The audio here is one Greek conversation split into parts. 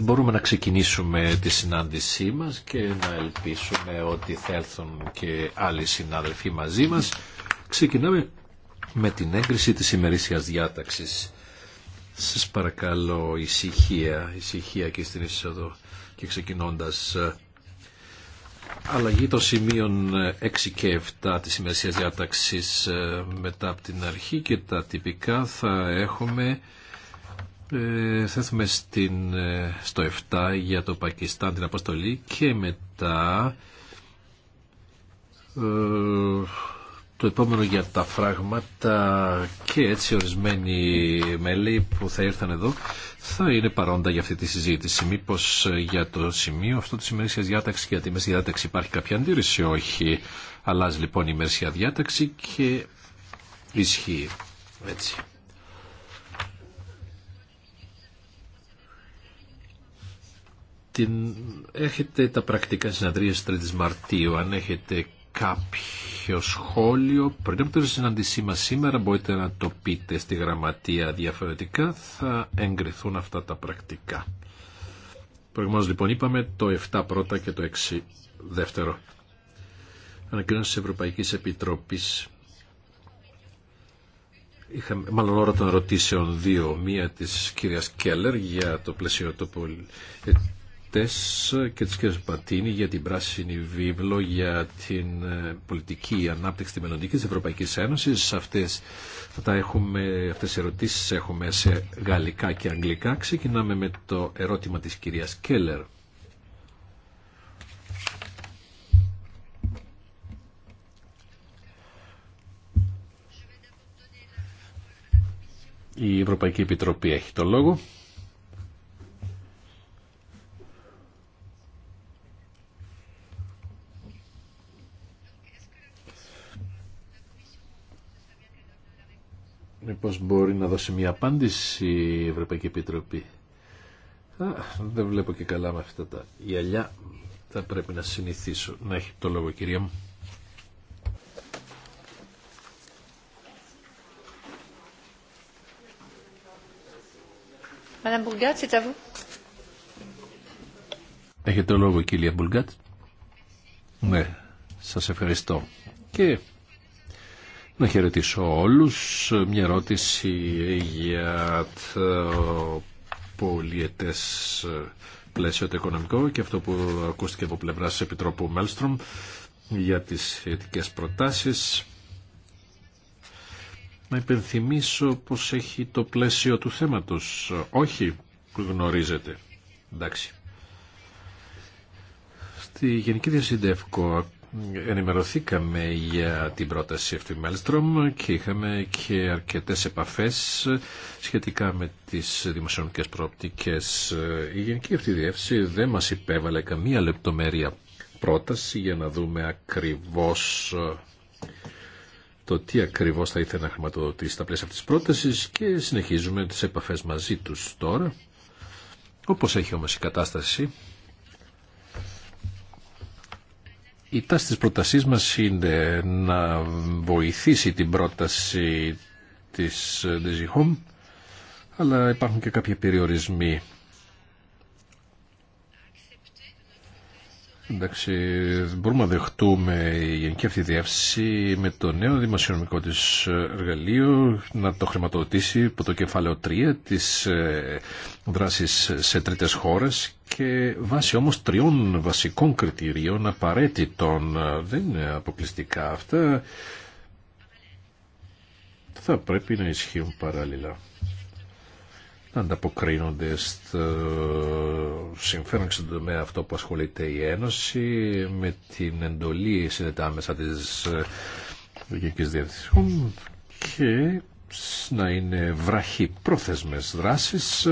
μπορούμε να ξεκινήσουμε τη συνάντησή μας και να ελπίσουμε ότι θα έλθουν και άλλοι συνάδελφοι μαζί μας. Ξεκινάμε με την έγκριση της ημερήσιας διάταξης. Σας παρακαλώ ησυχία, ησυχία και στην είσοδο και ξεκινώντας ε, αλλαγή των σημείων 6 ε, και 7 της ημερησίας διάταξης ε, μετά από την αρχή και τα τυπικά θα έχουμε ε, θα στο 7 για το Πακιστάν την αποστολή και μετά το επόμενο για τα φράγματα και έτσι ορισμένοι μέλη που θα ήρθαν εδώ θα είναι παρόντα για αυτή τη συζήτηση. Μήπως για το σημείο αυτό της ημερήσιας διάταξης γιατί για τη μέση διάταξη υπάρχει κάποια αντίρρηση. Όχι. Αλλάζει λοιπόν η ημερήσια διάταξη και ισχύει. Έτσι. Έχετε τα πρακτικά συναντρίες 3 Μαρτίου. Αν έχετε κάποιο σχόλιο πριν από τη συναντησή μα σήμερα μπορείτε να το πείτε στη γραμματεία διαφορετικά θα εγκριθούν αυτά τα πρακτικά. Προηγουμένω λοιπόν είπαμε το 7 πρώτα και το 6 δεύτερο. Ανακοίνωση τη Ευρωπαϊκής Επιτροπής. Είχαμε, μάλλον ώρα των ερωτήσεων δύο, μία της κυρίας Κέλλερ για το πλαίσιο το αυτές και της κ. Πατίνη για την πράσινη βίβλο για την ε, πολιτική ανάπτυξη τη μελλοντική Ευρωπαϊκής Ένωσης. Αυτές, θα έχουμε, αυτές ερωτήσεις έχουμε σε γαλλικά και αγγλικά. Ξεκινάμε με το ερώτημα της κυρίας Κέλλερ. Η Ευρωπαϊκή Επιτροπή έχει το λόγο. Μήπως μπορεί να δώσει μια απάντηση η Ευρωπαϊκή Επιτροπή. Α, δεν βλέπω και καλά με αυτά τα γυαλιά. Θα πρέπει να συνηθίσω να έχει το λόγο κυρία μου. Έχετε το λόγο κυρία Μπουλγκάτ. Ναι, σας ευχαριστώ. Και να χαιρετήσω όλους. Μια ερώτηση για το πολιετές πλαίσιο το οικονομικό και αυτό που ακούστηκε από πλευράς Επιτρόπου Μέλστρομ για τις θετικές προτάσεις. Να υπενθυμίσω πως έχει το πλαίσιο του θέματος. Όχι που γνωρίζετε. Εντάξει. Στη Γενική Διασύντευκο ενημερωθήκαμε για την πρόταση αυτή Μέλστρομ και είχαμε και αρκετές επαφές σχετικά με τις δημοσιονομικές προοπτικές. Η Γενική αυτή δεν μας υπέβαλε καμία λεπτομέρεια πρόταση για να δούμε ακριβώς το τι ακριβώς θα ήθελε να χρηματοδοτήσει στα πλαίσια αυτής της πρότασης και συνεχίζουμε τις επαφές μαζί τους τώρα. Όπως έχει όμως η κατάσταση Η τάση της πρότασής μας είναι να βοηθήσει την πρόταση της Digihome, αλλά υπάρχουν και κάποιοι περιορισμοί. Εντάξει, μπορούμε να δεχτούμε η Γενική Αυτή με το νέο δημοσιονομικό της εργαλείο να το χρηματοδοτήσει από το κεφάλαιο 3 της ε, δράσης σε τρίτες χώρες και βάσει όμως τριών βασικών κριτηρίων απαραίτητων, ε, δεν είναι αποκλειστικά αυτά, θα πρέπει να ισχύουν παράλληλα να ανταποκρίνονται στο συμφέρον και στον τομέα αυτό που ασχολείται η Ένωση με την εντολή συνετάμεσα της ε, Γενικής και να είναι βραχή πρόθεσμες δράσεις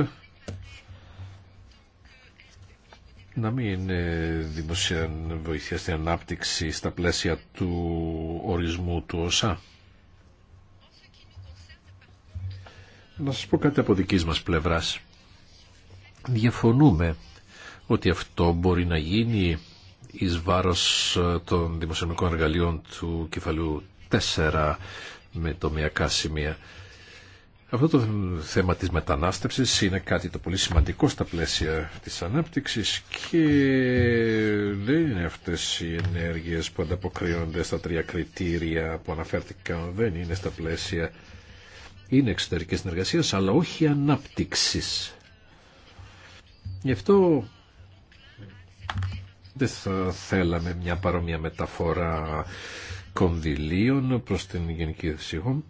να μην είναι δημοσία βοήθεια στην ανάπτυξη στα πλαίσια του ορισμού του ΩΣΑ. Να σας πω κάτι από δικής μας πλευράς. Διαφωνούμε ότι αυτό μπορεί να γίνει εις βάρος ε, των δημοσιονομικών εργαλείων του κεφαλού 4 με τομιακά σημεία. Αυτό το θέμα της μετανάστευσης είναι κάτι το πολύ σημαντικό στα πλαίσια της ανάπτυξης και δεν είναι αυτές οι ενέργειες που ανταποκρίνονται στα τρία κριτήρια που αναφέρθηκαν, δεν είναι στα πλαίσια είναι εξωτερικέ συνεργασία, αλλά όχι ανάπτυξη. Γι' αυτό δεν θα θέλαμε μια παρόμοια μεταφορά κονδυλίων προς την Γενική Δευσίγων.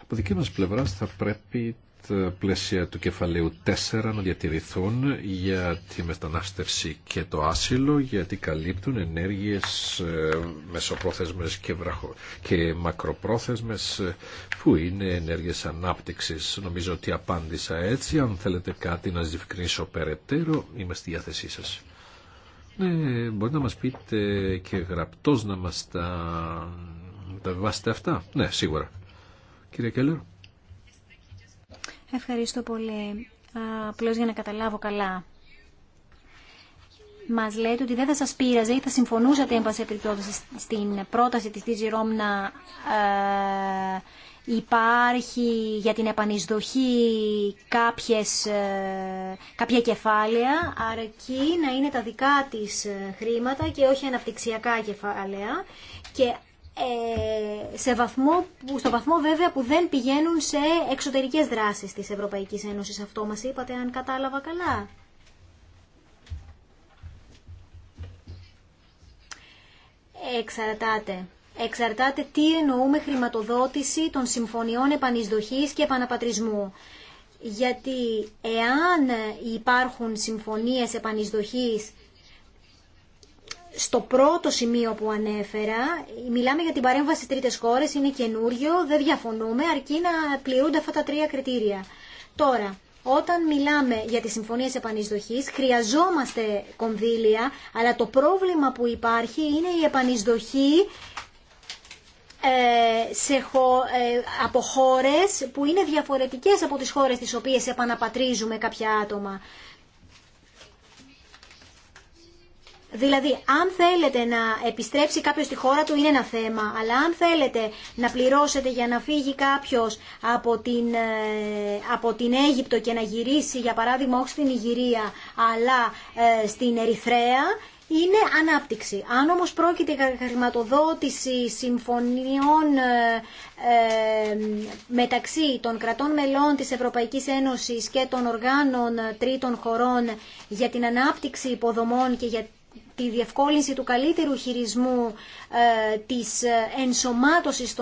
Από δική μας πλευρά θα πρέπει πλαίσια του κεφαλαίου 4 να διατηρηθούν για τη μετανάστευση και το άσυλο γιατί καλύπτουν ενέργειες ε, μεσοπρόθεσμες και, βραχο... μακροπρόθεσμες ε, που είναι ενέργειες ανάπτυξης. Νομίζω ότι απάντησα έτσι. Αν θέλετε κάτι να διευκρινίσω περαιτέρω είμαι στη διάθεσή σας. Ναι, μπορείτε να μας πείτε και γραπτός να μας τα... τα αυτά. Ναι, σίγουρα. Κύριε Κέλλερ. Ευχαριστώ πολύ. Απλώ για να καταλάβω καλά. Μα λέτε ότι δεν θα σα πείραζε ή θα συμφωνούσατε, εν πάση στην πρόταση της Ρόμ να ε, υπάρχει για την επανεισδοχή ε, κάποια κεφάλαια, αρκεί να είναι τα δικά της ε, χρήματα και όχι αναπτυξιακά κεφάλαια. Και ε, σε βαθμό, που, στο βαθμό βέβαια που δεν πηγαίνουν σε εξωτερικές δράσεις της Ευρωπαϊκής Ένωσης. Αυτό μας είπατε αν κατάλαβα καλά. Εξαρτάται. Εξαρτάται τι εννοούμε χρηματοδότηση των συμφωνιών επανεισδοχής και επαναπατρισμού. Γιατί εάν υπάρχουν συμφωνίες επανεισδοχής στο πρώτο σημείο που ανέφερα, μιλάμε για την παρέμβαση στις τρίτες χώρες, είναι καινούριο, δεν διαφωνούμε, αρκεί να πληρούνται αυτά τα τρία κριτήρια. Τώρα, όταν μιλάμε για τις συμφωνίες επανεισδοχής, χρειαζόμαστε κονδύλια, αλλά το πρόβλημα που υπάρχει είναι η επανεισδοχή ε, σε χω... Ε, από χώρες που είναι διαφορετικές από τις χώρες τις οποίες επαναπατρίζουμε κάποια άτομα. Δηλαδή, αν θέλετε να επιστρέψει κάποιο στη χώρα του είναι ένα θέμα, αλλά αν θέλετε να πληρώσετε για να φύγει κάποιο από την, ε, από την Αίγυπτο και να γυρίσει, για παράδειγμα, όχι στην Ιγυρία, αλλά ε, στην Ερυθρέα, είναι ανάπτυξη. Αν όμως πρόκειται για χρηματοδότηση συμφωνιών ε, μεταξύ των κρατών μελών της Ευρωπαϊκής Ένωσης και των οργάνων τρίτων χωρών για την ανάπτυξη υποδομών και για τη διευκόλυνση του καλύτερου χειρισμού ε, της ε, ενσωμάτωσης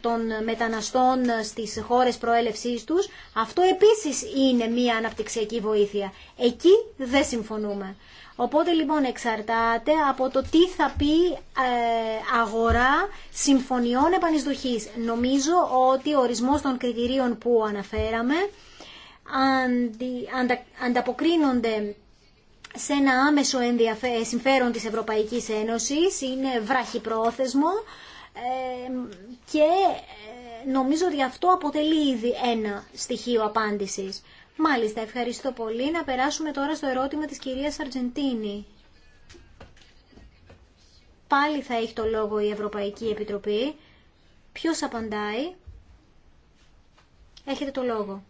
των μεταναστών ε, στις χώρες προέλευσής τους, αυτό επίσης είναι μία αναπτυξιακή βοήθεια. Εκεί δεν συμφωνούμε. Οπότε λοιπόν εξαρτάται από το τι θα πει αγορά συμφωνιών επανεισδοχής. Νομίζω ότι ο ορισμός των κριτηρίων που αναφέραμε ανταποκρίνονται σε ένα άμεσο ε, συμφέρον της Ευρωπαϊκής Ένωσης, είναι βραχυπρόθεσμο ε, και ε, νομίζω ότι αυτό αποτελεί ήδη ένα στοιχείο απάντησης. Μάλιστα, ευχαριστώ πολύ. Να περάσουμε τώρα στο ερώτημα της κυρίας Αργεντίνη. Πάλι θα έχει το λόγο η Ευρωπαϊκή Επιτροπή. Ποιος απαντάει. Έχετε το λόγο.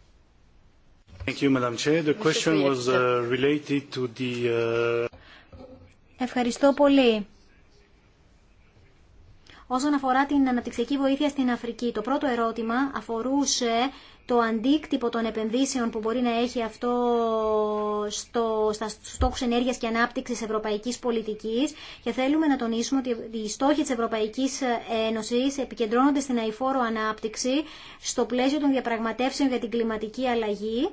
Ευχαριστώ πολύ. Όσον αφορά την αναπτυξιακή βοήθεια στην Αφρική, το πρώτο ερώτημα αφορούσε το αντίκτυπο των επενδύσεων που μπορεί να έχει αυτό στο, στα στόχους ενέργειας και ανάπτυξης ευρωπαϊκής πολιτικής και θέλουμε να τονίσουμε ότι οι στόχοι της Ευρωπαϊκής Ένωσης επικεντρώνονται στην αηφόρο ανάπτυξη στο πλαίσιο των διαπραγματεύσεων για την κλιματική αλλαγή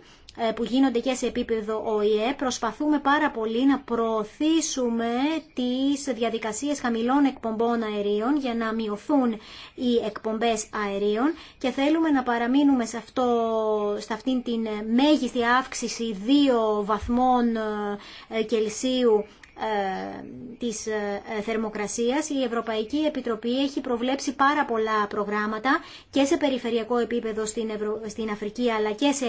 ε, που γίνονται και σε επίπεδο ΟΗΕ. Προσπαθούμε πάρα πολύ να προωθήσουμε τις διαδικασίες χαμηλών εκπομπών αερίων για να μειωθούν οι εκπομπές αερίων και θέλουμε να παραμείνουμε σε αυτό σε αυτήν την μέγιστη αύξηση δύο βαθμών ε, Κελσίου ε, της ε, θερμοκρασίας. Η Ευρωπαϊκή Επιτροπή έχει προβλέψει πάρα πολλά προγράμματα και σε περιφερειακό επίπεδο στην Αφρική αλλά και σε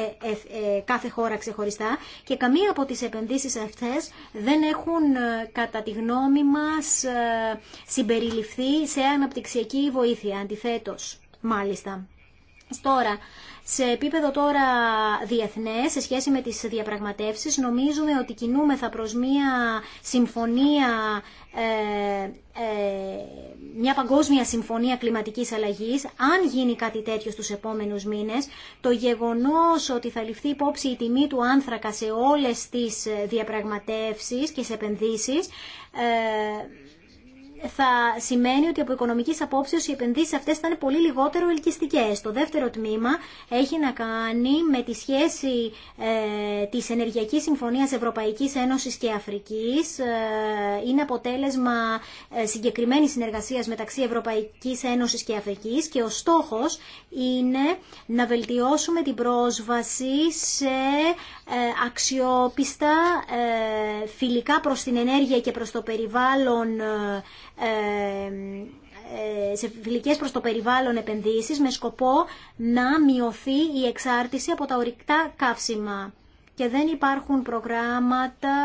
κάθε χώρα ξεχωριστά και καμία από τις επενδύσεις αυτές δεν έχουν κατά τη γνώμη μας συμπεριληφθεί σε αναπτυξιακή βοήθεια. Αντιθέτως, μάλιστα. Τώρα, σε επίπεδο τώρα διεθνές, σε σχέση με τις διαπραγματεύσεις, νομίζουμε ότι κινούμεθα προς μια συμφωνία, ε, ε μια παγκόσμια συμφωνία κλιματικής αλλαγής. Αν γίνει κάτι τέτοιο στους επόμενους μήνες, το γεγονός ότι θα ληφθεί υπόψη η τιμή του άνθρακα σε όλες τις διαπραγματεύσεις και σε επενδύσεις, ε, θα σημαίνει ότι από οικονομική απόψεως οι επενδύσεις αυτές θα είναι πολύ λιγότερο ελκυστικές. Το δεύτερο τμήμα έχει να κάνει με τη σχέση ε, της Ενεργειακής Συμφωνίας Ευρωπαϊκής Ένωσης και Αφρικής. Ε, είναι αποτέλεσμα ε, συγκεκριμένης συνεργασίας μεταξύ Ευρωπαϊκής Ένωσης και Αφρικής και ο στόχος είναι να βελτιώσουμε την πρόσβαση σε ε, αξιόπιστα, ε, φιλικά προς την ενέργεια και προς το περιβάλλον ε, σε φιλικές προς το περιβάλλον επενδύσεις με σκοπό να μειωθεί η εξάρτηση από τα ορυκτά καύσιμα. Και δεν υπάρχουν προγράμματα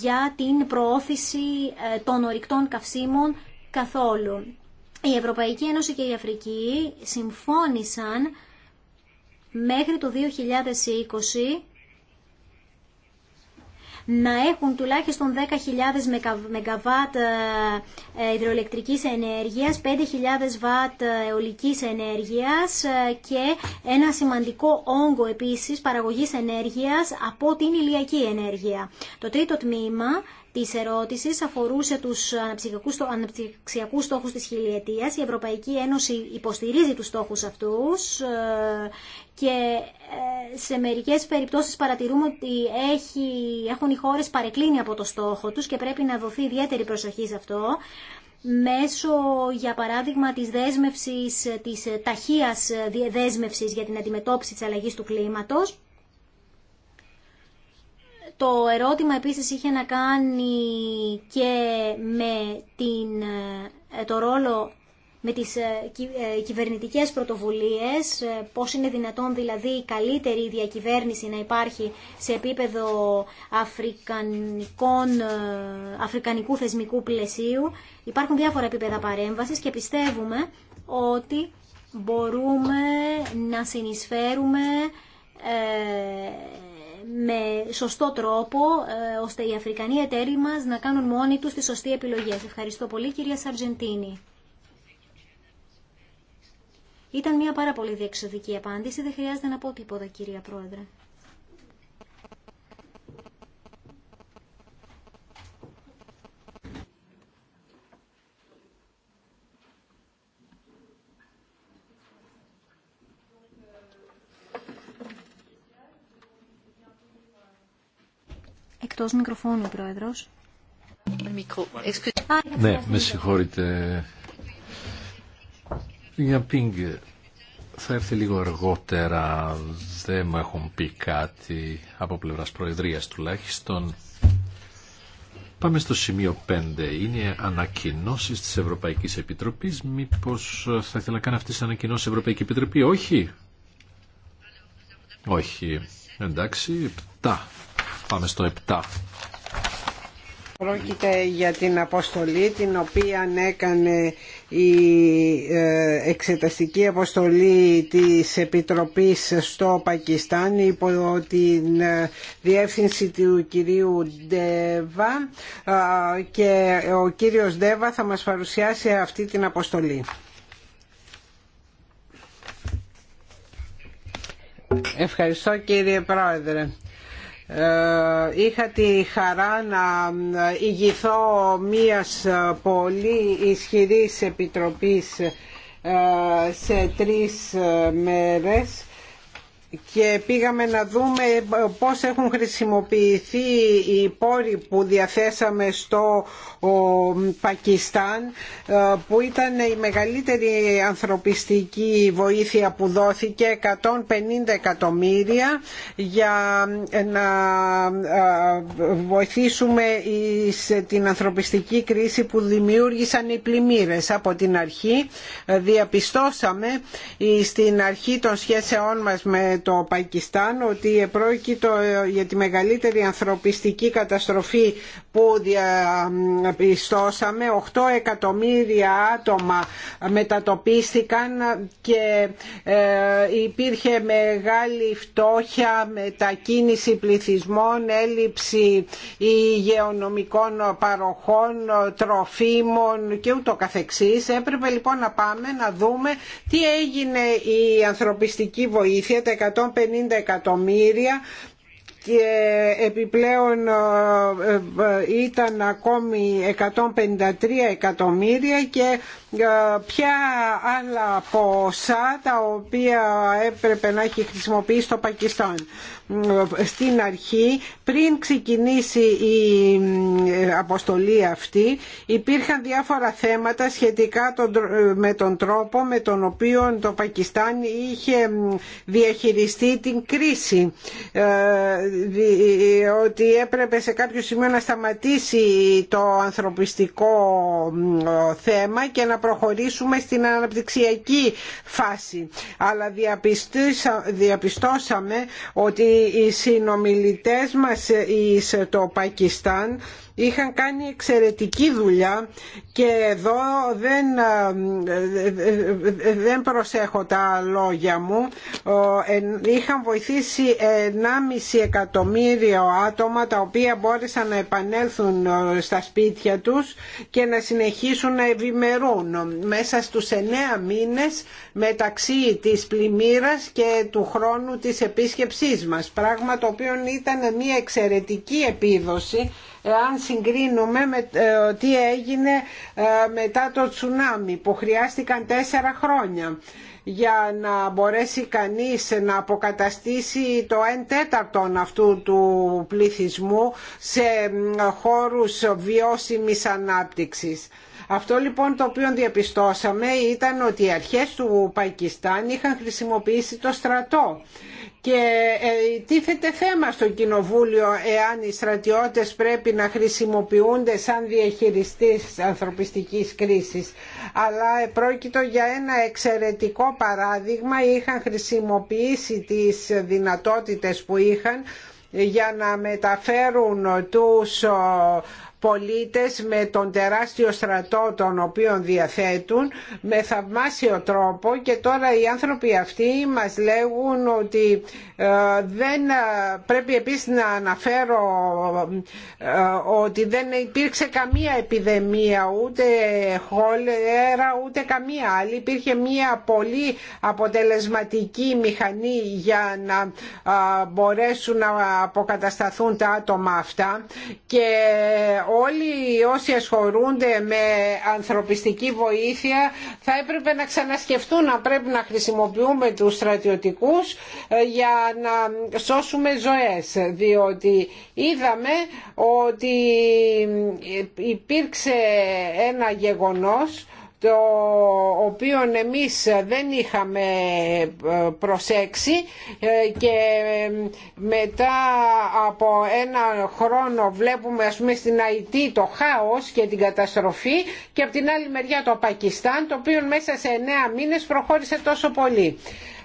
για την προώθηση των ορυκτών καυσίμων καθόλου. Η Ευρωπαϊκή Ένωση και η Αφρική συμφώνησαν μέχρι το 2020 να έχουν τουλάχιστον 10.000 ΜΒ ε, ε, υδροελεκτρικής ενέργειας, 5.000 Β ε, αιωλικής ενέργειας και ένα σημαντικό όγκο επίσης παραγωγής ενέργειας από την ηλιακή ενέργεια. Το τρίτο τμήμα Τη ερώτηση αφορούσε τους αναπτυξιακούς στόχου της χιλιετία. Η Ευρωπαϊκή Ένωση υποστηρίζει τους στόχου αυτούς ε, και ε, σε μερικές περιπτώσεις παρατηρούμε ότι έχει, έχουν οι χώρες παρεκκλίνει από το στόχο τους και πρέπει να δοθεί ιδιαίτερη προσοχή σε αυτό μέσω, για παράδειγμα, της δέσμευσης, της ταχείας δέσμευσης για την αντιμετώπιση της αλλαγής του κλίματος το ερώτημα επίσης είχε να κάνει και με την, ε, το ρόλο με τις ε, ε, κυβερνητικές πρωτοβουλίες, πώς είναι δυνατόν δηλαδή η καλύτερη διακυβέρνηση να υπάρχει σε επίπεδο αφρικανικών, αφρικανικού θεσμικού πλαισίου. Υπάρχουν διάφορα επίπεδα παρέμβασης και πιστεύουμε ότι μπορούμε να συνεισφέρουμε με σωστό τρόπο, ε, ώστε οι Αφρικανοί εταίροι μας να κάνουν μόνοι τους τις σωστή επιλογές. Ευχαριστώ πολύ κυρία Σαρτζεντίνη. Ήταν μια πάρα πολύ διεξοδική απάντηση, δεν χρειάζεται να πω τίποτα κυρία Πρόεδρε. Εκτός μικροφώνου, Πρόεδρος. Ναι, με συγχωρείτε. Για πίνγκ, θα έρθει λίγο αργότερα. Δεν μου έχουν πει κάτι από πλευράς Προεδρίας τουλάχιστον. Πάμε στο σημείο 5. Είναι ανακοινώσεις της Ευρωπαϊκής Επιτροπής. Μήπως θα ήθελα να κάνω αυτές τις ανακοινώσεις Ευρωπαϊκή Επιτροπή. Όχι. Όχι. Εντάξει. 7 Πρόκειται για την αποστολή την οποία έκανε η ε, εξεταστική αποστολή της Επιτροπής στο Πακιστάν υπό την ε, διεύθυνση του κυρίου Ντέβα ε, και ο κύριος Ντέβα θα μας παρουσιάσει αυτή την αποστολή. Ευχαριστώ κύριε Πρόεδρε. Ε, είχα τη χαρά να ε, ηγηθώ μιας ε, πολύ ισχυρής επιτροπής σε τρεις μέρες και πήγαμε να δούμε ε, πώς έχουν χρησιμοποιηθεί οι πόροι που διαθέσαμε στο Πακιστάν ε, που ήταν η μεγαλύτερη ανθρωπιστική βοήθεια που δόθηκε 150 εκατομμύρια για ε, να βοηθήσουμε την ανθρωπιστική κρίση που δημιούργησαν οι πλημμύρες από την αρχή διαπιστώσαμε στην αρχή των σχέσεών μας με το Πακιστάν ότι πρόκειται ε, για τη μεγαλύτερη ανθρωπιστική καταστροφή που διαπιστώσαμε 8 εκατομμύρια άτομα μετατοπίστηκαν και ε, υπήρχε μεγάλη φτώχεια μετακίνηση πληθυσμών έλλειψη υγειονομικών παροχών τροφίμων και ούτω καθεξής έπρεπε λοιπόν να πάμε να δούμε τι έγινε η ανθρωπιστική βοήθεια τα 150 εκατομμύρια και επιπλέον ε, ε, ε, ήταν ακόμη 153 εκατομμύρια και ποια άλλα ποσά τα οποία έπρεπε να έχει χρησιμοποιήσει το Πακιστάν στην αρχή πριν ξεκινήσει η ε, αποστολή αυτή υπήρχαν διάφορα θέματα σχετικά ε, με τον τρόπο με τον οποίο το Πακιστάν είχε διαχειριστεί την κρίση ε, ότι έπρεπε σε κάποιο σημείο να σταματήσει το ανθρωπιστικό θέμα και να προχωρήσουμε στην αναπτυξιακή φάση. Αλλά διαπιστώσαμε ότι οι συνομιλητές μας εις το Πακιστάν είχαν κάνει εξαιρετική δουλειά και εδώ δεν, ε, ε, ε, δεν προσέχω τα λόγια μου είχαν βοηθήσει 1,5 εκατομμύριο άτομα τα οποία μπόρεσαν να επανέλθουν στα σπίτια τους και να συνεχίσουν να ευημερούν μέσα στους 9 μήνες μεταξύ της πλημμύρας και του χρόνου της επίσκεψής μας πράγμα το οποίο ήταν μια εξαιρετική επίδοση αν συγκρίνουμε με ε, τι έγινε ε, μετά το τσουνάμι που χρειάστηκαν τέσσερα χρόνια για να μπορέσει κανείς να αποκαταστήσει το 1 τέταρτον αυτού του πληθυσμού σε χώρους βιώσιμης ανάπτυξης. Αυτό λοιπόν το οποίο διαπιστώσαμε ήταν ότι οι αρχές του Πακιστάν είχαν χρησιμοποιήσει το στρατό και ε, τίθεται θέμα στο Κοινοβούλιο εάν οι στρατιώτες πρέπει να χρησιμοποιούνται σαν διαχειριστής ανθρωπιστικής κρίσης αλλά πρόκειτο για ένα εξαιρετικό παράδειγμα είχαν χρησιμοποιήσει τις δυνατότητες που είχαν για να μεταφέρουν τους πολίτες με τον τεράστιο στρατό τον οποίο διαθέτουν με θαυμάσιο τρόπο και τώρα οι άνθρωποι αυτοί μας λέγουν ότι ε, δεν ε, πρέπει επίσης να αναφέρω ε, ότι δεν υπήρξε καμία επιδημία ούτε χόλερα ούτε καμία άλλη υπήρχε μια πολύ αποτελεσματική μηχανή για να μπορέσουν να αποκατασταθούν τα άτομα αυτά και όλοι όσοι ασχολούνται με ανθρωπιστική βοήθεια θα έπρεπε να ξανασκεφτούν να πρέπει να χρησιμοποιούμε τους στρατιωτικούς ε, για να σώσουμε ζωές διότι είδαμε ότι ε, υπήρξε ένα γεγονός το οποίο εμείς δεν είχαμε ε, προσέξει ε, και μετά από ένα χρόνο βλέπουμε ας πούμε στην Αϊτή το χάος και την καταστροφή και από την άλλη μεριά το Πακιστάν το οποίο μέσα σε εννέα μήνες προχώρησε τόσο πολύ.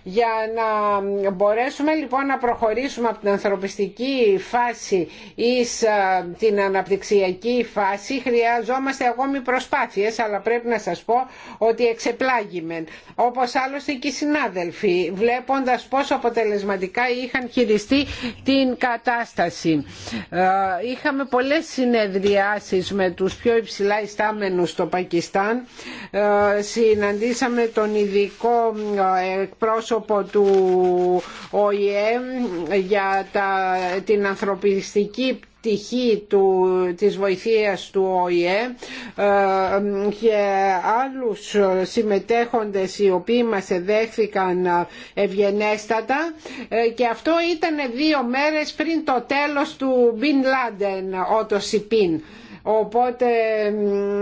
Για να μπορέσουμε λοιπόν να προχωρήσουμε από την ανθρωπιστική φάση ή την αναπτυξιακή φάση χρειαζόμαστε ακόμη προσπάθειες αλλά πρέπει να σας πω ότι εξεπλάγημεν. Όπως άλλωστε και οι συνάδελφοι βλέποντας πόσο αποτελεσματικά είχαν χειριστεί την κατάσταση. Είχαμε πολλές συνεδριάσεις με τους πιο υψηλά ιστάμενους στο Πακιστάν. Συναντήσαμε τον ειδικό εκπρόσωπο από του ΟΗΕ για την ανθρωπιστική πτυχή του, της βοηθείας του ΟΗΕ ε, και άλλους συμμετέχοντες οι οποίοι μας εδέχθηκαν ευγενέστατα ε, και αυτό ήταν δύο μέρες πριν το τέλος του Μπιν Λάντεν, ότως υπήν. Οπότε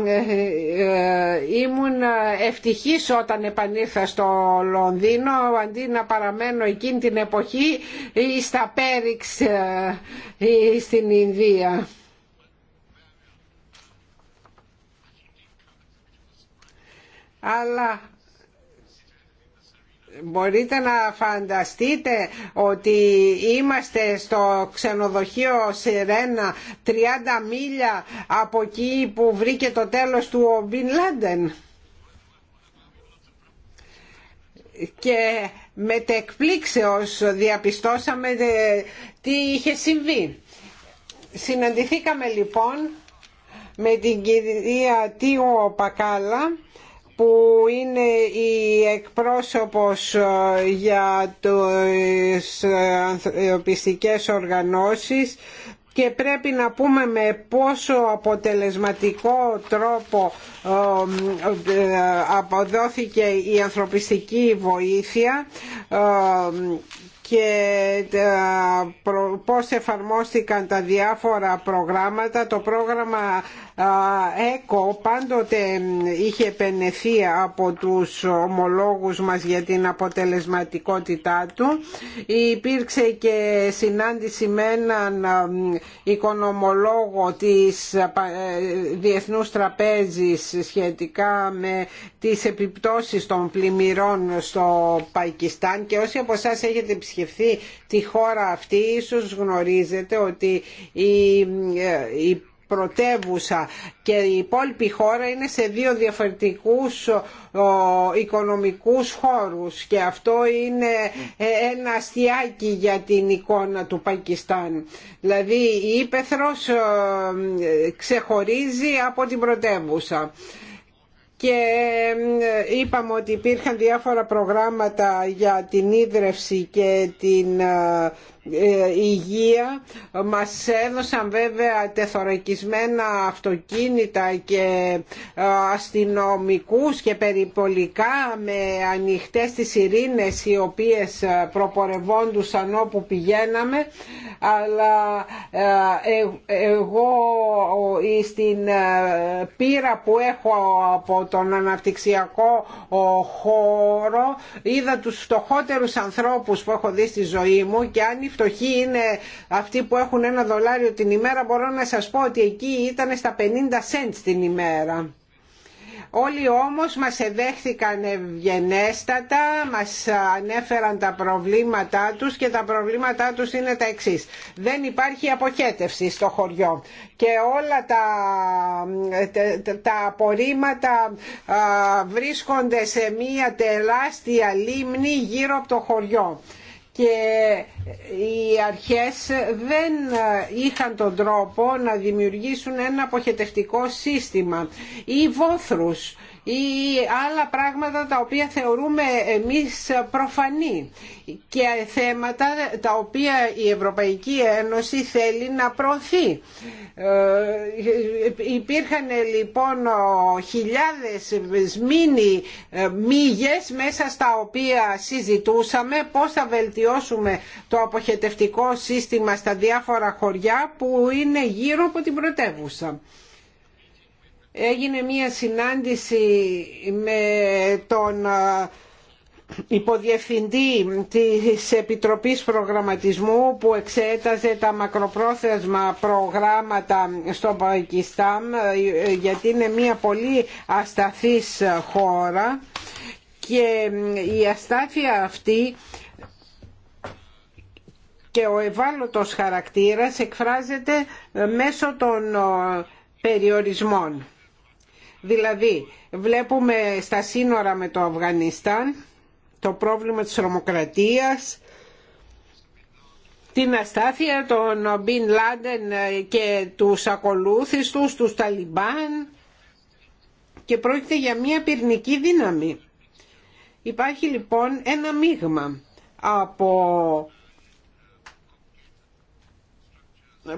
ε, ε, ήμουν ευτυχής όταν επανήλθα στο Λονδίνο αντί να παραμένω εκείνη την εποχή ή στα Πέριξ ε, στην Ινδία. Αλλά μπορείτε να φανταστείτε ότι είμαστε στο ξενοδοχείο Σιρένα 30 μίλια από εκεί που βρήκε το τέλος του ο Μπιν Λάντεν. Και τεκπλήξεως διαπιστώσαμε ε, τι είχε συμβεί. Συναντηθήκαμε λοιπόν με την κυρία Τίου Πακάλα που είναι η εκπρόσωπος ε, για τις ε, ανθρωπιστικές οργανώσεις και πρέπει να πούμε με πόσο αποτελεσματικό τρόπο ε, αποδόθηκε η ανθρωπιστική βοήθεια και πώς εφαρμόστηκαν τα διάφορα προγράμματα. Το πρόγραμμα ΕΚΟ πάντοτε είχε επενεθεί από τους ομολόγους μας για την αποτελεσματικότητά του. Υπήρξε και συνάντηση με έναν οικονομολόγο της ε, ε, Διεθνούς Τραπέζης σχετικά με τις επιπτώσεις των πλημμυρών στο Πακιστάν και όσοι από εσά έχετε επισκεφθεί τη χώρα αυτή ίσως γνωρίζετε ότι η ε, πρωτεύουσα και η υπόλοιπη χώρα είναι σε δύο διαφορετικούς οικονομικούς χώρους και αυτό είναι ε, ένα αστιάκι για την εικόνα του Πακιστάν. Δηλαδή η Ήπεθρος ε, ξεχωρίζει από την πρωτεύουσα και ε, είπαμε ότι υπήρχαν διάφορα προγράμματα για την ίδρυυση και την ε, υγεία μας έδωσαν βέβαια τεθωρακισμένα αυτοκίνητα και ε, αστυνομικούς και περιπολικά με ανοιχτές τις ειρήνες οι οποίες ε, προπορευόντουσαν όπου πηγαίναμε αλλά εγώ στην πείρα που έχω από τον αναπτυξιακό χώρο είδα τους φτωχότερους ανθρώπους που έχω δει στη ζωή μου και αν φτωχοί είναι αυτοί που έχουν ένα δολάριο την ημέρα μπορώ να σας πω ότι εκεί ήταν στα 50 cents την ημέρα. Όλοι όμως μας εδέχθηκαν ευγενέστατα, μας ανέφεραν τα προβλήματά τους και τα προβλήματά τους είναι τα εξής. Δεν υπάρχει αποχέτευση στο χωριό και όλα τα, τα, απορρίμματα βρίσκονται σε μία τεράστια λίμνη γύρω από το χωριό. Και οι αρχές δεν είχαν τον τρόπο να δημιουργήσουν ένα αποχετευτικό σύστημα ή βόθρους ή άλλα πράγματα τα οποία θεωρούμε εμείς προφανή και θέματα τα οποία η Ευρωπαϊκή Ένωση θέλει να προωθεί. Ε, υπήρχαν λοιπόν χιλιάδες μίνι ε, μήγες μέσα στα οποία συζητούσαμε πώς θα βελτιώσουμε το αποχετευτικό σύστημα στα διάφορα χωριά που είναι γύρω από την πρωτεύουσα. Έγινε μία συνάντηση με τον υποδιευθυντή της Επιτροπής Προγραμματισμού που εξέταζε τα μακροπρόθεσμα προγράμματα στο Πακιστάν γιατί είναι μια πολύ ασταθής χώρα και η αστάθεια αυτή και ο ευάλωτος χαρακτήρας εκφράζεται ε, μέσω των ε, περιορισμών. Δηλαδή βλέπουμε στα σύνορα με το Αφγανιστάν το πρόβλημα της ρομοκρατίας, την αστάθεια των Μπιν Λάντεν ε, και τους ακολούθιστους, τους Ταλιμπάν και πρόκειται για μια πυρνική δύναμη. Υπάρχει λοιπόν ένα μείγμα από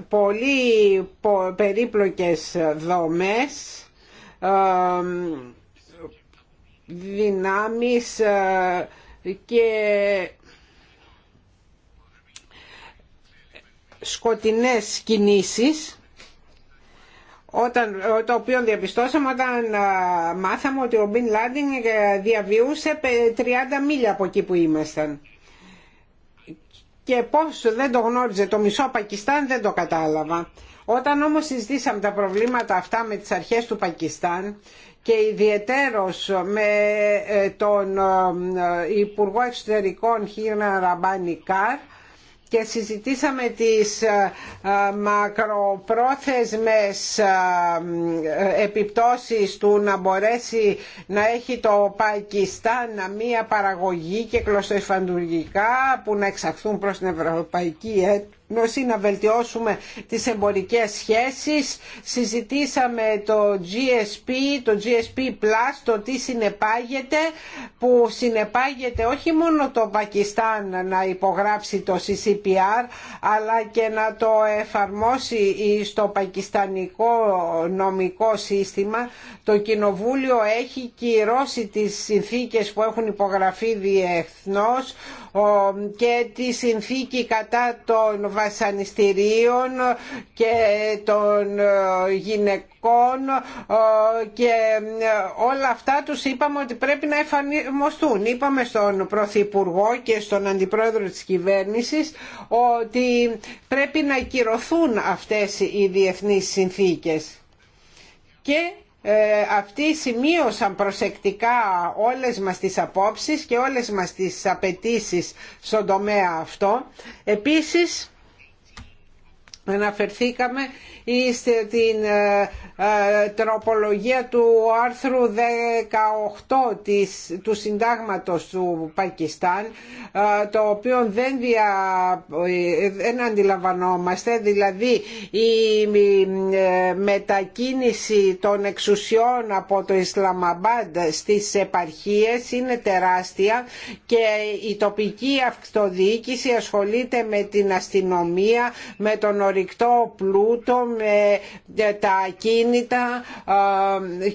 πολύ περίπλοκες δομές δυνάμεις ε, και σκοτεινές κινήσεις όταν, ε, το οποίο διαπιστώσαμε όταν ε, μάθαμε ότι ο Μπιν Λάντινγκ διαβιούσε 30 μίλια από εκεί που ήμασταν και πώς δεν το γνώριζε το μισό Πακιστάν δεν το κατάλαβα. Όταν όμως συζητήσαμε τα προβλήματα αυτά με τις αρχές του Πακιστάν και ιδιαιτέρως με ε, τον ε, ε, Υπουργό Εξωτερικών Χίρνα Ραμπάνι Καρ, και συζητήσαμε τις ε, ε, μακροπρόθεσμες ε, επιπτώσεις του να μπορέσει να έχει το Πακιστάν μία παραγωγή και που να εξαχθούν προς την Ευρωπαϊκή ή να βελτιώσουμε τις εμπορικές σχέσεις. Συζητήσαμε το GSP, το GSP Plus, το τι συνεπάγεται, που συνεπάγεται όχι μόνο το Πακιστάν να υπογράψει το CCPR, αλλά και να το εφαρμόσει στο πακιστανικό νομικό σύστημα. Το Κοινοβούλιο έχει κυρώσει τις συνθήκες που έχουν υπογραφεί διεθνώς και τη συνθήκη κατά των βασανιστήριων και των ε, γυναικών ε, και ε, όλα αυτά τους είπαμε ότι πρέπει να εφαρμοστούν. Είπαμε στον Πρωθυπουργό και στον Αντιπρόεδρο της Κυβέρνησης ότι πρέπει να κυρωθούν αυτές οι διεθνείς συνθήκες. Και ε, αυτοί σημείωσαν προσεκτικά όλες μας τις απόψεις και όλες μας τις απαιτήσει στον τομέα αυτό. Επίσης, αναφερθήκαμε στην ε, τροπολογία του άρθρου 18 της, του συντάγματος του Πακιστάν ε, το οποίο δεν, δια, ε, δεν αντιλαμβανόμαστε δηλαδή η μετακίνηση των εξουσιών από το Ισλαμαμπάντ στις επαρχίες είναι τεράστια και η τοπική αυτοδιοίκηση ασχολείται με την αστυνομία, με τον ορυκτό πλούτο, με τα κίνηση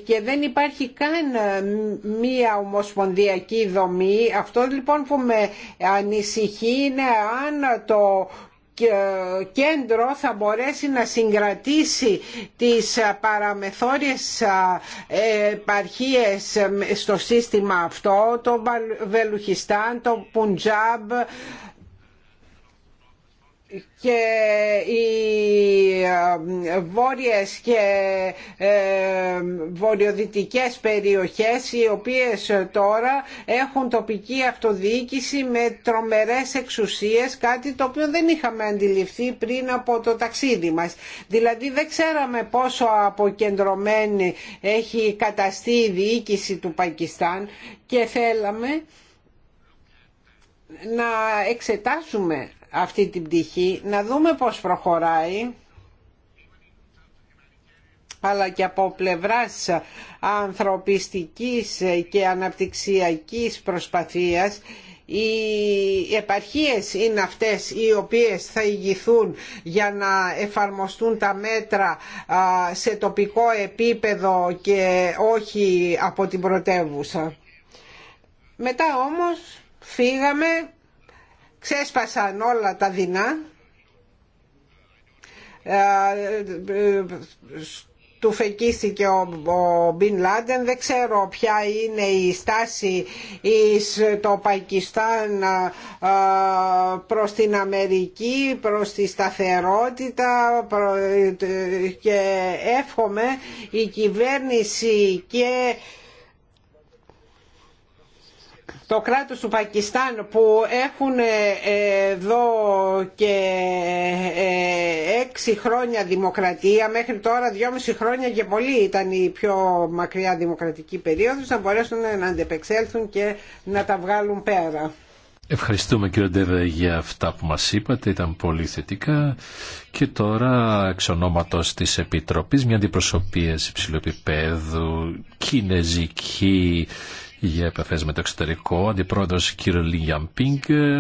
και δεν υπάρχει καν μία ομοσπονδιακή δομή. Αυτό λοιπόν που με ανησυχεί είναι αν το κέντρο θα μπορέσει να συγκρατήσει τις παραμεθόριες επαρχίες στο σύστημα αυτό, το Βελουχιστάν, το Πουντζάμπ, και οι ε, βόρειες και ε, βορειοδυτικές περιοχές οι οποίες τώρα έχουν τοπική αυτοδιοίκηση με τρομερές εξουσίες κάτι το οποίο δεν είχαμε αντιληφθεί πριν από το ταξίδι μας δηλαδή δεν ξέραμε πόσο αποκεντρωμένη έχει καταστεί η διοίκηση του Πακιστάν και θέλαμε να εξετάσουμε αυτή την πτυχή, να δούμε πώς προχωράει αλλά και από πλευράς ανθρωπιστικής και αναπτυξιακής προσπαθίας οι επαρχίες είναι αυτές οι οποίες θα ηγηθούν για να εφαρμοστούν τα μέτρα σε τοπικό επίπεδο και όχι από την πρωτεύουσα. Μετά όμως φύγαμε ξέσπασαν όλα τα δεινά ε, του φεκίστηκε ο, Μπιν Λάντεν δεν ξέρω ποια είναι η στάση εις το Πακιστάν ε, προς την Αμερική προς τη σταθερότητα ε, και εύχομαι η κυβέρνηση και το κράτος του Πακιστάν που έχουν ε, εδώ και ε, έξι χρόνια δημοκρατία μέχρι τώρα δυόμιση χρόνια και πολύ ήταν η πιο μακριά δημοκρατική περίοδος να μπορέσουν να αντεπεξέλθουν και να τα βγάλουν πέρα. Ευχαριστούμε κύριε Ντέβε για αυτά που μας είπατε, ήταν πολύ θετικά και τώρα εξ ονόματος της Επιτροπής μια αντιπροσωπεία υψηλού κινέζικη για επαφέ με το εξωτερικό, αντιπρόεδρος κ. Λιγιαμπίνγκ, ε,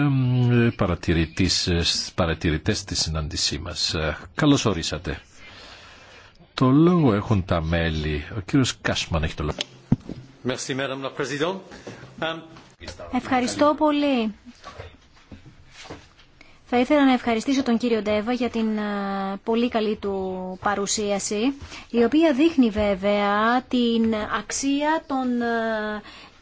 παρατηρητέ της ε, συνάντησή μας. Ε, Καλώ ορίσατε. Το λόγο έχουν τα μέλη. Ο κύριος Κάσμαν έχει το λόγο. Um, Ευχαριστώ πολύ. Θα ήθελα να ευχαριστήσω τον κύριο Ντέβα για την πολύ καλή του παρουσίαση, η οποία δείχνει βέβαια την αξία των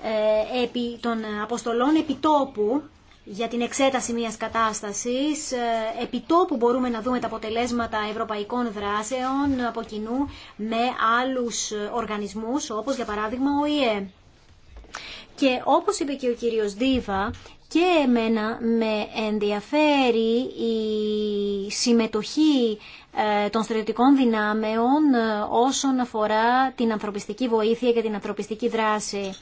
ε, επί των αποστολών επιτόπου για την εξέταση μιας κατάστασης. Ε, επιτόπου μπορούμε να δούμε τα αποτελέσματα ευρωπαϊκών δράσεων από κοινού με άλλους οργανισμούς, όπως για παράδειγμα ο ΙΕ. Και όπως είπε και ο κύριος Δίβα, και εμένα με ενδιαφέρει η συμμετοχή ε, των στρατιωτικών δυνάμεων όσον αφορά την ανθρωπιστική βοήθεια και την ανθρωπιστική δράση.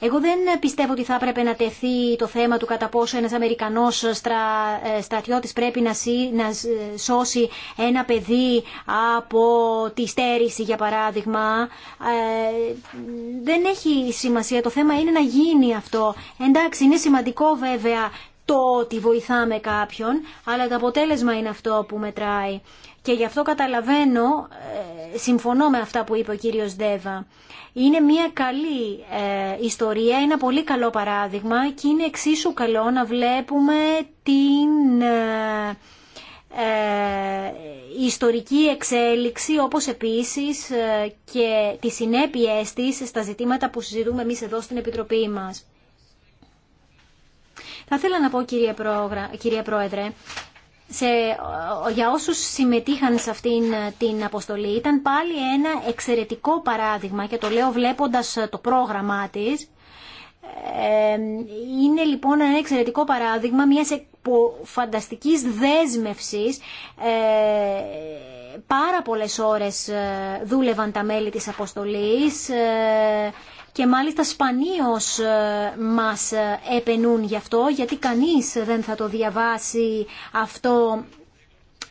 Εγώ δεν πιστεύω ότι θα έπρεπε να τεθεί το θέμα του κατά πόσο ένας Αμερικανός στρα, ε, στρατιώτης πρέπει να, να ε, σώσει ένα παιδί από τη στέρηση, για παράδειγμα. Ε, δεν έχει σημασία. Το θέμα είναι να γίνει αυτό. Εντάξει, είναι σημαντικό βέβαια το ότι βοηθάμε κάποιον, αλλά το αποτέλεσμα είναι αυτό που μετράει. Και γι' αυτό καταλαβαίνω, ε, συμφωνώ με αυτά που είπε ο κύριος Ντέβα. Είναι μια καλή ε, ιστορία, ένα πολύ καλό παράδειγμα και είναι εξίσου καλό να βλέπουμε την ε, ιστορική εξέλιξη όπως επίσης και τις συνέπειές της στα ζητήματα που συζητούμε εμείς εδώ στην Επιτροπή μας. Θα ήθελα να πω, κύριε Πρόεδρε, σε, για όσους συμμετείχαν σε αυτήν ε, την αποστολή ήταν πάλι ένα εξαιρετικό παράδειγμα και το λέω βλέποντας ε, το πρόγραμμά της είναι λοιπόν ένα εξαιρετικό παράδειγμα μιας φανταστικής δέσμευσης ε, πάρα πολλές ώρες δούλευαν τα μέλη της αποστολής και μάλιστα σπανίως ε, μας ε, επενούν γι' αυτό γιατί κανείς δεν θα το διαβάσει αυτό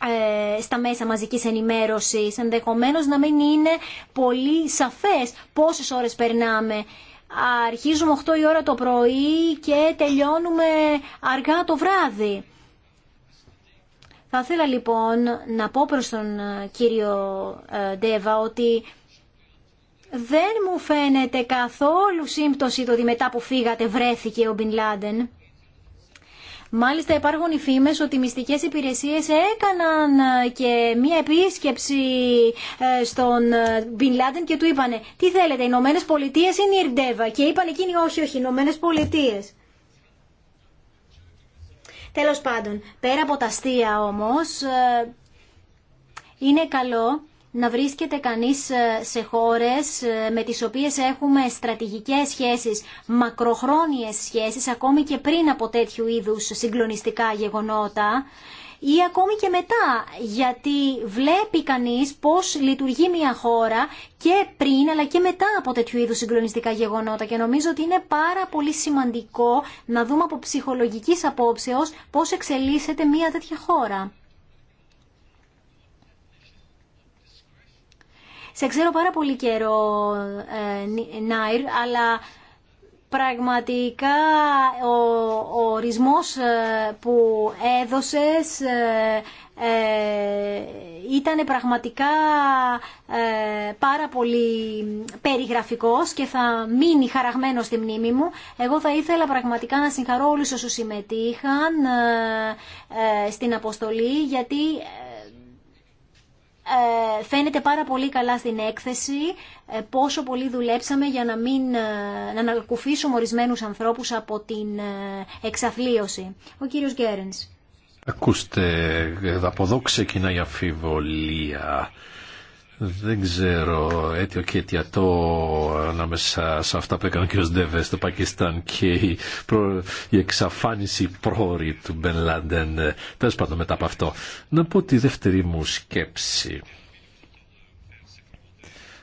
ε, στα μέσα μαζικής ενημέρωσης. Ενδεχομένως να μην είναι πολύ σαφές πόσες ώρες περνάμε. Αρχίζουμε 8 η ώρα το πρωί και τελειώνουμε αργά το βράδυ. Θα ήθελα λοιπόν να πω προς τον κύριο Ντέβα ότι δεν μου φαίνεται καθόλου σύμπτωση το ότι μετά που φύγατε βρέθηκε ο Μπιν Λάντεν. Μάλιστα υπάρχουν οι φήμες ότι οι μυστικές υπηρεσίες έκαναν ε, και μία επίσκεψη ε, στον ε, Μπιν Λάντεν και του είπανε «Τι θέλετε, οι Ηνωμένε Πολιτείε ή η η και είπαν εκείνοι «Όχι, όχι, οι Ηνωμένε Πολιτείε. Τέλος πάντων, πέρα από τα αστεία όμως, είναι καλό να βρίσκεται κανείς ε, σε χώρες ε, με τις οποίες έχουμε στρατηγικές σχέσεις, μακροχρόνιες σχέσεις, ακόμη και πριν από τέτοιου είδους συγκλονιστικά γεγονότα ή ακόμη και μετά, γιατί βλέπει κανείς πώς λειτουργεί μια χώρα και πριν αλλά και μετά από τέτοιου είδους συγκλονιστικά γεγονότα και νομίζω ότι είναι πάρα πολύ σημαντικό να δούμε από ψυχολογικής απόψεως πώς εξελίσσεται μια τέτοια χώρα. Σε ξέρω πάρα πολύ καιρό, ε, Νάιρ, αλλά πραγματικά ο, ο ορισμός ε, που έδωσες ε, ήταν πραγματικά πάρα πολύ περιγραφικός και θα μείνει χαραγμένο στη μνήμη μου. Εγώ θα ήθελα πραγματικά να συγχαρώ όλους όσους συμμετείχαν στην αποστολή γιατί ε, φαίνεται πάρα πολύ καλά στην έκθεση ε, πόσο πολύ δουλέψαμε για να μην ε, να ανακουφίσουμε ορισμένους ανθρώπους από την εξαθλίωση. Ο κύριος Γκέρενς. Ακούστε, από εδώ ξεκινάει η αφιβολία. Δεν ξέρω έτσι και αιτιατό ανάμεσα σε αυτά που έκανε ο κ. στο Πακιστάν και η, προ... η εξαφάνιση πρόορη του Μπεν Λάντεν. Τέλο πάντων μετά από αυτό. Να πω τη δεύτερη μου σκέψη.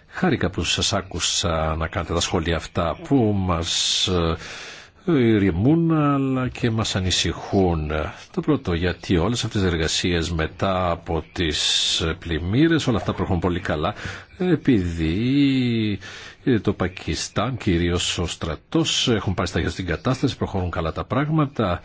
Χάρηκα που σας άκουσα να κάνετε τα σχόλια αυτά που μας ε, ρημούν αλλά και μας ανησυχούν. Το πρώτο γιατί όλες αυτές οι εργασίες μετά από τις πλημμύρες όλα αυτά προχωρούν πολύ καλά επειδή το Πακιστάν κυρίως ο στρατός έχουν πάρει στα χέρια στην κατάσταση, προχωρούν καλά τα πράγματα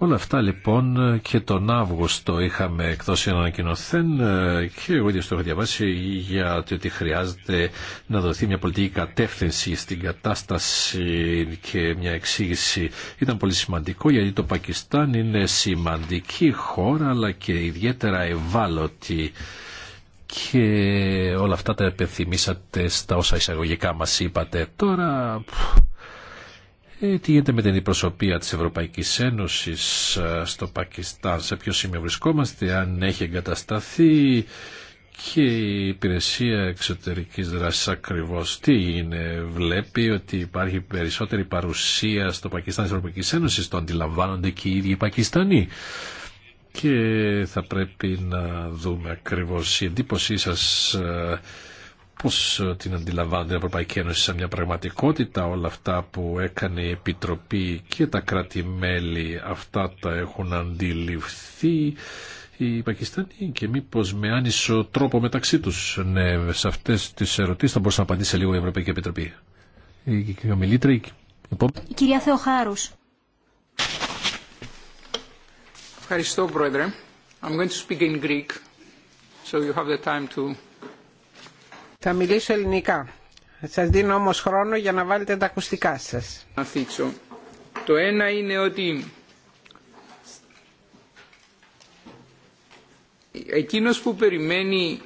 Όλα αυτά λοιπόν και τον Αύγουστο είχαμε εκδώσει ένα ανακοινωθέν ε, και εγώ ίδιος το έχω διαβάσει για το ότι χρειάζεται να δοθεί μια πολιτική κατεύθυνση στην κατάσταση και μια εξήγηση. Ήταν πολύ σημαντικό γιατί το Πακιστάν είναι σημαντική χώρα αλλά και ιδιαίτερα ευάλωτη και όλα αυτά τα επενθυμίσατε στα όσα εισαγωγικά μας είπατε. Τώρα ε, τι γίνεται με την αντιπροσωπεία της Ευρωπαϊκής Ένωσης ε, στο Πακιστάν, σε ποιο σημείο βρισκόμαστε, αν έχει εγκατασταθεί και η υπηρεσία εξωτερικής δράσης ακριβώς τι είναι, βλέπει ότι υπάρχει περισσότερη παρουσία στο Πακιστάν της Ευρωπαϊκής Ένωσης, το αντιλαμβάνονται και οι ίδιοι οι Πακιστανοί και θα πρέπει να δούμε ακριβώς η εντύπωσή σας ε, πώς ε, την αντιλαμβάνεται η Ευρωπαϊκή Ένωση σαν μια πραγματικότητα όλα αυτά που έκανε η Επιτροπή και τα κράτη-μέλη αυτά τα έχουν αντιληφθεί οι Πακιστάνοι και μήπως με άνισο τρόπο μεταξύ τους. Ναι, σε αυτές τις ερωτήσεις θα μπορούσε να απαντήσει λίγο η Ευρωπαϊκή Επιτροπή. Ε, η η... η κυρία Θεοχάρους. Ευχαριστώ, Πρόεδρε. I'm going to speak in θα μιλήσω ελληνικά. Σας δίνω όμως χρόνο για να βάλετε τα ακουστικά σας. Να Το ένα είναι ότι εκείνος που περιμένει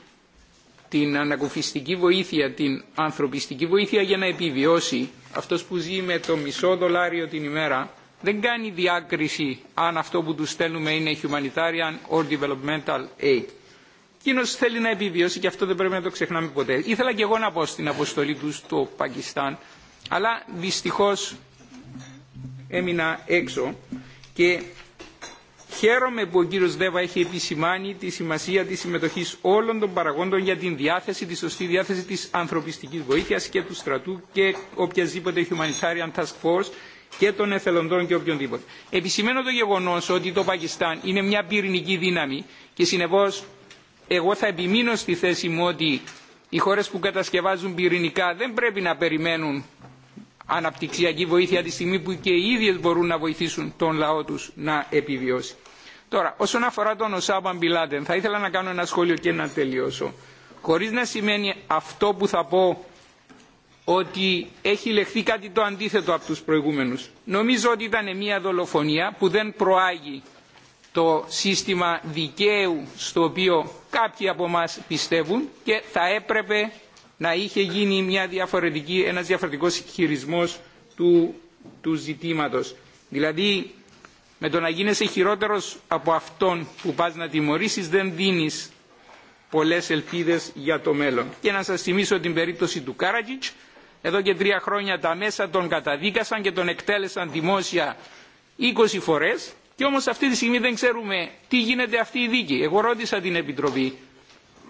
την ανακουφιστική βοήθεια, την ανθρωπιστική βοήθεια για να επιβιώσει, αυτός που ζει με το μισό δολάριο την ημέρα, δεν κάνει διάκριση αν αυτό που του στέλνουμε είναι humanitarian or developmental aid Εκείνο θέλει να επιβιώσει και αυτό δεν πρέπει να το ξεχνάμε ποτέ. Ήθελα και εγώ να πω στην αποστολή του στο Πακιστάν, αλλά δυστυχώ έμεινα έξω και χαίρομαι που ο κύριο Δέβα έχει επισημάνει τη σημασία τη συμμετοχή όλων των παραγόντων για την διάθεση, τη σωστή διάθεση τη ανθρωπιστική βοήθεια και του στρατού και οποιασδήποτε humanitarian task force και των εθελοντών και οποιονδήποτε. Επισημαίνω το γεγονό ότι το Πακιστάν είναι μια πυρηνική δύναμη και συνεπώ εγώ θα επιμείνω στη θέση μου ότι οι χώρες που κατασκευάζουν πυρηνικά δεν πρέπει να περιμένουν αναπτυξιακή βοήθεια τη στιγμή που και οι ίδιες μπορούν να βοηθήσουν τον λαό τους να επιβιώσει. Τώρα, όσον αφορά τον Οσάμπα Μπιλάντεν, θα ήθελα να κάνω ένα σχόλιο και να τελειώσω. Χωρίς να σημαίνει αυτό που θα πω ότι έχει λεχθεί κάτι το αντίθετο από τους προηγούμενους. Νομίζω ότι ήταν μια δολοφονία που δεν προάγει το σύστημα δικαίου στο οποίο κάποιοι από εμά πιστεύουν και θα έπρεπε να είχε γίνει μια διαφορετική, ένας διαφορετικός χειρισμός του, του ζητήματος. Δηλαδή με το να γίνεσαι χειρότερος από αυτόν που πας να τιμωρήσεις δεν δίνεις πολλές ελπίδες για το μέλλον. Και να σας θυμίσω την περίπτωση του Κάρατζιτς. Εδώ και τρία χρόνια τα μέσα τον καταδίκασαν και τον εκτέλεσαν δημόσια 20 φορές και όμως αυτή τη στιγμή δεν ξέρουμε τι γίνεται αυτή η δίκη. Εγώ ρώτησα την Επιτροπή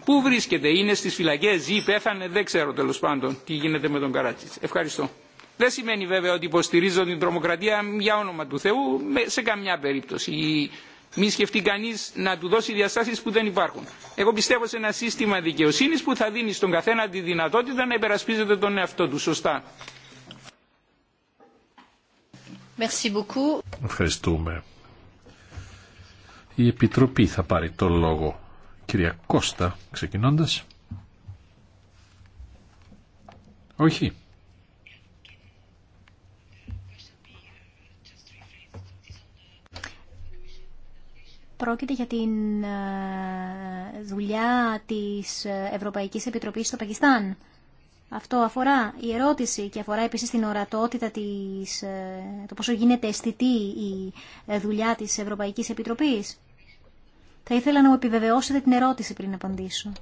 πού βρίσκεται, είναι στις φυλακές, ζει, πέθανε, δεν ξέρω τέλος πάντων τι γίνεται με τον Καράτσιτς. Ευχαριστώ. Δεν σημαίνει βέβαια ότι υποστηρίζω την τρομοκρατία για όνομα του Θεού σε καμιά περίπτωση. Μη σκεφτεί κανεί να του δώσει διαστάσει που δεν υπάρχουν. Εγώ πιστεύω σε ένα σύστημα δικαιοσύνη που θα δίνει στον καθένα τη δυνατότητα να υπερασπίζεται τον εαυτό του σωστά. Ευχαριστούμε. Η Επιτροπή θα πάρει το λόγο. Κυρία Κώστα, ξεκινώντας. Όχι. Πρόκειται για την ε, δουλειά της Ευρωπαϊκής Επιτροπής στο Πακιστάν. Αυτό αφορά η ερώτηση και αφορά επίσης την ορατότητα, της, ε, το πόσο γίνεται αισθητή η ε, δουλειά της Ευρωπαϊκής Επιτροπής. Θα ήθελα να μου επιβεβαιώσετε την ερώτηση πριν απαντήσω.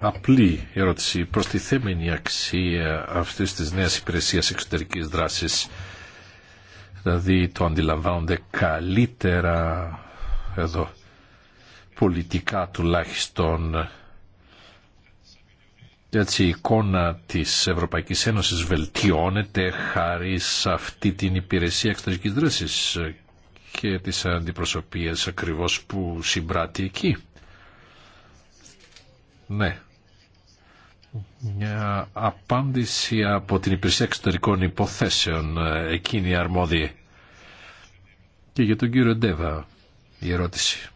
Απλή ερώτηση. Προστιθέμενη αξία αυτής της νέας υπηρεσίας εξωτερικής δράσης. Δηλαδή το αντιλαμβάνονται καλύτερα εδώ πολιτικά τουλάχιστον έτσι η εικόνα της Ευρωπαϊκής Ένωσης βελτιώνεται χάρη σε αυτή την υπηρεσία εξωτερικής δράσης και τις αντιπροσωπείας ακριβώς που συμπράττει εκεί. Ναι. Μια απάντηση από την υπηρεσία εξωτερικών υποθέσεων εκείνη αρμόδια. Και για τον κύριο Ντέβα η ερώτηση.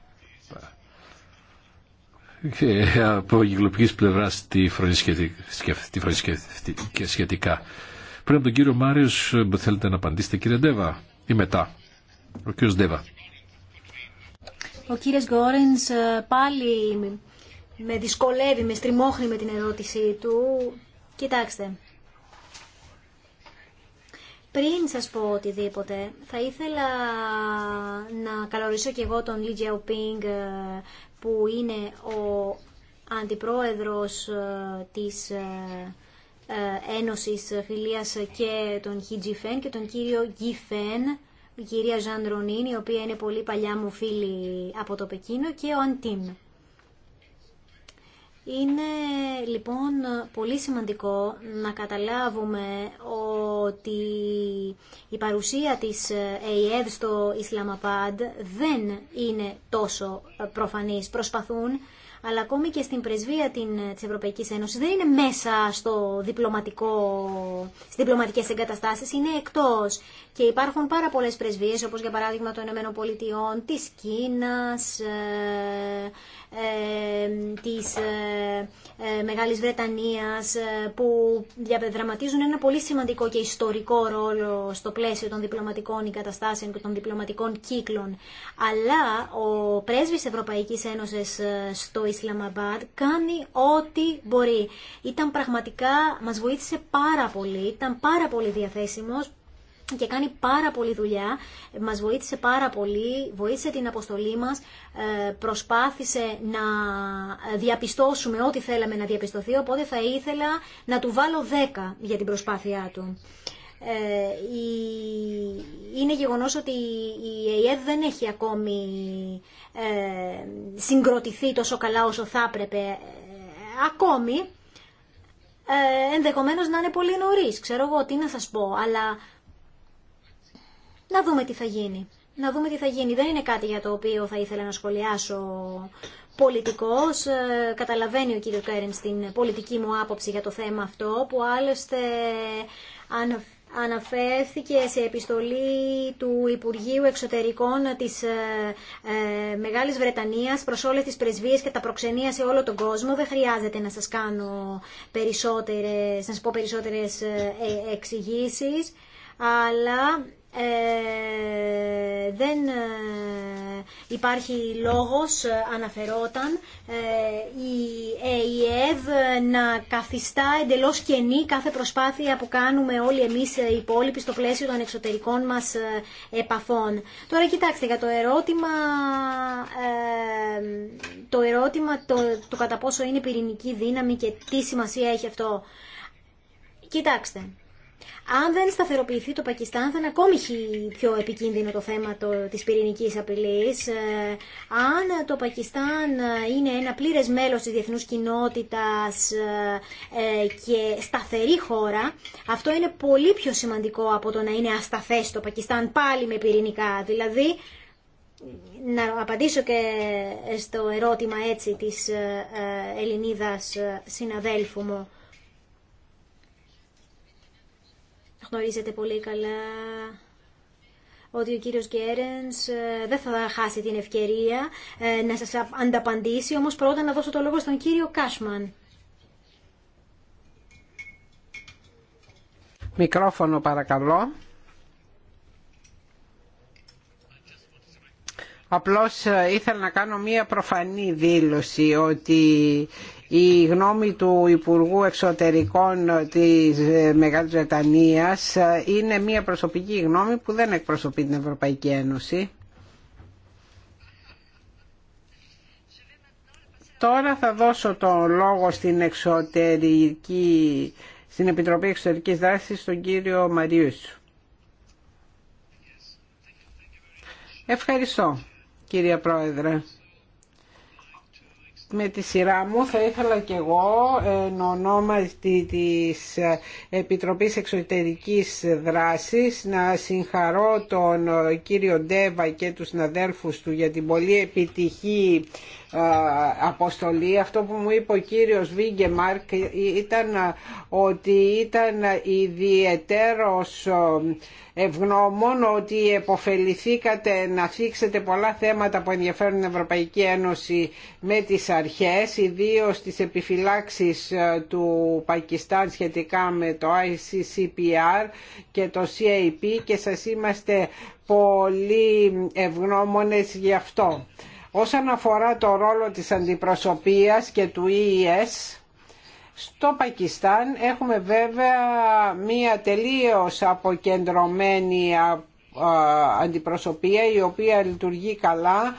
Και από γυγλοπικής πλευράς τη φροντίσκευτη και σχετικά. Πριν από τον κύριο Μάριος, ε, θέλετε να απαντήσετε κύριε Ντέβα ή μετά. Ο κύριος Ντέβα. Ο κύριος Γκόρενς ε, πάλι με δυσκολεύει, με στριμώχνει με την ερώτησή του. Κοιτάξτε, πριν σας πω οτιδήποτε, θα ήθελα να καλωρίσω και εγώ τον Λι Πινγκ ε, που είναι ο αντιπρόεδρος ε, της ε, Ένωσης Φιλίας και τον Χι Φεν και τον κύριο Γκί η κυρία Ζαν Ρονίν, η οποία είναι πολύ παλιά μου φίλη από το Πεκίνο και ο Αντίν. Είναι λοιπόν πολύ σημαντικό να καταλάβουμε ότι η παρουσία της ΕΙΕΔ στο Ισλαμαπάντ δεν είναι τόσο προφανής. Προσπαθούν, αλλά ακόμη και στην πρεσβεία της Ευρωπαϊκής Ένωσης δεν είναι μέσα στο διπλωματικό, στις διπλωματικές εγκαταστάσεις, είναι εκτός. Και υπάρχουν πάρα πολλές πρεσβείες, όπως για παράδειγμα των ΗΠΑ, Πολιτειών, της Κίνας, ε, της ε, ε, Μεγάλης Βρετανίας ε, που διαδραματίζουν ένα πολύ σημαντικό και ιστορικό ρόλο στο πλαίσιο των διπλωματικών εγκαταστάσεων και των διπλωματικών κύκλων. Αλλά ο πρέσβης Ευρωπαϊκής Ένωσης στο Ισλαμαμπάτ κάνει ό,τι μπορεί. Ήταν πραγματικά, μας βοήθησε πάρα πολύ, ήταν πάρα πολύ διαθέσιμος, και κάνει πάρα πολύ δουλειά, μας βοήθησε πάρα πολύ, βοήθησε την αποστολή μας, ε, προσπάθησε να ε, διαπιστώσουμε ό,τι θέλαμε να διαπιστωθεί, οπότε θα ήθελα να του βάλω 10 για την προσπάθειά του. Ε, είναι γεγονός ότι η ΕΕΔ δεν έχει ακόμη συγκροτηθεί τόσο καλά όσο θα έπρεπε ακόμη, ε, ενδεχομένως να είναι πολύ νωρίς, ξέρω εγώ τι να σας πω, αλλά να δούμε τι θα γίνει. Να δούμε τι θα γίνει. Δεν είναι κάτι για το οποίο θα ήθελα να σχολιάσω πολιτικός. Ε, καταλαβαίνει ο κύριος Κέρενς την πολιτική μου άποψη για το θέμα αυτό, που άλλωστε αναφέρθηκε σε επιστολή του Υπουργείου Εξωτερικών της ε, ε, Μεγάλης Βρετανίας προς όλες τις πρεσβείες και τα προξενία σε όλο τον κόσμο. Δεν χρειάζεται να σας κάνω περισσότερες, να σας πω περισσότερες εξηγήσεις αλλά ε, δεν ε, υπάρχει λόγος, ε, αναφερόταν, η ΕΕΒ να καθιστά εντελώς κενή κάθε προσπάθεια που κάνουμε όλοι εμείς οι υπόλοιποι στο πλαίσιο των εξωτερικών μας επαφών. Τώρα κοιτάξτε για το ερώτημα, το ερώτημα το, το κατά πόσο είναι πυρηνική δύναμη και τι σημασία έχει αυτό. Κοιτάξτε, αν δεν σταθεροποιηθεί το Πακιστάν θα είναι ακόμη πιο επικίνδυνο το θέμα το, της πυρηνικής απειλής. Ε, αν το Πακιστάν ε, είναι ένα πλήρες μέλος της διεθνούς κοινότητας ε, και σταθερή χώρα, αυτό είναι πολύ πιο σημαντικό από το να είναι ασταθές το Πακιστάν πάλι με πυρηνικά. Δηλαδή, να απαντήσω και στο ερώτημα έτσι της Ελληνίδας συναδέλφου μου. γνωρίζετε πολύ καλά ότι ο κύριος Γκέρενς ε, δεν θα χάσει την ευκαιρία ε, να σας ανταπαντήσει, όμως πρώτα να δώσω το λόγο στον κύριο Κάσμαν. Μικρόφωνο παρακαλώ. Απλώς ε, ήθελα να κάνω μία προφανή δήλωση ότι η γνώμη του Υπουργού Εξωτερικών της ε, Μεγάλης Βρετανίας ε, είναι μια προσωπική γνώμη που δεν εκπροσωπεί την Ευρωπαϊκή Ένωση. Τώρα θα δώσω το λόγο στην εξωτερική, στην Επιτροπή Εξωτερικής Δράσης στον κύριο Μαριούς. Ευχαριστώ, κύριε Πρόεδρε με τη σειρά μου θα ήθελα και εγώ εν ονόματι της Επιτροπής Εξωτερικής Δράσης να συγχαρώ τον ε, κύριο Ντέβα και τους συναδέλφους του για την πολύ επιτυχή ε, αποστολή. Αυτό που μου είπε ο κύριος Βίγκε Μάρκ ήταν ότι ήταν ιδιαίτερος ε, ευγνώμων ότι εποφεληθήκατε να θίξετε πολλά θέματα που ενδιαφέρουν την Ευρωπαϊκή Ένωση με τις αρχές, ιδίως τις επιφυλάξεις ε, του Πακιστάν σχετικά με το ICCPR και το CAP και σας είμαστε πολύ ευγνώμονες γι' αυτό. Όσον αφορά το ρόλο της αντιπροσωπείας και του EES, στο Πακιστάν έχουμε βέβαια μία τελείως αποκεντρωμένη αντιπροσωπεία η οποία λειτουργεί καλά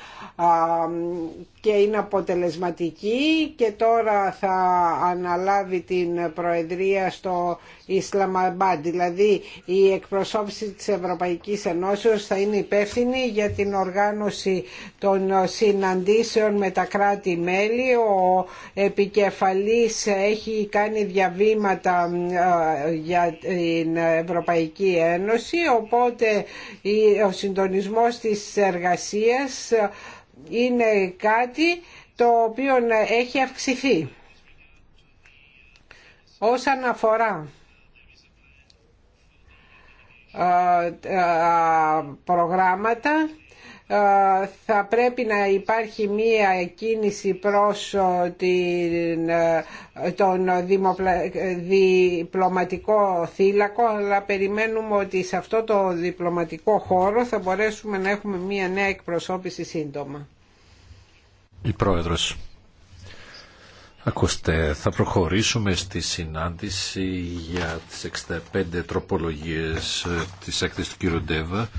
και είναι αποτελεσματική και τώρα θα αναλάβει την Προεδρία στο Ισλαμαμπάντ. Δηλαδή η εκπροσώπηση της Ευρωπαϊκής Ενώσεως θα είναι υπεύθυνη για την οργάνωση των συναντήσεων με τα κράτη-μέλη. Ο επικεφαλής έχει κάνει διαβήματα για την Ευρωπαϊκή Ένωση, οπότε ο συντονισμός της εργασίας είναι κάτι το οποίο έχει αυξηθεί. Όσον αφορά ε, ε, προγράμματα ε, θα πρέπει να υπάρχει μία κίνηση προς ε, την, ε, τον διπλωματικό θύλακο αλλά περιμένουμε ότι σε αυτό το διπλωματικό χώρο θα μπορέσουμε να έχουμε μία νέα εκπροσώπηση σύντομα. Η Πρόεδρος. Ακούστε, θα προχωρήσουμε στη συνάντηση για τις 65 τροπολογίες της έκθεσης του κ. Ντέβα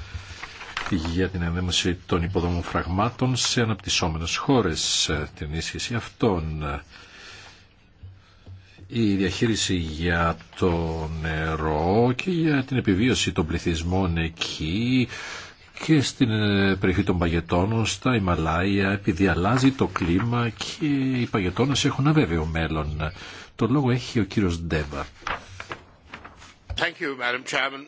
για την ανέμωση των υποδομών φραγμάτων σε αναπτυσσόμενες χώρες, την ίσχυση αυτών. Η διαχείριση για το νερό και για την επιβίωση των πληθυσμών εκεί και στην ε, περιοχή των παγετώνων στα Ιμαλάια επειδή αλλάζει το κλίμα και οι παγετώνες έχουν αβέβαιο μέλλον. Το λόγο έχει ο κύριος Ντέβα. Thank you, Madam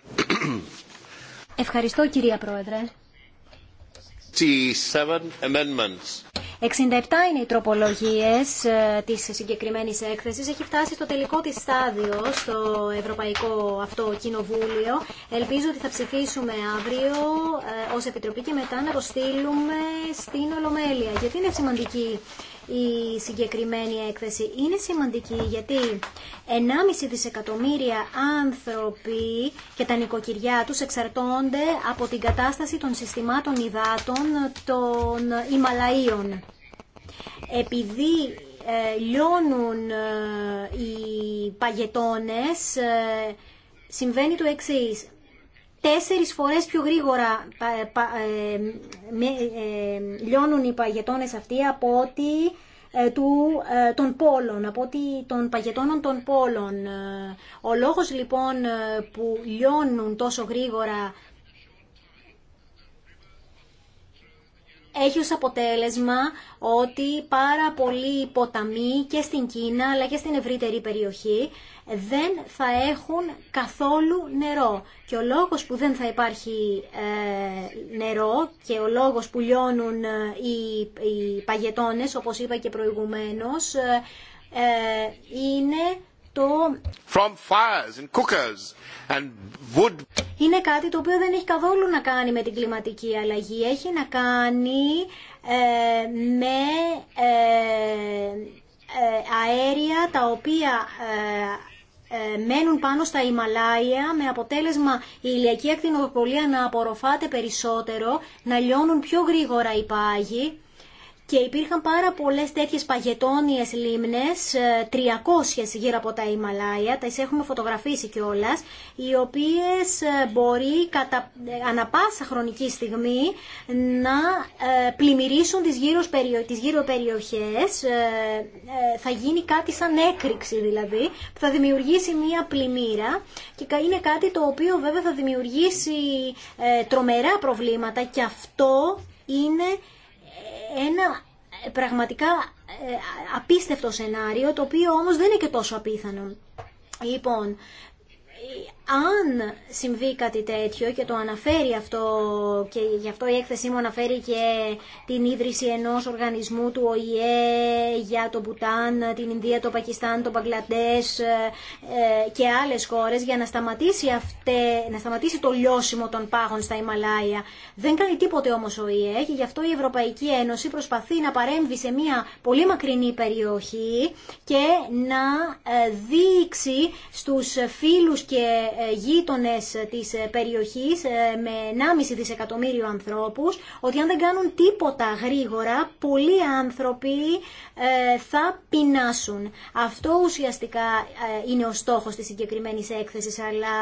Ευχαριστώ κυρία Πρόεδρε. 67 είναι οι τροπολογίες ε, της συγκεκριμένης έκθεσης. Έχει φτάσει στο τελικό της στάδιο στο Ευρωπαϊκό αυτό Κοινοβούλιο. Ελπίζω ότι θα ψηφίσουμε αύριο ε, ως Επιτροπή και μετά να το στείλουμε στην Ολομέλεια. Γιατί είναι σημαντική η συγκεκριμένη έκθεση. Είναι σημαντική γιατί 1,5 δισεκατομμύρια άνθρωποι και τα νοικοκυριά τους εξαρτώνται από την κατάσταση των συστημάτων υδάτων των Ιμαλαίων. Επειδή ε, λιώνουν ε, οι παγετώνες, ε, συμβαίνει το εξής τέσσερις φορές πιο γρήγορα ε, ε, λιώνουν οι παγετώνες αυτοί από ότι ε, του, των πόλων, από ότι των παγετώνων των πόλων. Ο λόγος λοιπόν που λιώνουν τόσο γρήγορα έχει ως αποτέλεσμα ότι πάρα πολλοί ποταμοί και στην Κίνα αλλά και στην ευρύτερη περιοχή δεν θα έχουν καθόλου νερό. Και ο λόγος που δεν θα υπάρχει ε, νερό και ο λόγος που λιώνουν ε, οι παγετώνες, όπως είπα και προηγουμένως, ε, είναι το... From fires and cookers and wood. Είναι κάτι το οποίο δεν έχει καθόλου να κάνει με την κλιματική αλλαγή. Έχει να κάνει με αέρια τα οποία ε, μένουν πάνω στα Ιμαλάια με αποτέλεσμα η ηλιακή ακτινοβολία να απορροφάται περισσότερο, να λιώνουν πιο γρήγορα οι πάγοι και υπήρχαν πάρα πολλές τέτοιες παγετώνιες λίμνες, 300 ε, γύρω από τα Ιμαλάια, τα έχουμε φωτογραφίσει κιόλα, οι οποίες ε, μπορεί κατά ε, ανα χρονική στιγμή να πλημμυρίσουν τις γύρω, τις γύρω περιοχές, θα γίνει κάτι σαν έκρηξη δηλαδή, που θα δημιουργήσει μία πλημμύρα και είναι κάτι το οποίο βέβαια θα δημιουργήσει τρομερά προβλήματα και αυτό είναι ένα ε, πραγματικά ε, απίστευτο σενάριο, το οποίο όμως δεν είναι και τόσο απίθανο. Λοιπόν, ε, αν συμβεί κάτι τέτοιο και το αναφέρει αυτό και γι' αυτό η έκθεσή μου αναφέρει και την ίδρυση ενός οργανισμού του ΟΗΕ για το Μπουτάν, την Ινδία, το Πακιστάν, το ε, και άλλες χώρες για να σταματήσει, αυτέ, να σταματήσει το λιώσιμο των πάγων στα Ιμαλάια. Δεν κάνει τίποτε όμως ο ΟΗΕ και γι' αυτό η Ευρωπαϊκή Ένωση προσπαθεί να παρέμβει σε μια πολύ μακρινή περιοχή και να ε, δείξει στους φίλους και ε, γείτονες της ε, περιοχής ε, με 1,5 δισεκατομμύριο ανθρώπους, ότι αν δεν κάνουν τίποτα γρήγορα, πολλοί άνθρωποι θα πεινάσουν. Αυτό ουσιαστικά είναι ο στόχος της συγκεκριμένης έκθεσης, αλλά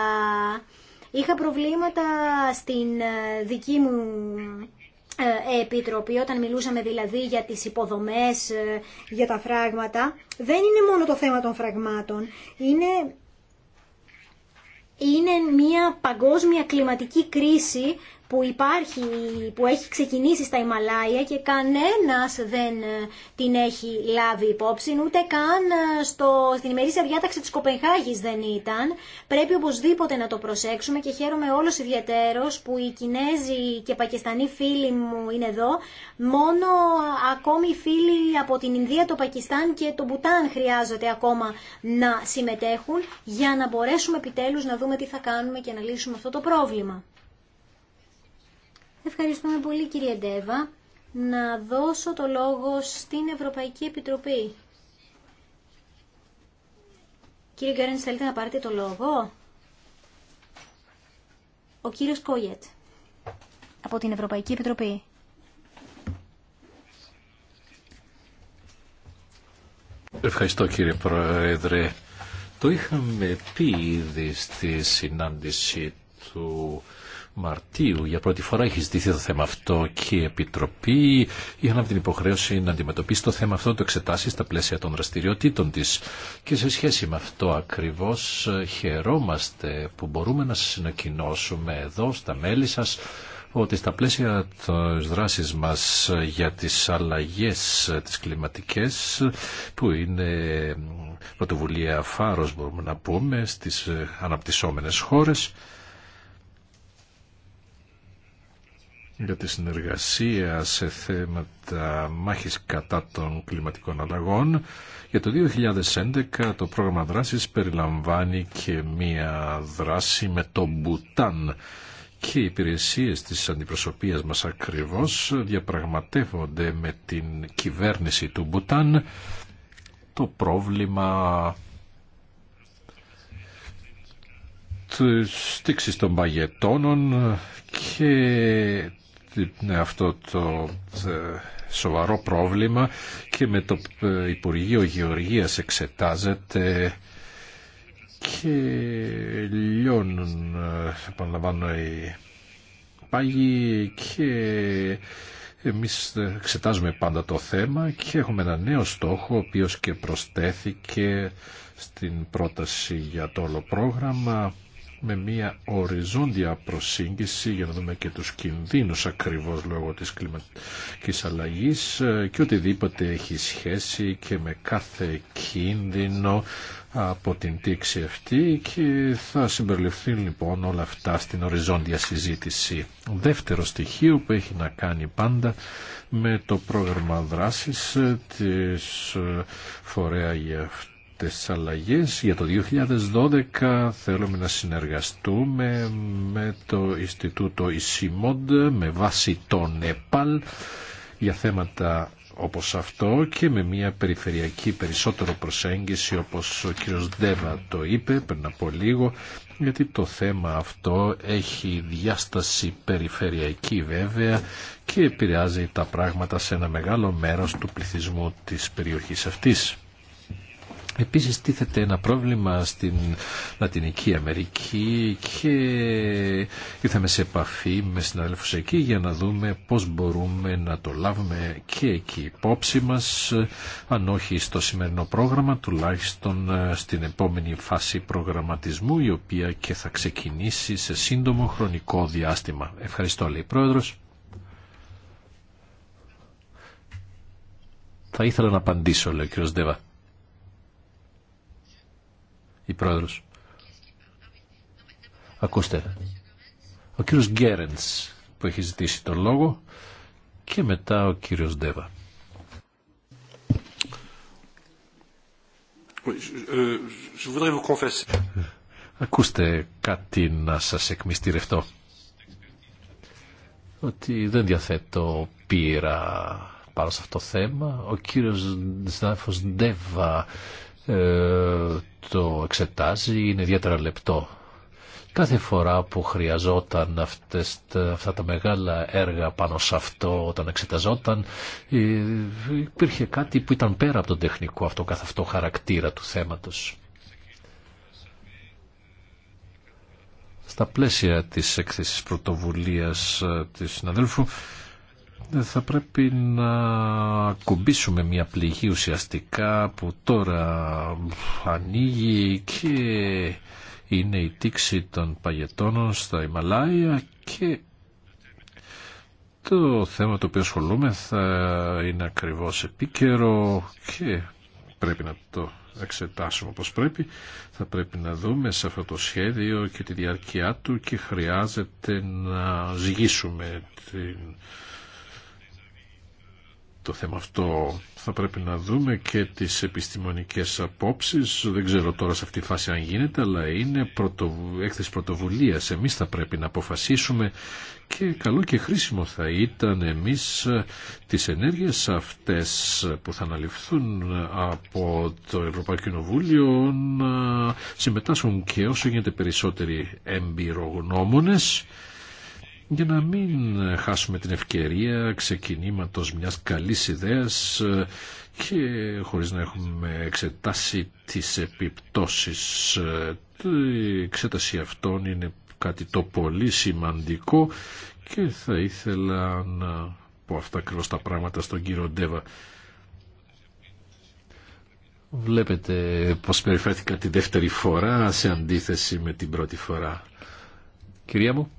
είχα προβλήματα στην δική μου επιτροπή, όταν μιλούσαμε δηλαδή για τις υποδομές, για τα φράγματα, δεν είναι μόνο το θέμα των φραγμάτων. Είναι είναι μια παγκόσμια κλιματική κρίση που υπάρχει, που έχει ξεκινήσει στα Ιμαλάια και κανένας δεν ε, την έχει λάβει υπόψη, ούτε καν ε, στο, στην ημερήσια διάταξη της Κοπενχάγης δεν ήταν. Πρέπει οπωσδήποτε να το προσέξουμε και χαίρομαι όλος ιδιαίτερος που οι Κινέζοι και Πακιστανοί φίλοι μου είναι εδώ. Μόνο ακόμη φίλοι από την Ινδία, το Πακιστάν και το Μπουτάν χρειάζεται ακόμα να συμμετέχουν για να μπορέσουμε επιτέλους να δούμε τι θα κάνουμε και να λύσουμε αυτό το πρόβλημα. Ευχαριστούμε πολύ κύριε Ντέβα. Να δώσω το λόγο στην Ευρωπαϊκή Επιτροπή. Κύριε Γκέρνης, θέλετε να πάρετε το λόγο. Ο κύριος Κόγιετ, από την Ευρωπαϊκή Επιτροπή. Ευχαριστώ κύριε Πρόεδρε. Το είχαμε πει ήδη στη συνάντηση του Μαρτίου. Για πρώτη φορά έχει ζητηθεί το θέμα αυτό και η Επιτροπή είχαν την υποχρέωση να αντιμετωπίσει το θέμα αυτό, να το εξετάσει στα πλαίσια των δραστηριοτήτων τη. Και σε σχέση με αυτό ακριβώ χαιρόμαστε που μπορούμε να σα εδώ στα μέλη σα ότι στα πλαίσια των δράσης μας για τις αλλαγές τις κλιματικές που είναι πρωτοβουλία φάρος μπορούμε να πούμε στις αναπτυσσόμενες χώρες για τη συνεργασία σε θέματα μάχης κατά των κλιματικών αλλαγών. Για το 2011 το πρόγραμμα δράσης περιλαμβάνει και μία δράση με το Μπουτάν και οι υπηρεσίες της αντιπροσωπείας μας ακριβώς διαπραγματεύονται με την κυβέρνηση του Μπουτάν το πρόβλημα της στήξης των παγετώνων και αυτό το ε, σοβαρό πρόβλημα και με το ε, Υπουργείο Γεωργίας εξετάζεται και λιώνουν, ε, επαναλαμβάνω, οι πάγοι και εμείς εξετάζουμε πάντα το θέμα και έχουμε ένα νέο στόχο ο οποίος και προστέθηκε στην πρόταση για το όλο πρόγραμμα με μια οριζόντια προσήγγιση για να δούμε και τους κινδύνους ακριβώς λόγω της κλιματικής αλλαγής ε, και οτιδήποτε έχει σχέση και με κάθε κίνδυνο από την τήξη αυτή και θα συμπεριληφθεί λοιπόν όλα αυτά στην οριζόντια συζήτηση. Δεύτερο στοιχείο που έχει να κάνει πάντα με το πρόγραμμα δράσης ε, της ε, φορέα για αυτές τις αλλαγές. Για το 2012 θέλουμε να συνεργαστούμε με το Ινστιτούτο Ισιμόντ με βάση το ΝΕΠΑΛ για θέματα όπως αυτό και με μια περιφερειακή περισσότερο προσέγγιση όπως ο κύριος Ντέβα το είπε πριν από λίγο γιατί το θέμα αυτό έχει διάσταση περιφερειακή βέβαια και επηρεάζει τα πράγματα σε ένα μεγάλο μέρος του πληθυσμού της περιοχής αυτής. Επίσης τίθεται ένα πρόβλημα στην Λατινική Αμερική και ήρθαμε σε επαφή με συναδέλφους εκεί για να δούμε πώς μπορούμε να το λάβουμε και εκεί υπόψη μας, αν όχι στο σημερινό πρόγραμμα, τουλάχιστον ε, στην επόμενη φάση προγραμματισμού η οποία και θα ξεκινήσει σε σύντομο χρονικό διάστημα. Ευχαριστώ λέει Πρόεδρος. Θα ήθελα να απαντήσω λέει ο κ η πρόεδρος. Ακούστε, ο κύριος Γκέρεντς που έχει ζητήσει τον λόγο και μετά ο κύριος Ντέβα. Euh, Ακούστε κάτι να σας εκμυστηρευτώ. Ότι δεν διαθέτω πείρα πάνω σε αυτό το θέμα. Ο κύριος Ντέβα ε, το εξετάζει, είναι ιδιαίτερα λεπτό. Κάθε φορά που χρειαζόταν αυτές, αυτά τα μεγάλα έργα πάνω σε αυτό, όταν εξεταζόταν, ε, υπήρχε κάτι που ήταν πέρα από τον τεχνικό αυτό, καθ' αυτό χαρακτήρα του θέματος. Στα πλαίσια της έκθεσης πρωτοβουλίας ε, της συναδέλφου, θα πρέπει να κουμπίσουμε μια πληγή ουσιαστικά που τώρα ανοίγει και είναι η τήξη των παγετώνων στα Ιμαλάια και το θέμα το οποίο ασχολούμε θα είναι ακριβώς επίκαιρο και πρέπει να το εξετάσουμε όπως πρέπει. Θα πρέπει να δούμε σε αυτό το σχέδιο και τη διάρκεια του και χρειάζεται να ζυγίσουμε την το θέμα αυτό θα πρέπει να δούμε και τις επιστημονικές απόψεις. Δεν ξέρω τώρα σε αυτή τη φάση αν γίνεται, αλλά είναι πρωτο... έκθεση πρωτοβουλίας. Εμείς θα πρέπει να αποφασίσουμε και καλό και χρήσιμο θα ήταν εμείς ε, τις ενέργειες αυτές που θα αναλυφθούν από το Ευρωπαϊκό Κοινοβούλιο να συμμετάσχουν και όσο γίνεται περισσότεροι εμπειρογνώμονες για να μην χάσουμε την ευκαιρία ξεκινήματος μιας καλής ιδέας ε, και χωρίς να έχουμε εξετάσει τις επιπτώσεις. Ε, η εξέταση αυτών είναι κάτι το πολύ σημαντικό και θα ήθελα να πω αυτά ακριβώς τα πράγματα στον κύριο Ντέβα. Βλέπετε πως περιφέρθηκα τη δεύτερη φορά σε αντίθεση με την πρώτη φορά. Κυρία μου.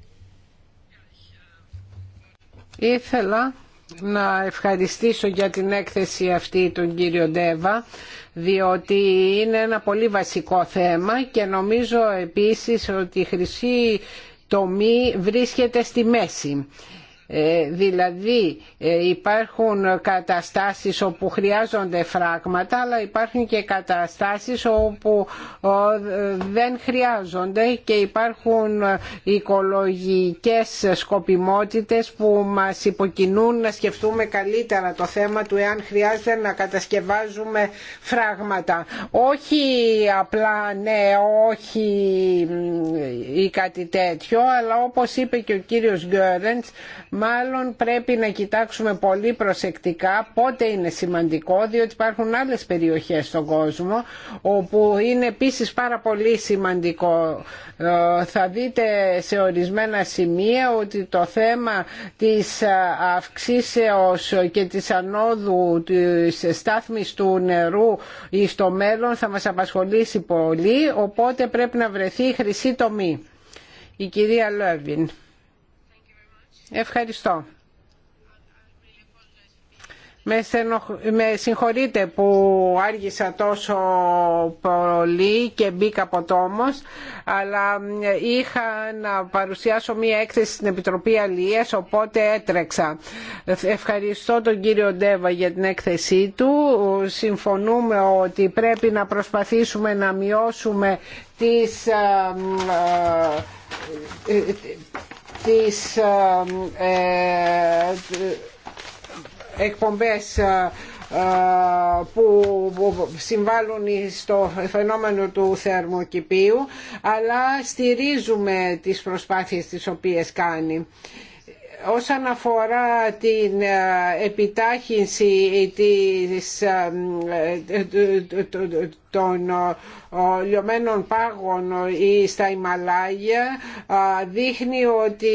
Ήθελα να ευχαριστήσω για την έκθεση αυτή τον κύριο Ντέβα διότι είναι ένα πολύ βασικό θέμα και νομίζω επίσης ότι η χρυσή τομή βρίσκεται στη μέση ε, δηλαδή ε, υπάρχουν καταστάσεις όπου χρειάζονται φράγματα αλλά υπάρχουν και καταστάσεις όπου ε, δεν χρειάζονται και υπάρχουν οικολογικές σκοπιμότητες που μας υποκινούν να σκεφτούμε καλύτερα το θέμα του εάν χρειάζεται να κατασκευάζουμε φράγματα. Όχι απλά ναι, όχι ή κάτι τέτοιο, αλλά όπως είπε και ο κύριος Γκέρεντς, μάλλον πρέπει να κοιτάξουμε πολύ προσεκτικά πότε είναι σημαντικό διότι υπάρχουν άλλες περιοχές στον κόσμο όπου είναι επίσης πάρα πολύ σημαντικό. Ε, θα δείτε σε ορισμένα σημεία ότι το θέμα της αυξήσεως και της ανόδου της στάθμης του νερού στο μέλλον θα μας απασχολήσει πολύ οπότε πρέπει να βρεθεί η χρυσή τομή. Η κυρία Λέβιν. Ευχαριστώ. Με συγχωρείτε που άργησα τόσο πολύ και μπήκα από το αλλά είχα να παρουσιάσω μία έκθεση στην Επιτροπή Αλίας, οπότε έτρεξα. Ευχαριστώ τον κύριο Ντέβα για την έκθεσή του. Συμφωνούμε ότι πρέπει να προσπαθήσουμε να μειώσουμε τις ε, ε, τις ε, ε, εκπομπές ε, που συμβάλλουν στο φαινόμενο του θερμοκηπίου αλλά στηρίζουμε τις προσπάθειες τις οποίες κάνει όσον αφορά την ε, επιτάχυνση της, ε, ε, των λιωμένων πάγων στα Ιμαλάγια δείχνει ότι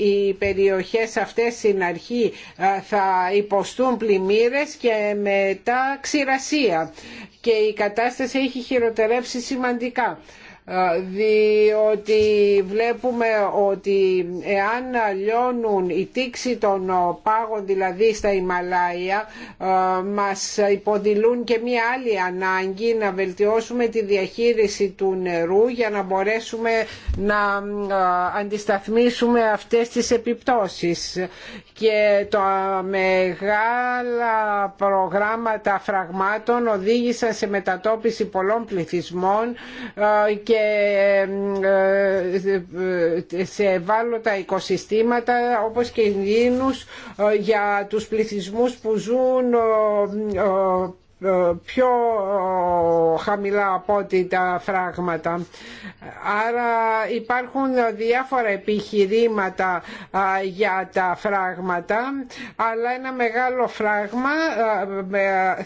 οι περιοχές αυτές στην αρχή θα υποστούν πλημμύρες και μετά ξηρασία και η κατάσταση έχει χειροτερέψει σημαντικά διότι βλέπουμε ότι εάν λιώνουν η τήξη των πάγων δηλαδή στα Ιμαλάια μας υποδηλούν και μία άλλη ανάγκη να βελτιώσουμε τη διαχείριση του νερού για να μπορέσουμε να αντισταθμίσουμε αυτές τις επιπτώσεις και τα μεγάλα προγράμματα φραγμάτων οδήγησαν σε μετατόπιση πολλών πληθυσμών και και ε, ε, σε ευάλωτα οικοσυστήματα όπως και κινδύνους ε, για τους πληθυσμούς που ζουν πιο χαμηλά από ό,τι τα φράγματα. Άρα υπάρχουν διάφορα επιχειρήματα για τα φράγματα, αλλά ένα μεγάλο φράγμα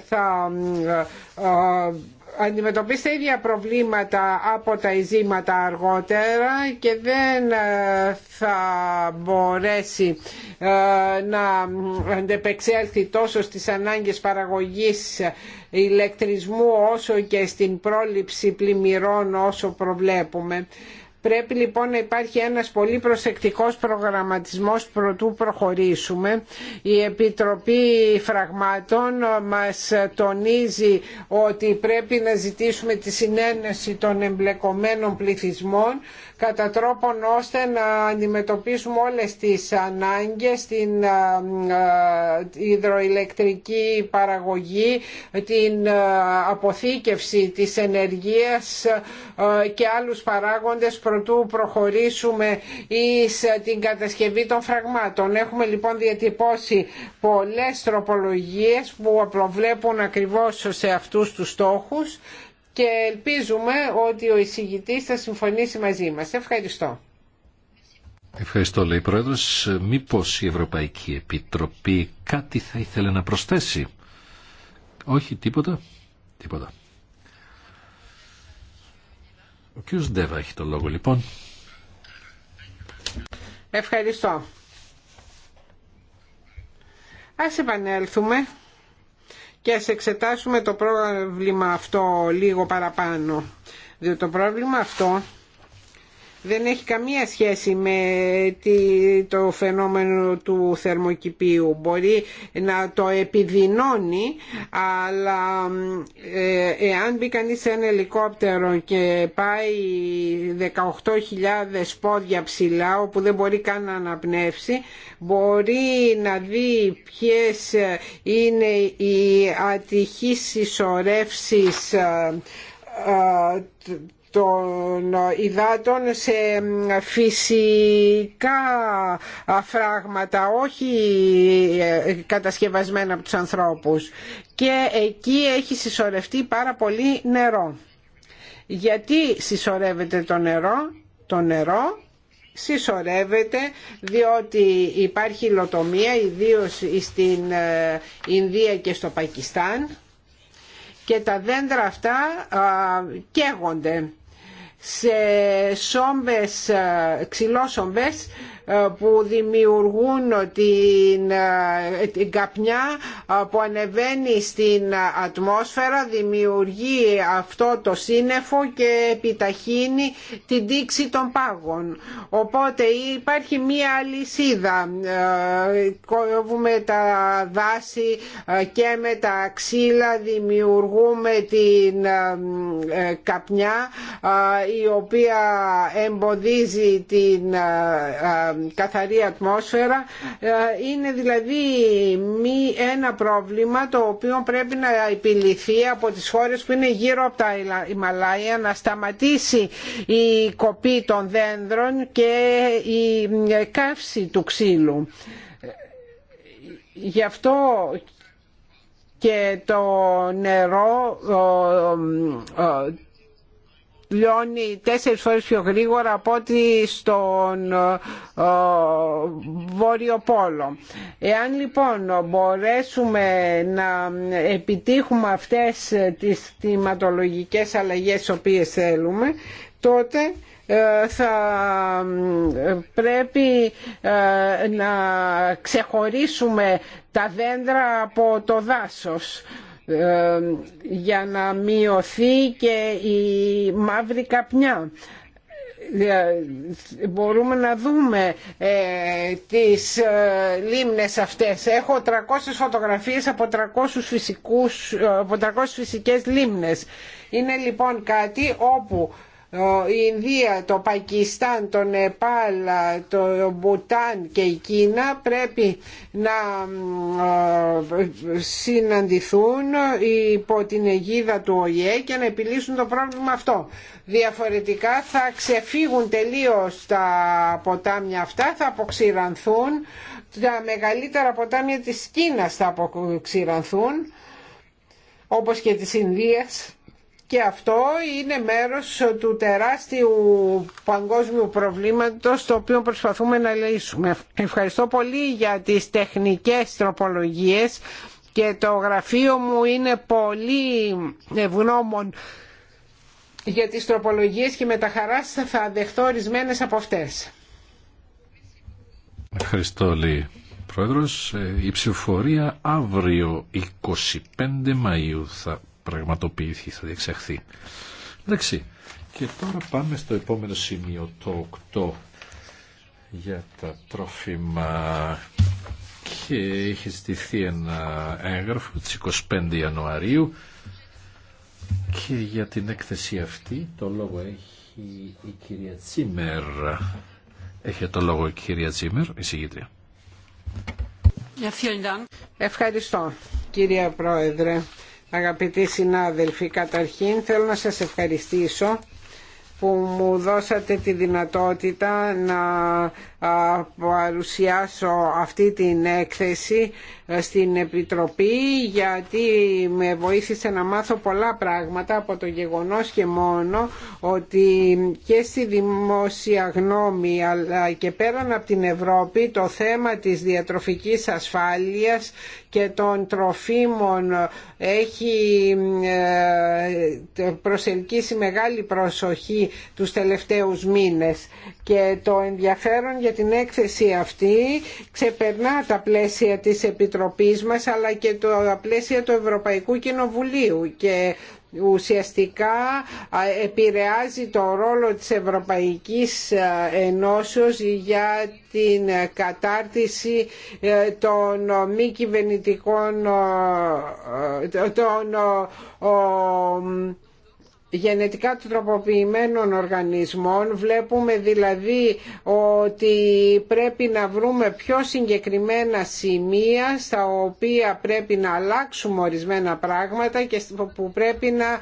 θα αντιμετωπίσει τα ίδια προβλήματα από τα ειζήματα αργότερα και δεν ε, θα μπορέσει ε, να αντεπεξέλθει τόσο στις ανάγκες παραγωγής ηλεκτρισμού όσο και στην πρόληψη πλημμυρών όσο προβλέπουμε. Πρέπει λοιπόν να υπάρχει ένας πολύ προσεκτικός προγραμματισμός προτού προχωρήσουμε. Η Επιτροπή Φραγμάτων μας τονίζει ότι πρέπει να ζητήσουμε τη συνένεση των εμπλεκομένων πληθυσμών κατά τρόπον ώστε να αντιμετωπίσουμε όλες τις ανάγκες την υδροηλεκτρική παραγωγή, την αποθήκευση της ενεργείας και άλλους παράγοντες προτού προχωρήσουμε εις την κατασκευή των φραγμάτων. Έχουμε λοιπόν διατυπώσει πολλές τροπολογίες που προβλέπουν ακριβώς σε αυτούς τους στόχους και ελπίζουμε ότι ο εισηγητής θα συμφωνήσει μαζί μας. Ευχαριστώ. Ευχαριστώ, λέει η Πρόεδρος. Μήπως η Ευρωπαϊκή Επιτροπή κάτι θα ήθελε να προσθέσει. Όχι, τίποτα. Τίποτα. Ο κ. Ντέβα έχει το λόγο, λοιπόν. Ευχαριστώ. Ας επανέλθουμε και ας εξετάσουμε το πρόβλημα αυτό λίγο παραπάνω. Διότι το πρόβλημα αυτό δεν έχει καμία σχέση με το φαινόμενο του θερμοκηπίου. Μπορεί να το επιδεινώνει, αλλά ε, εάν μπει κανείς σε ένα ελικόπτερο και πάει 18.000 πόδια ψηλά, όπου δεν μπορεί καν να αναπνεύσει, μπορεί να δει ποιες είναι οι ατυχείς συσσωρεύσεις ε, ε, των υδάτων σε φυσικά φράγματα, όχι ε, κατασκευασμένα από τους ανθρώπους. Και εκεί έχει συσσωρευτεί πάρα πολύ νερό. Γιατί συσσωρεύεται το νερό, το νερό συσσωρεύεται διότι υπάρχει υλοτομία ιδίως στην ε, Ινδία και στο Πακιστάν και τα δέντρα αυτά α, καίγονται σε σόμπες, ε, ξυλόσομπες που δημιουργούν την, καπνιά που ανεβαίνει στην ατμόσφαιρα, δημιουργεί αυτό το σύννεφο και επιταχύνει την τήξη των πάγων. Οπότε υπάρχει μία αλυσίδα. Κόβουμε τα δάση και με τα ξύλα δημιουργούμε την ε, ε, καπνιά ε, η οποία εμποδίζει την καθαρή ατμόσφαιρα ε, είναι δηλαδή μη ένα πρόβλημα το οποίο πρέπει να επιληθεί από τις χώρες που είναι γύρω από τα Ιμαλάια να σταματήσει η κοπή των δένδρων και η ε, καύση του ξύλου. Γι' αυτό και το νερό λιώνει τέσσερις φορές πιο γρήγορα από ό,τι στον ε, ε, Βόρειο Πόλο. Εάν λοιπόν μπορέσουμε να επιτύχουμε αυτές τις θυματολογικέ αλλαγές τις οποίες θέλουμε, τότε ε, θα πρέπει να ξεχωρίσουμε τα δέντρα από το δάσος ε, για να μειωθεί και η μαύρη καπνιά ε, μπορούμε να δούμε ε, τις ε, λίμνες αυτές. Έχω 300 φωτογραφίες από 300, φυσικούς, ε, από 300 φυσικές λίμνες. Είναι λοιπόν κάτι όπου η Ινδία, το Πακιστάν, το Νεπάλ, το Μπουτάν και η Κίνα πρέπει να συναντηθούν υπό την αιγίδα του ΟΗΕ και να επιλύσουν το πρόβλημα αυτό. Διαφορετικά θα ξεφύγουν τελείως τα ποτάμια αυτά, θα αποξηρανθούν, τα μεγαλύτερα ποτάμια της Κίνας θα αποξηρανθούν όπως και της Ινδίας και αυτό είναι μέρος του τεράστιου παγκόσμιου προβλήματος το οποίο προσπαθούμε να λύσουμε. Ευχαριστώ πολύ για τις τεχνικές τροπολογίες και το γραφείο μου είναι πολύ ευγνώμων για τις τροπολογίες και με τα θα δεχτώ ορισμένε από αυτές. Ευχαριστώ Πρόεδρος. Ε, η ψηφοφορία αύριο 25 Μαΐου θα πραγματοποιηθεί, θα διεξαχθεί. Εντάξει. Και τώρα πάμε στο επόμενο σημείο, το 8, για τα τρόφιμα. Και έχει στηθεί ένα έγγραφο της 25 Ιανουαρίου και για την έκθεση αυτή το λόγο έχει η κυρία Τσίμερ. Έχει το λόγο η κυρία Τσίμερ, η συγγήτρια. Ευχαριστώ κυρία Πρόεδρε αγαπητοί συνάδελφοι. Καταρχήν θέλω να σας ευχαριστήσω που μου δώσατε τη δυνατότητα να παρουσιάσω αυτή την έκθεση ε, στην Επιτροπή γιατί με βοήθησε να μάθω πολλά πράγματα από το γεγονός και μόνο ότι και στη δημόσια γνώμη αλλά και πέραν από την Ευρώπη το θέμα της διατροφικής ασφάλειας και των τροφίμων έχει ε, προσελκύσει μεγάλη προσοχή τους τελευταίους μήνες και το ενδιαφέρον για την έκθεση αυτή. Ξεπερνά τα πλαίσια της Επιτροπής μας αλλά και τα πλαίσια του Ευρωπαϊκού Κοινοβουλίου και ουσιαστικά επηρεάζει το ρόλο της Ευρωπαϊκής Ενώσεως για την κατάρτιση ε, των μη κυβερνητικών ε, ε, των γενετικά τροποποιημένων οργανισμών. Βλέπουμε δηλαδή ότι πρέπει να βρούμε πιο συγκεκριμένα σημεία στα οποία πρέπει να αλλάξουμε ορισμένα πράγματα και που πρέπει να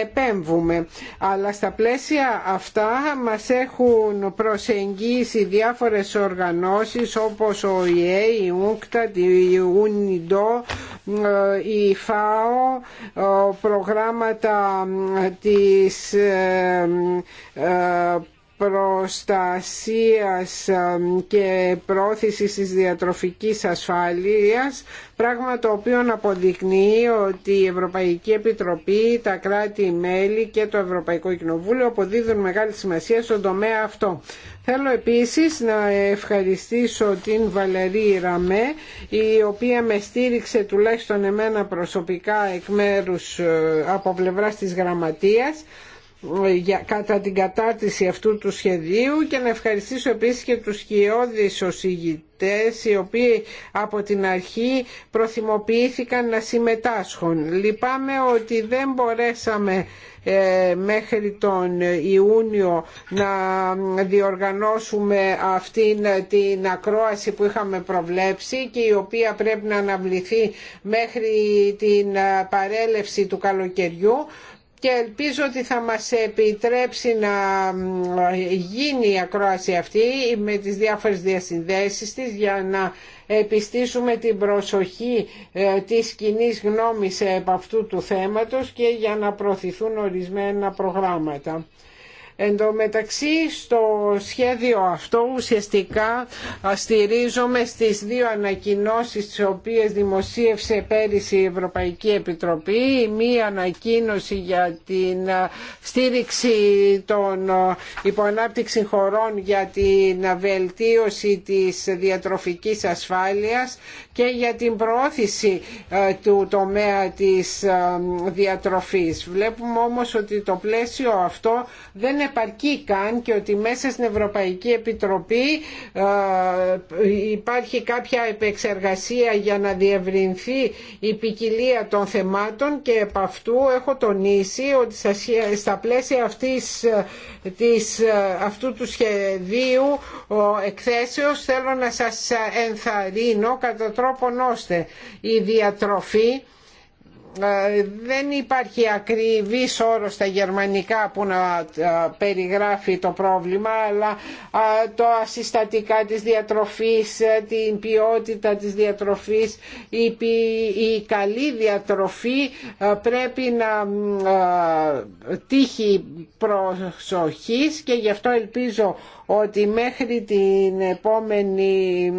επέμβουμε. Αλλά στα πλαίσια αυτά μας έχουν προσεγγίσει διάφορες οργανώσεις όπως ο ΙΕΙ, η ΟΥΚΤΑ, η UNIDO, η ΦΑΟ, προγράμματα της ε, ε, προστασίας και πρόθεσης της διατροφικής ασφάλειας πράγμα το οποίο αποδεικνύει ότι η Ευρωπαϊκή Επιτροπή, τα κράτη-μέλη και το Ευρωπαϊκό Κοινοβούλιο αποδίδουν μεγάλη σημασία στον τομέα αυτό. Θέλω επίσης να ευχαριστήσω την Βαλερή Ραμέ η οποία με στήριξε τουλάχιστον εμένα προσωπικά εκ μέρους ε, από πλευράς της γραμματείας για, κατά την κατάρτιση αυτού του σχεδίου και να ευχαριστήσω επίσης και τους χειώδεις οσηγητές οι οποίοι από την αρχή προθυμοποιήθηκαν να συμμετάσχουν. Λυπάμαι ότι δεν μπορέσαμε ε, μέχρι τον Ιούνιο να διοργανώσουμε αυτήν την ακρόαση που είχαμε προβλέψει και η οποία πρέπει να αναβληθεί μέχρι την παρέλευση του καλοκαιριού και ελπίζω ότι θα μας επιτρέψει να γίνει η ακρόαση αυτή με τις διάφορες διασυνδέσεις της για να επιστήσουμε την προσοχή ε, της κοινή γνώμης από αυτού του θέματος και για να προωθηθούν ορισμένα προγράμματα. Εν τω μεταξύ στο σχέδιο αυτό ουσιαστικά στηρίζομαι στις δύο ανακοινώσεις τις οποίες δημοσίευσε πέρυσι η Ευρωπαϊκή Επιτροπή. μία ανακοίνωση για την στήριξη των υποανάπτυξη χωρών για την βελτίωση της διατροφικής ασφάλειας και για την προώθηση του τομέα της διατροφής. Βλέπουμε όμως ότι το πλαίσιο αυτό δεν επαρκεί καν και ότι μέσα στην Ευρωπαϊκή Επιτροπή υπάρχει κάποια επεξεργασία για να διευρυνθεί η ποικιλία των θεμάτων και επ' αυτού έχω τονίσει ότι στα πλαίσια αυτής, της, αυτού του σχεδίου ο εκθέσεως θέλω να σας ενθαρρύνω κατά τρόπον ώστε η διατροφή ε, δεν υπάρχει ακριβής όρος στα γερμανικά που να ε, περιγράφει το πρόβλημα αλλά ε, το ασυστατικά της διατροφής, την ποιότητα της διατροφής, η καλή διατροφή πρέπει να τύχει προσοχής και γι' αυτό ελπίζω ότι μέχρι την επόμενη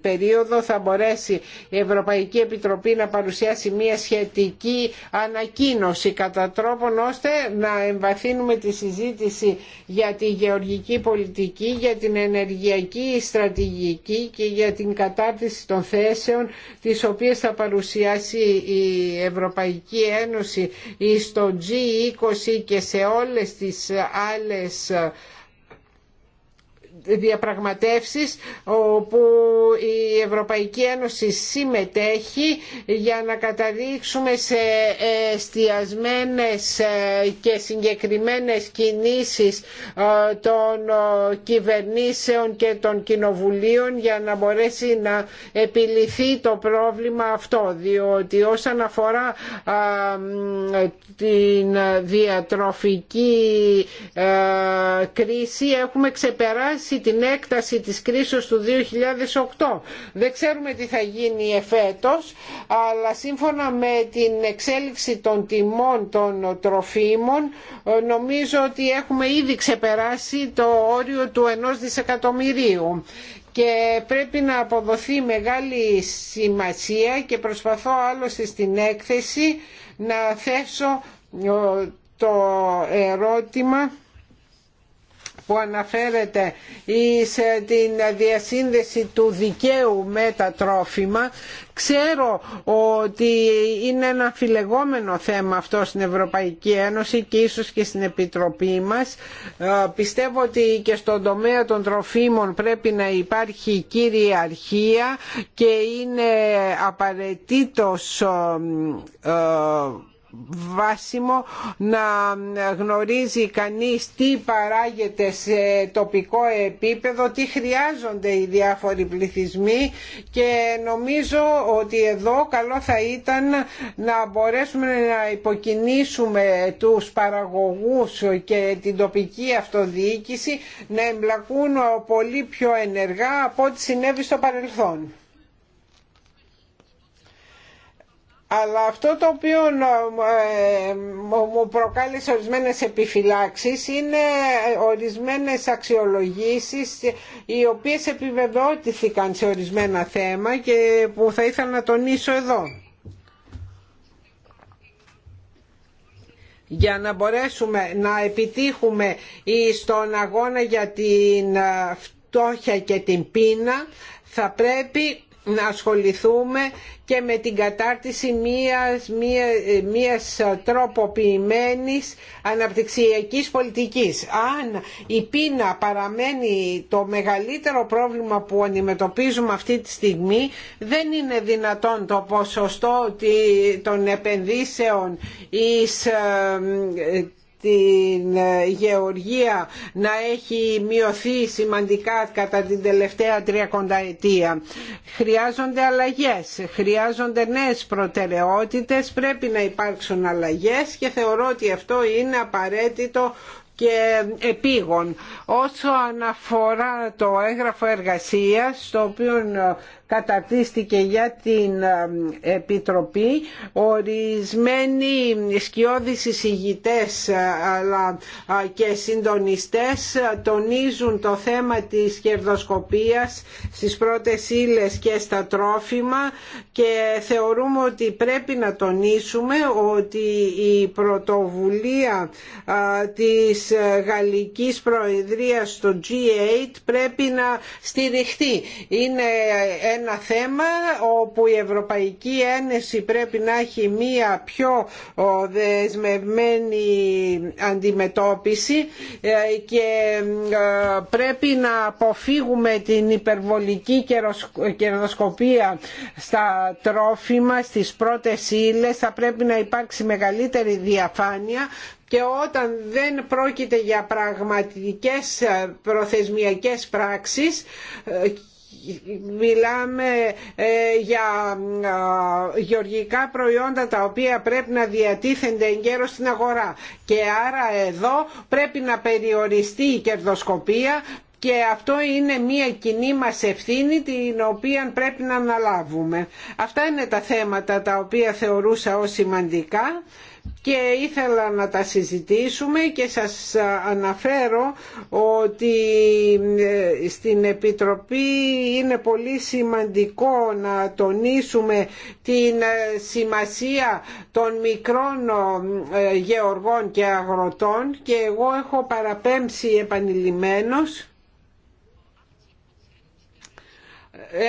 περίοδο θα μπορέσει η Ευρωπαϊκή Επιτροπή να παρουσιάσει μια σχετική ανακοίνωση κατά τρόπον ώστε να εμβαθύνουμε τη συζήτηση για τη γεωργική πολιτική, για την ενεργειακή στρατηγική και για την κατάρτιση των θέσεων τις οποίες θα παρουσιάσει η Ευρωπαϊκή Ένωση στο G20 και σε όλες τις άλλες διαπραγματεύσεις όπου η Ευρωπαϊκή Ένωση συμμετέχει για να καταδείξουμε σε εστιασμένες και συγκεκριμένες κινήσεις ε, των ε, κυβερνήσεων και των κοινοβουλίων για να μπορέσει να επιληθεί το πρόβλημα αυτό διότι όσον αφορά ε, την διατροφική κρίση έχουμε ξεπεράσει την έκταση της κρίσης του 2008. Δεν ξέρουμε τι θα γίνει εφέτος, αλλά σύμφωνα με την εξέλιξη των τιμών των τροφίμων, νομίζω ότι έχουμε ήδη ξεπεράσει το όριο του 1 δισεκατομμυρίου και πρέπει να αποδοθεί μεγάλη σημασία και προσπαθώ άλλωστε στην έκθεση να θέσω ε, το ερώτημα που αναφέρεται σε την διασύνδεση του δικαίου με τα τρόφιμα ξέρω ότι είναι ένα φιλεγόμενο θέμα αυτό στην Ευρωπαϊκή Ένωση και ίσως και στην Επιτροπή μας ε, πιστεύω ότι και στον τομέα των τροφίμων πρέπει να υπάρχει κυριαρχία και είναι απαραίτητος ε, ε, βάσιμο να γνωρίζει κανείς τι παράγεται σε τοπικό επίπεδο, τι χρειάζονται οι διάφοροι πληθυσμοί και νομίζω ότι εδώ καλό θα ήταν να μπορέσουμε να υποκινήσουμε τους παραγωγούς και την τοπική αυτοδιοίκηση να εμπλακούν πολύ πιο ενεργά από ό,τι συνέβη στο παρελθόν. Αλλά αυτό το οποίο ε, ε, μου προκάλεσε ορισμένες επιφυλάξεις είναι ορισμένες αξιολογήσεις οι οποίες επιβεβαιώτηθηκαν σε ορισμένα θέμα και που θα ήθελα να τονίσω εδώ. για να μπορέσουμε να επιτύχουμε στον αγώνα για την ε, φτώχεια και την πείνα θα πρέπει να ασχοληθούμε και με την κατάρτιση μίας, μία, μίας τροποποιημένης αναπτυξιακής πολιτικής. Αν η πείνα παραμένει το μεγαλύτερο πρόβλημα που αντιμετωπίζουμε αυτή τη στιγμή, δεν είναι δυνατόν το ποσοστό των επενδύσεων εις ε, την ε, γεωργία να έχει μειωθεί σημαντικά κατά την τελευταία τριακονταετία. Χρειάζονται αλλαγές, χρειάζονται νέες προτεραιότητες, πρέπει να υπάρξουν αλλαγές και θεωρώ ότι αυτό είναι απαραίτητο και επίγον. Όσο αναφορά το έγγραφο εργασίας, το οποίο ε, καταρτίστηκε για την ε, Επιτροπή. Ορισμένοι σκιώδεις εισηγητές ε, αλλά ε, και συντονιστές τονίζουν το θέμα της κερδοσκοπίας στις πρώτες ύλε και στα τρόφιμα και θεωρούμε ότι πρέπει να τονίσουμε ότι η πρωτοβουλία της Γαλλικής Προεδρίας στο G8 πρέπει να στηριχτεί. Είναι ένα θέμα όπου η Ευρωπαϊκή Ένωση πρέπει να έχει μία πιο δεσμευμένη αντιμετώπιση ε, και ε, πρέπει να αποφύγουμε την υπερβολική κερδοσκοπία στα τρόφιμα, στις πρώτες ύλες. Θα πρέπει να υπάρξει μεγαλύτερη διαφάνεια και όταν δεν πρόκειται για πραγματικές ε, προθεσμιακές πράξεις μιλάμε ε, για ε, γεωργικά προϊόντα τα οποία πρέπει να διατίθενται εγκαίρως στην αγορά και άρα εδώ πρέπει να περιοριστεί η κερδοσκοπία και αυτό είναι μια κοινή μας ευθύνη την οποία πρέπει να αναλάβουμε. Αυτά είναι τα θέματα τα οποία θεωρούσα ως σημαντικά και ήθελα να τα συζητήσουμε και σας αναφέρω ότι ε, στην Επιτροπή είναι πολύ σημαντικό να τονίσουμε την ε, σημασία των μικρών ε, γεωργών και αγροτών και εγώ έχω παραπέμψει επανειλημμένος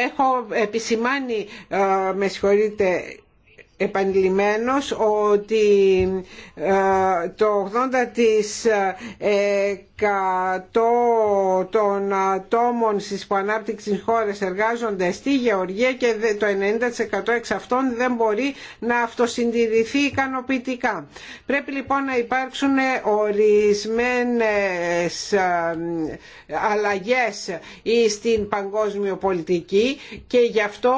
έχω επισημάνει με συγχωρείτε επανειλημμένος ότι ε, το 80% των ατόμων στις ανάπτυξης χώρες εργάζονται στη Γεωργία και το 90% εξ αυτών δεν μπορεί να αυτοσυντηρηθεί ικανοποιητικά. Πρέπει λοιπόν να υπάρξουν ορισμένες ε, αλλαγές στην παγκόσμιο πολιτική και γι' αυτό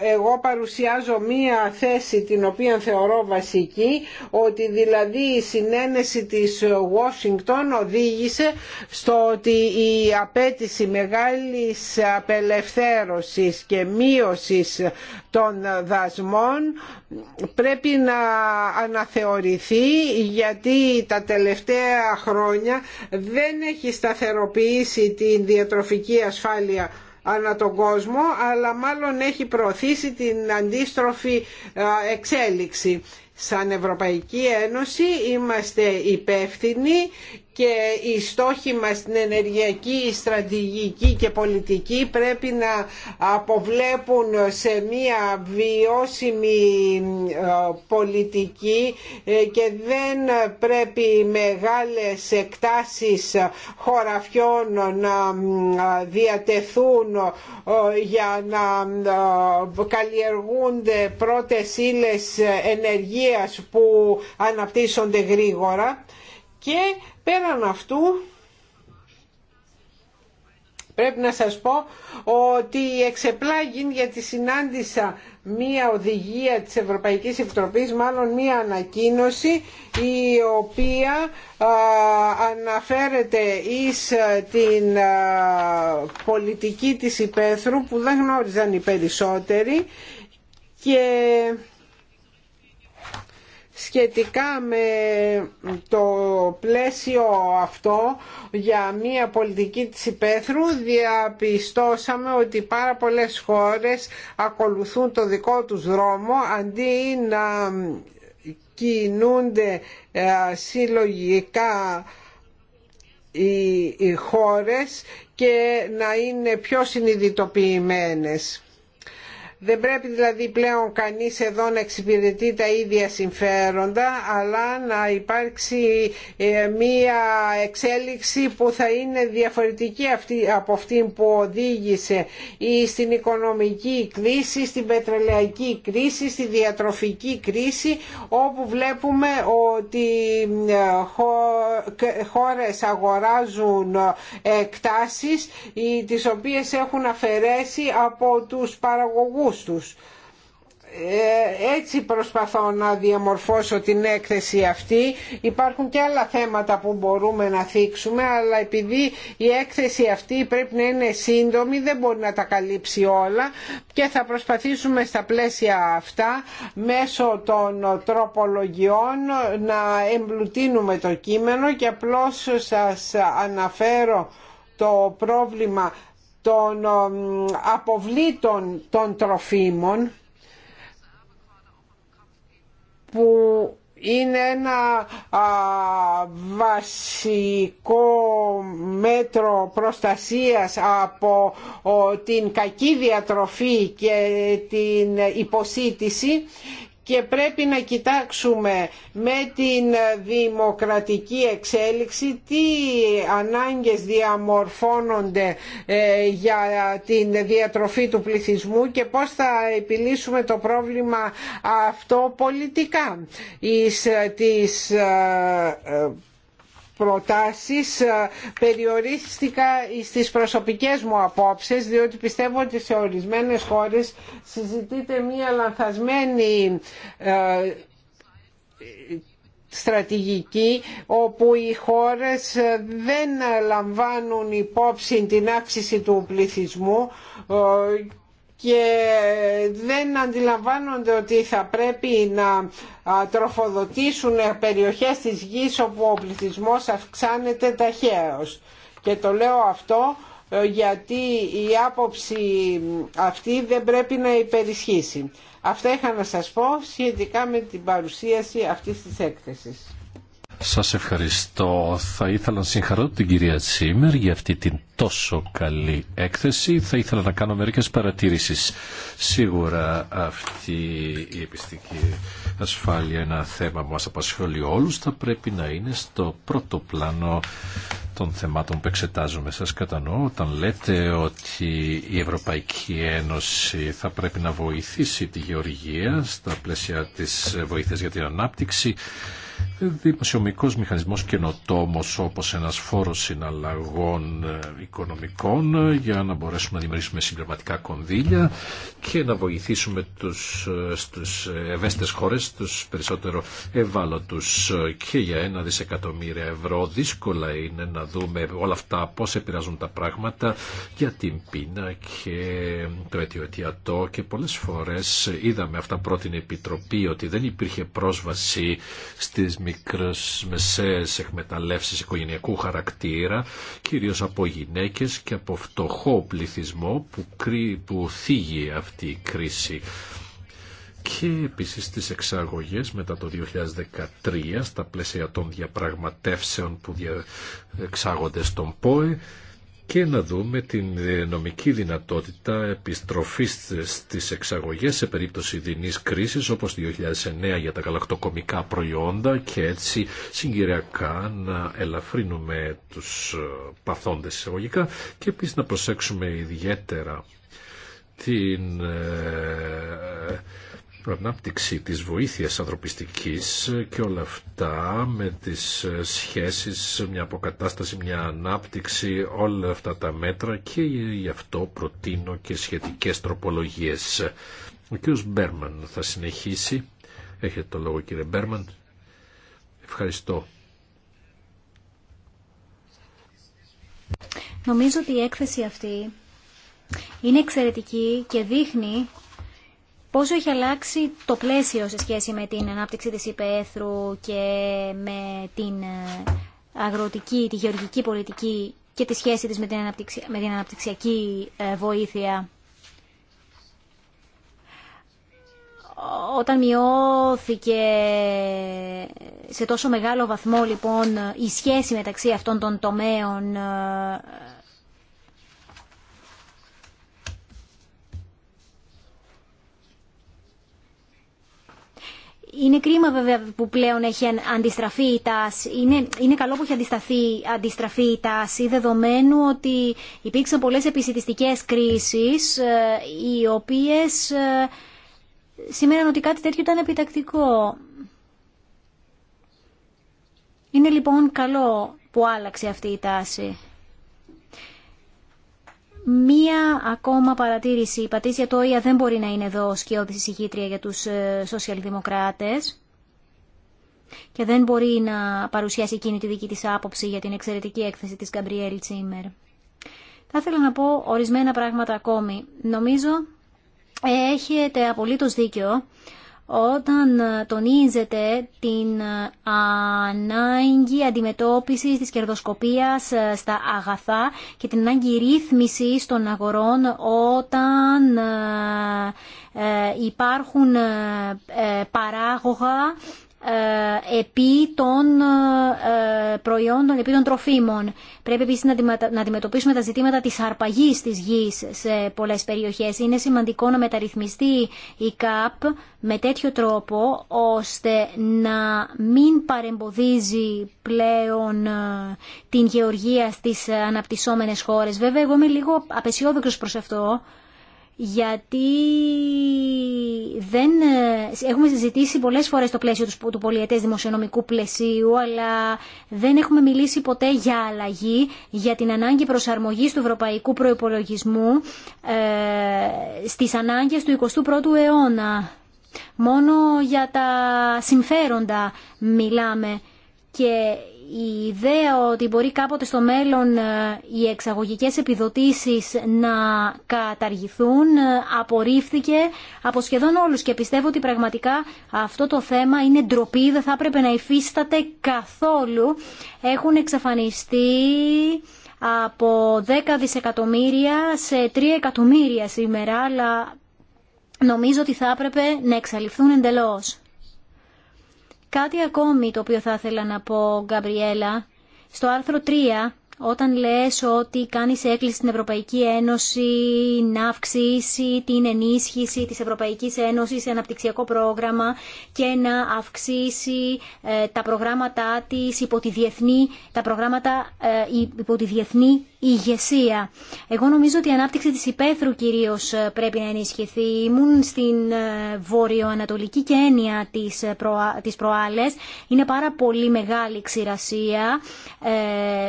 ε, εγώ παρουσιάζω μία μία θέση την οποία θεωρώ βασική ότι δηλαδή η συνένεση της Ουάσιγκτον οδήγησε στο ότι η απέτηση μεγάλης απελευθέρωσης και μείωσης των δασμών πρέπει να αναθεωρηθεί γιατί τα τελευταία χρόνια δεν έχει σταθεροποιήσει την διατροφική ασφάλεια ανά τον κόσμο αλλά μάλλον έχει προωθήσει την αντίστροφη εξέλιξη. Σαν Ευρωπαϊκή Ένωση είμαστε υπεύθυνοι και οι στόχοι μας στην ενεργειακή στρατηγική και πολιτική πρέπει να αποβλέπουν σε μια βιώσιμη ε, πολιτική ε, και δεν πρέπει μεγάλες εκτάσεις χωραφιών να διατεθούν ε, για να καλλιεργούνται πρώτες ύλες ενεργείας που αναπτύσσονται γρήγορα και Πέραν αυτού, πρέπει να σας πω ότι εξεπλάγει γιατί συνάντησα μία οδηγία της Ευρωπαϊκής Επιτροπής, μάλλον μία ανακοίνωση η οποία αναφέρεται εις την πολιτική της υπαίθρου που δεν γνώριζαν οι περισσότεροι και σχετικά με το πλαίσιο αυτό για μια πολιτική της υπαίθρου διαπιστώσαμε ότι πάρα πολλές χώρες ακολουθούν το δικό τους δρόμο αντί να κινούνται ε, συλλογικά οι χώρες και να είναι πιο συνειδητοποιημένες. Δεν πρέπει δηλαδή πλέον κανείς εδώ να εξυπηρετεί τα ίδια συμφέροντα αλλά να υπάρξει ε, μία εξέλιξη που θα είναι διαφορετική από αυτή που οδήγησε ή στην οικονομική κρίση, στην πετρελαϊκή κρίση, στη διατροφική κρίση όπου βλέπουμε ότι ε, χώρες αγοράζουν ε, εκτάσεις τις οποίες έχουν αφαιρέσει από τους παραγωγούς ε, έτσι προσπαθώ να διαμορφώσω την έκθεση αυτή. Υπάρχουν και άλλα θέματα που μπορούμε να θίξουμε, αλλά επειδή η έκθεση αυτή πρέπει να είναι σύντομη, δεν μπορεί να τα καλύψει όλα και θα προσπαθήσουμε στα πλαίσια αυτά, μέσω των τροπολογιών, να εμπλουτίνουμε το κείμενο και απλώς σας αναφέρω το πρόβλημα των αποβλήτων των τροφίμων που είναι ένα βασικό μέτρο προστασίας από την κακή διατροφή και την υποσύτηση και πρέπει να κοιτάξουμε με την δημοκρατική εξέλιξη τι ανάγκες διαμορφώνονται ε, για την διατροφή του πληθυσμού και πώς θα επιλύσουμε το πρόβλημα αυτό πολιτικά. Ε, ε, προτάσεις ε, περιορίστηκα στις προσωπικές μου απόψεις διότι πιστεύω ότι σε ορισμένες χώρες συζητείται μία λανθασμένη ε, στρατηγική όπου οι χώρες δεν λαμβάνουν υπόψη την αύξηση του πληθυσμού ε, και δεν αντιλαμβάνονται ότι θα πρέπει να τροφοδοτήσουν περιοχές της γης όπου ο πληθυσμός αυξάνεται ταχαίως. Και το λέω αυτό ε, γιατί η άποψη αυτή δεν πρέπει να υπερισχύσει. Αυτά είχα να σας πω σχετικά με την παρουσίαση αυτής της έκθεσης. Σας ευχαριστώ. Θα ήθελα να συγχαρώ την κυρία Τσίμερ για αυτή την τόσο καλή έκθεση. Θα ήθελα να κάνω μερικές παρατήρησεις. Σίγουρα αυτή η επιστική ασφάλεια είναι ένα θέμα που μας απασχολεί όλους. Θα πρέπει να είναι στο πρώτο πλάνο των θεμάτων που εξετάζουμε. Σας κατανοώ όταν λέτε ότι η Ευρωπαϊκή Ένωση θα πρέπει να βοηθήσει τη γεωργία στα πλαίσια της βοήθειας για την ανάπτυξη Δηλαδή, δημοσιομικός μηχανισμός καινοτόμος όπως ένας φόρος συναλλαγών ε, οικονομικών ε, για να μπορέσουμε να δημιουργήσουμε συμπληρωματικά κονδύλια και να βοηθήσουμε τους, ε, στους ευαίσθητες χώρες, τους περισσότερο ευάλωτους και για ένα δισεκατομμύρια ευρώ δύσκολα είναι να δούμε όλα αυτά πώς επηρεάζουν τα πράγματα για την πείνα και το αιτιοαιτιατό και πολλές φορές είδαμε αυτά πρώτην Επιτροπή ότι δεν υπήρχε πρόσβαση τις μικρές μεσαίες εκμεταλλεύσεις οικογενειακού χαρακτήρα, κυρίως από γυναίκες και από φτωχό πληθυσμό που, κρύ, που θίγει αυτή η κρίση και επίσης τις εξαγωγές μετά το 2013 στα πλαίσια των διαπραγματεύσεων που εξάγονται στον ΠΟΕ και να δούμε την ε, νομική δυνατότητα επιστροφής στις εξαγωγές σε περίπτωση δινής κρίσης όπως το 2009 για τα γαλακτοκομικά προϊόντα και έτσι συγκυριακά να ελαφρύνουμε τους ε, παθόντες εισαγωγικά και επίσης να προσέξουμε ιδιαίτερα την ε, Ανάπτυξη της βοήθειας ανθρωπιστικής και όλα αυτά με τις σχέσεις, μια αποκατάσταση, μια ανάπτυξη, όλα αυτά τα μέτρα και γι' αυτό προτείνω και σχετικές τροπολογίες. Ο κ. Μπέρμαν θα συνεχίσει. Έχετε το λόγο κύριε Μπέρμαν. Ευχαριστώ. Νομίζω ότι η έκθεση αυτή είναι εξαιρετική και δείχνει πόσο έχει αλλάξει το πλαίσιο σε σχέση με την ανάπτυξη της υπαίθρου και με την ε, αγροτική, τη γεωργική πολιτική και τη σχέση της με την, με την αναπτυξιακή ε, βοήθεια. Όταν μειώθηκε σε τόσο μεγάλο βαθμό λοιπόν η σχέση μεταξύ αυτών των τομέων ε, Είναι κρίμα βέβαια που πλέον έχει αντιστραφεί η τάση. Είναι, είναι καλό που έχει αντισταθεί, αντιστραφεί η τάση δεδομένου ότι υπήρξαν πολλές επισητιστικές κρίσεις ε, οι οποίες ε, σήμεραν ότι κάτι τέτοιο ήταν επιτακτικό. Είναι λοιπόν καλό που άλλαξε αυτή η τάση. Μία ακόμα παρατήρηση. Η Πατήσια Τόια δεν μπορεί να είναι εδώ σκιώδη συγχύτρια για τους ε, σοσιαλδημοκράτες και δεν μπορεί να παρουσιάσει εκείνη τη δική της άποψη για την εξαιρετική έκθεση της Γκαμπριέλ Τσίμερ. Θα ήθελα να πω ορισμένα πράγματα ακόμη. Νομίζω έχετε απολύτως δίκιο όταν ε, τονίζεται την ε, ανάγκη αντιμετώπισης της κερδοσκοπίας ε, στα αγαθά και την ανάγκη ρύθμισης των αγορών όταν υπάρχουν παράγωγα ε, επί των ε, προϊόντων, επί των τροφίμων. Πρέπει επίσης να αντιμετωπίσουμε τα ζητήματα της αρπαγής της γης σε πολλές περιοχές. Είναι σημαντικό να μεταρρυθμιστεί η ΚΑΠ με τέτοιο τρόπο ώστε να μην παρεμποδίζει πλέον ε, την γεωργία στις αναπτυσσόμενες χώρες. Βέβαια, εγώ είμαι λίγο απεσιόδοξος προς αυτό γιατί δεν, ε, έχουμε συζητήσει πολλές φορές το πλαίσιο του, του πολιετές δημοσιονομικού πλαισίου, αλλά δεν έχουμε μιλήσει ποτέ για αλλαγή, για την ανάγκη προσαρμογής του ευρωπαϊκού προϋπολογισμού ε, στις ανάγκες του 21ου αιώνα. Μόνο για τα συμφέροντα μιλάμε και η ιδέα ότι μπορεί κάποτε στο μέλλον ε, οι εξαγωγικές επιδοτήσεις να καταργηθούν ε, απορρίφθηκε από σχεδόν όλους και πιστεύω ότι πραγματικά αυτό το θέμα είναι ντροπή, δεν θα έπρεπε να υφίσταται καθόλου. Έχουν εξαφανιστεί από 10 δισεκατομμύρια σε 3 εκατομμύρια σήμερα, αλλά νομίζω ότι θα έπρεπε να εξαλειφθούν εντελώς. Κάτι ακόμη το οποίο θα ήθελα να πω, Γκαμπριέλα, στο άρθρο 3... Όταν λες ότι κάνεις έκκληση στην Ευρωπαϊκή Ένωση να αυξήσει την ενίσχυση της Ευρωπαϊκής Ένωσης σε αναπτυξιακό πρόγραμμα και να αυξήσει ε, τα προγράμματά της υπό τη τα προγράμματα ε, υπό τη διεθνή ηγεσία. Εγώ νομίζω ότι η ανάπτυξη της υπαίθρου κυρίως ε, πρέπει να ενισχυθεί. Ήμουν στην ε, βορειοανατολική Κένια της, ε, προα... της προάλλες. Είναι πάρα πολύ μεγάλη ξηρασία, ε,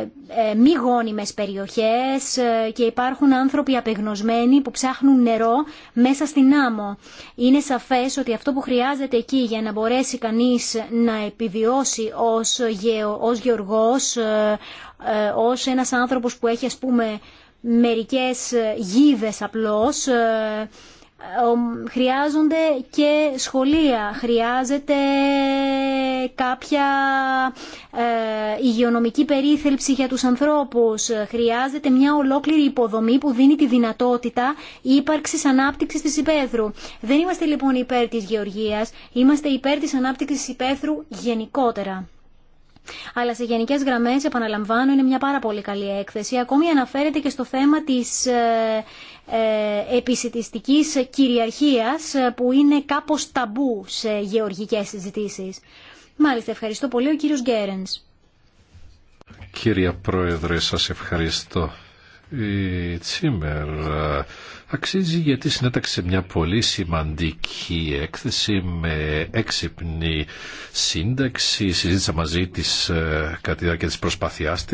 ε, μη γόνιμες περιοχές και υπάρχουν άνθρωποι απεγνωσμένοι που ψάχνουν νερό μέσα στην άμμο. Είναι σαφές ότι αυτό που χρειάζεται εκεί για να μπορέσει κανείς να επιβιώσει ως, γεω... ως γεωργός, ε, ως ένας άνθρωπος που έχει ας πούμε μερικές ε, γίδες απλώς ε, χρειάζονται και σχολεία, χρειάζεται κάποια ε, υγειονομική περίθελψη για τους ανθρώπους, χρειάζεται μια ολόκληρη υποδομή που δίνει τη δυνατότητα ύπαρξης ανάπτυξης της υπαίθρου. Δεν είμαστε λοιπόν υπέρ της γεωργίας, είμαστε υπέρ της ανάπτυξης υπαίθρου γενικότερα. Αλλά σε γενικέ γραμμέ, επαναλαμβάνω, είναι μια πάρα πολύ καλή έκθεση. Ακόμη αναφέρεται και στο θέμα τη ε, ε, επισυτιστικής κυριαρχίας ε, που είναι κάπως ταμπού σε γεωργικές συζητήσει. Μάλιστα, ευχαριστώ πολύ ο κύριο Γκέρεν. Κύριε Πρόεδρε, σας ευχαριστώ. Τσίμερ ε, αξίζει γιατί συνέταξε μια πολύ σημαντική έκθεση με έξυπνη σύνταξη. Συζήτησα μαζί της ε, κατά τη διάρκεια της προσπάθειάς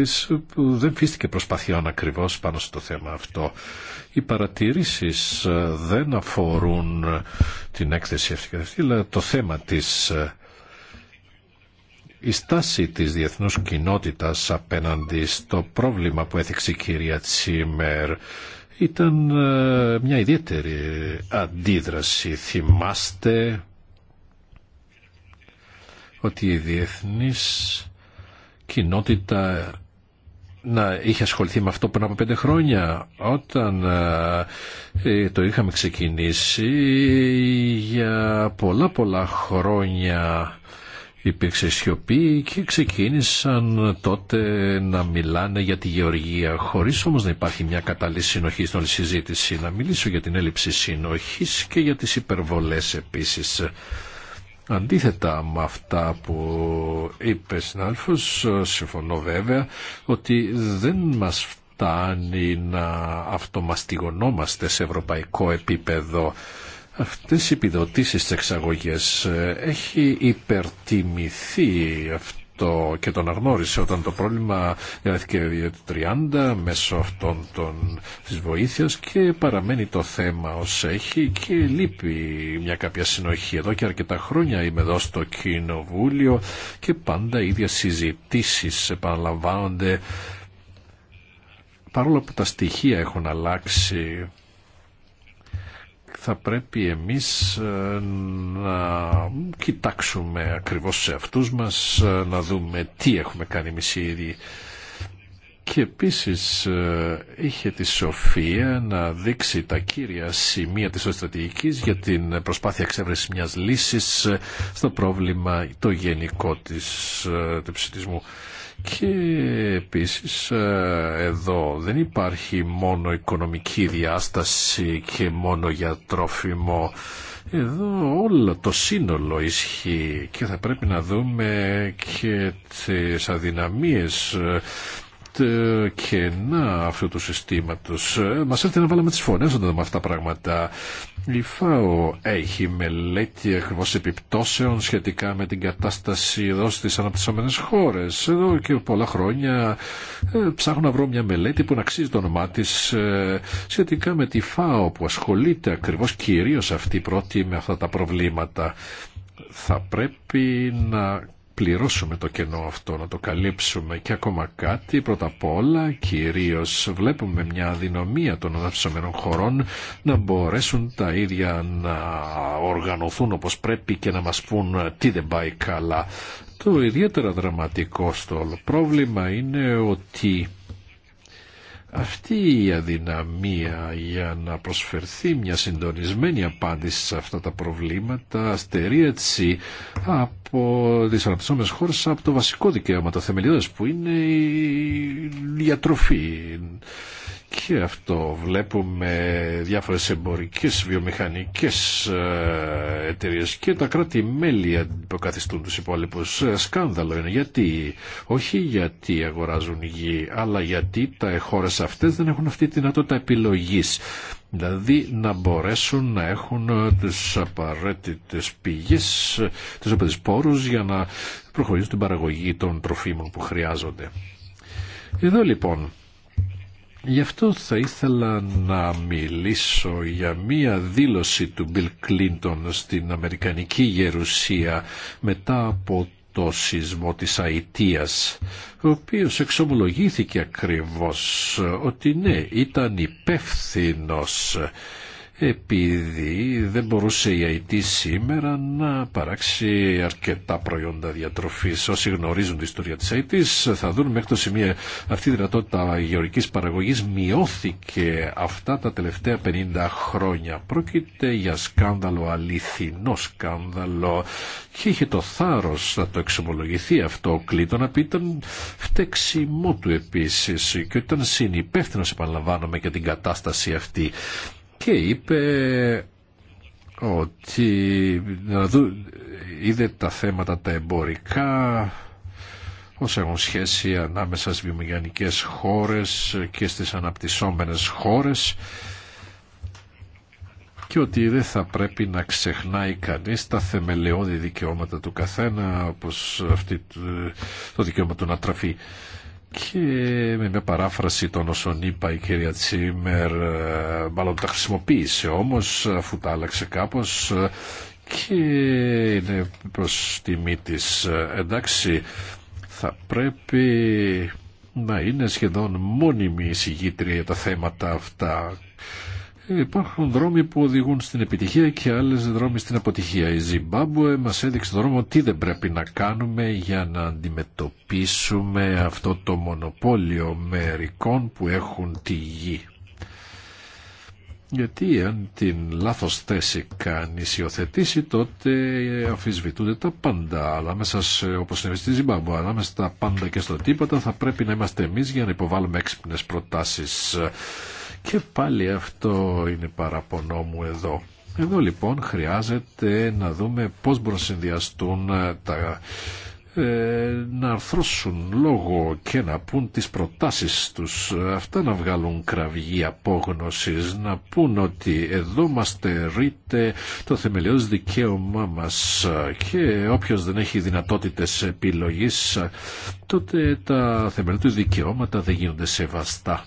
που δεν φύστηκε προσπαθειών ακριβώς πάνω στο θέμα αυτό. Οι παρατηρήσεις ε, δεν αφορούν την έκθεση αυτή, αλλά το θέμα της η στάση της διεθνούς κοινότητας απέναντι στο πρόβλημα που έθιξε η κυρία Τσίμερ ήταν ε, μια ιδιαίτερη αντίδραση. Θυμάστε ότι η διεθνής κοινότητα να είχε ασχοληθεί με αυτό πριν από πέντε χρόνια όταν ε, ε, το είχαμε ξεκινήσει για πολλά πολλά χρόνια Υπήρξε σιωπή και ξεκίνησαν τότε να μιλάνε για τη γεωργία, χωρίς όμως να υπάρχει μια κατάλληλη συνοχή στην όλη συζήτηση. Να μιλήσω για την έλλειψη συνοχής και για τις υπερβολές επίσης. Αντίθετα με αυτά που είπε συνάδελφος, συμφωνώ βέβαια, ότι δεν μας φτάνει να αυτομαστιγωνόμαστε σε ευρωπαϊκό επίπεδο Αυτές οι επιδοτήσεις στις εξαγωγές ε, έχει υπερτιμηθεί αυτό και τον αγνώρισε όταν το πρόβλημα το 30 μέσω αυτών των, της βοήθειας και παραμένει το θέμα ως έχει και λείπει μια κάποια συνοχή. Εδώ και αρκετά χρόνια είμαι εδώ στο Κοινοβούλιο και πάντα οι ίδιες συζητήσεις επαναλαμβάνονται παρόλο που τα στοιχεία έχουν αλλάξει θα πρέπει εμείς ε, να κοιτάξουμε ακριβώς σε αυτούς μας, ε, να δούμε τι έχουμε κάνει εμείς οι ίδιοι. Και επίσης ε, είχε τη σοφία να δείξει τα κύρια σημεία της στρατηγικής για την προσπάθεια εξέβρεσης μιας λύσης στο πρόβλημα το γενικό της, του και επίσης ε, εδώ δεν υπάρχει μόνο οικονομική διάσταση και μόνο για τρόφιμο. Εδώ όλο το σύνολο ισχύει και θα πρέπει να δούμε και τις αδυναμίες ε, ε, να αυτού του συστήματος. Ε, μας έρθει να βάλαμε τις φωνές όταν δούμε αυτά τα πράγματα. Η ΦΑΟ έχει μελέτη ακριβώς επιπτώσεων σχετικά με την κατάσταση εδώ στις αναπτυσσόμενες χώρες. Εδώ και πολλά χρόνια ε, ψάχνω να βρω μια μελέτη που να αξίζει το όνομά της σχετικά με τη ΦΑΟ που ασχολείται ακριβώς κυρίως αυτή πρώτη με αυτά τα προβλήματα. Θα πρέπει να πληρώσουμε το κενό αυτό, να το καλύψουμε και ακόμα κάτι. Πρώτα απ' όλα, κυρίως βλέπουμε μια αδυναμία των αναψωμένων χωρών να μπορέσουν τα ίδια να οργανωθούν όπως πρέπει και να μας πούν τι δεν πάει καλά. Το ιδιαίτερα δραματικό στο όλο πρόβλημα είναι ότι αυτή η αδυναμία για να προσφερθεί μια συντονισμένη απάντηση σε αυτά τα προβλήματα στερεί έτσι από τις αναπτυσσόμενες χώρες από το βασικό δικαίωμα, το θεμελιώδες που είναι η διατροφή, και αυτό βλέπουμε διάφορες εμπορικές βιομηχανικές ε, εταιρείες και τα κράτη-μέλη αντιποκαθιστούν τους υπόλοιπους. Ε, σκάνδαλο είναι. Γιατί, όχι γιατί αγοράζουν γη, αλλά γιατί τα χώρες αυτές δεν έχουν αυτή τη δυνατότητα επιλογής. Δηλαδή να μπορέσουν να έχουν ε, τις απαραίτητες πηγές, τις απαραίτητες πόρους για να προχωρήσουν την παραγωγή των τροφίμων που χρειάζονται. Εδώ λοιπόν Γι' αυτό θα ήθελα να μιλήσω για μία δήλωση του Μπιλ Κλίντον στην Αμερικανική Γερουσία μετά από το σεισμό της Αιτίας, ο οποίος εξομολογήθηκε ακριβώς ότι ναι, ήταν υπεύθυνος επειδή δεν μπορούσε η ΑΕΤ σήμερα να παράξει αρκετά προϊόντα διατροφής. Όσοι γνωρίζουν τη ιστορία της ΑΕΤ θα δουν μέχρι το σημείο αυτή η δυνατότητα γεωρικής παραγωγής μειώθηκε αυτά τα τελευταία 50 χρόνια. Πρόκειται για σκάνδαλο, αληθινό σκάνδαλο και είχε το θάρρος να το εξομολογηθεί αυτό ο να πει ήταν φταίξιμό του επίσης και ήταν συνυπεύθυνος επαναλαμβάνομαι για την κατάσταση αυτή και είπε ότι είδε τα θέματα τα εμπορικά όσα έχουν σχέση ανάμεσα στις βιομηχανικές χώρες και στις αναπτυσσόμενες χώρες και ότι δεν θα πρέπει να ξεχνάει κανείς τα θεμελιώδη δικαιώματα του καθένα όπως αυτή, το δικαίωμα του να τραφεί και με μια παράφραση των όσων είπα η κυρία Τσίμερ, ε, μάλλον τα χρησιμοποίησε όμως αφού τα άλλαξε κάπως ε, και είναι προς τιμή της. Ε, εντάξει, θα πρέπει να είναι σχεδόν μόνιμη η συγγήτρια για τα θέματα αυτά Υπάρχουν δρόμοι που οδηγούν στην επιτυχία και άλλες δρόμοι στην αποτυχία. Η Ζιμπάμπουε μας έδειξε δρόμο τι δεν πρέπει να κάνουμε για να αντιμετωπίσουμε αυτό το μονοπόλιο μερικών που έχουν τη γη. Γιατί αν την λάθος θέση κανείς υιοθετήσει τότε αφισβητούνται τα πάντα. Αλλά μέσα σε, όπως συνέβη στη Ζιμπάμπου, αλλά στα πάντα και στο τίποτα θα πρέπει να είμαστε εμείς για να υποβάλουμε έξυπνες προτάσεις. Και πάλι αυτό είναι παραπονό μου εδώ. Εδώ λοιπόν χρειάζεται να δούμε πώς μπορούν να συνδυαστούν ε, τα ε, να αρθρώσουν λόγο και να πούν τις προτάσεις τους αυτά να βγάλουν κραυγή απόγνωσης να πούν ότι εδώ μας τερείται το θεμελιώδες δικαίωμά μας και όποιος δεν έχει δυνατότητες επιλογής τότε τα θεμελιώδη δικαιώματα δεν γίνονται σεβαστά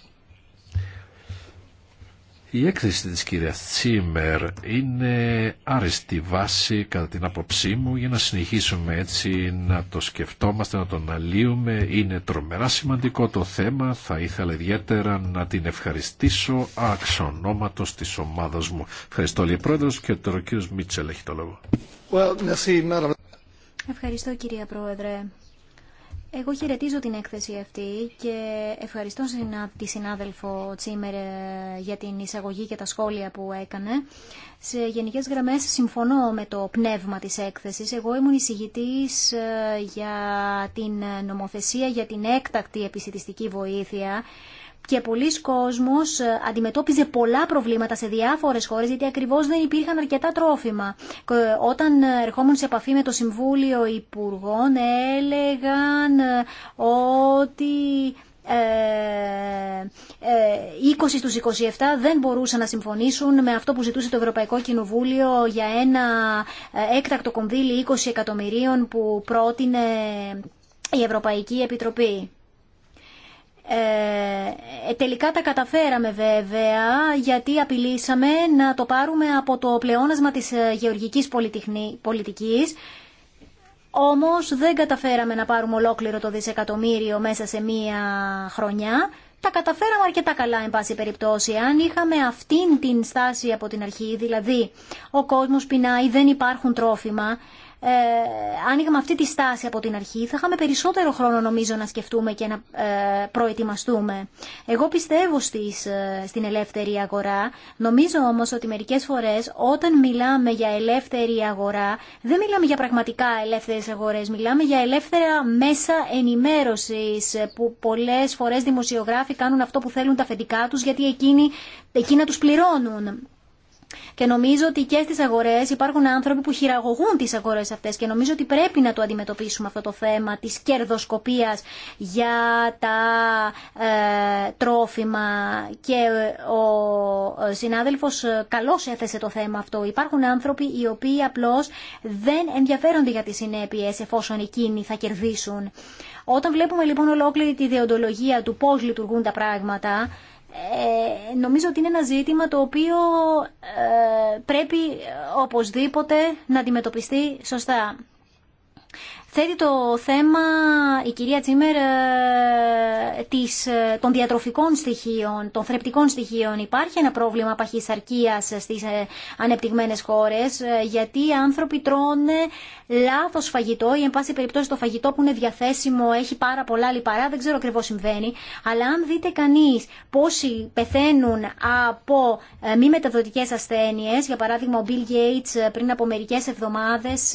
η έκθεση της κυρίας Τσίμερ είναι άριστη βάση κατά την άποψή μου για να συνεχίσουμε έτσι να το σκεφτόμαστε, να το αναλύουμε. Είναι τρομερά σημαντικό το θέμα. Θα ήθελα ιδιαίτερα να την ευχαριστήσω άξονόματος της ομάδας μου. Ευχαριστώ όλοι πρόεδρος και τώρα ο κύριος Μίτσελ έχει το λόγο. Ευχαριστώ κυρία Πρόεδρε. Εγώ χαιρετίζω την έκθεση αυτή και ευχαριστώ τη συνάδελφο Τσίμερ ε, για την εισαγωγή και τα σχόλια που έκανε. Σε γενικές γραμμές συμφωνώ με το πνεύμα της έκθεσης. Εγώ ήμουν εισηγητής ε, για την νομοθεσία για την έκτακτη επιστηστική βοήθεια και πολλοί κόσμος ε, αντιμετώπιζε πολλά προβλήματα σε διάφορες χώρες γιατί ακριβώς δεν υπήρχαν αρκετά τρόφιμα. όταν ε, ερχόμουν σε επαφή με το Συμβούλιο Υπουργών έλεγαν ε, ότι 20 στους 27 δεν μπορούσαν να συμφωνήσουν με αυτό που ζητούσε το Ευρωπαϊκό Κοινοβούλιο για ένα έκτακτο κονδύλι 20 εκατομμυρίων που πρότεινε η Ευρωπαϊκή Επιτροπή. Ε, ε, τελικά τα καταφέραμε βέβαια γιατί απειλήσαμε να το πάρουμε από το πλεόνασμα της ε, γεωργικής πολιτικής όμως δεν καταφέραμε να πάρουμε ολόκληρο το δισεκατομμύριο μέσα σε μία χρονιά. Τα καταφέραμε αρκετά καλά, εν πάση περιπτώσει. Αν είχαμε αυτήν την στάση από την αρχή, δηλαδή ο κόσμος πεινάει, δεν υπάρχουν τρόφιμα, ε, είχαμε αυτή τη στάση από την αρχή, θα είχαμε περισσότερο χρόνο νομίζω να σκεφτούμε και να ε, προετοιμαστούμε. Εγώ πιστεύω στις, ε, στην ελεύθερη αγορά. Νομίζω όμως ότι μερικές φορές όταν μιλάμε για ελεύθερη αγορά, δεν μιλάμε για πραγματικά ελεύθερες αγορές, μιλάμε για ελεύθερα μέσα ενημέρωσης ε, που πολλές φορές δημοσιογράφοι κάνουν αυτό που θέλουν τα αφεντικά τους γιατί εκείνοι, εκείνα τους πληρώνουν. Και νομίζω ότι και στι αγορές υπάρχουν άνθρωποι που χειραγωγούν τις αγορές αυτές και νομίζω ότι πρέπει να το αντιμετωπίσουμε αυτό το θέμα της κερδοσκοπίας για τα ε, τρόφιμα και ο συνάδελφος ε, καλώ έθεσε το θέμα αυτό. Υπάρχουν άνθρωποι οι οποίοι απλώς δεν ενδιαφέρονται για τις συνέπειε εφόσον εκείνοι θα κερδίσουν. Όταν βλέπουμε λοιπόν ολόκληρη τη διοντολογία του πώ λειτουργούν τα πράγματα, ε, νομίζω ότι είναι ένα ζήτημα το οποίο ε, πρέπει οπωσδήποτε να αντιμετωπιστεί σωστά θέτει το θέμα η κυρία Τσίμερ ε, ε, των διατροφικών στοιχείων, των θρεπτικών στοιχείων. Υπάρχει ένα πρόβλημα παχυσαρκίας στις ε, ανεπτυγμένες χώρες, γιατί οι άνθρωποι τρώνε λάθος φαγητό ή εν πάση περιπτώσει το φαγητό που είναι διαθέσιμο έχει πάρα πολλά λιπαρά, δεν ξέρω ακριβώς συμβαίνει. Αλλά αν δείτε κανείς πόσοι πεθαίνουν από μη μεταδοτικές ασθένειες, για παράδειγμα ο Bill Gates πριν από μερικές εβδομάδες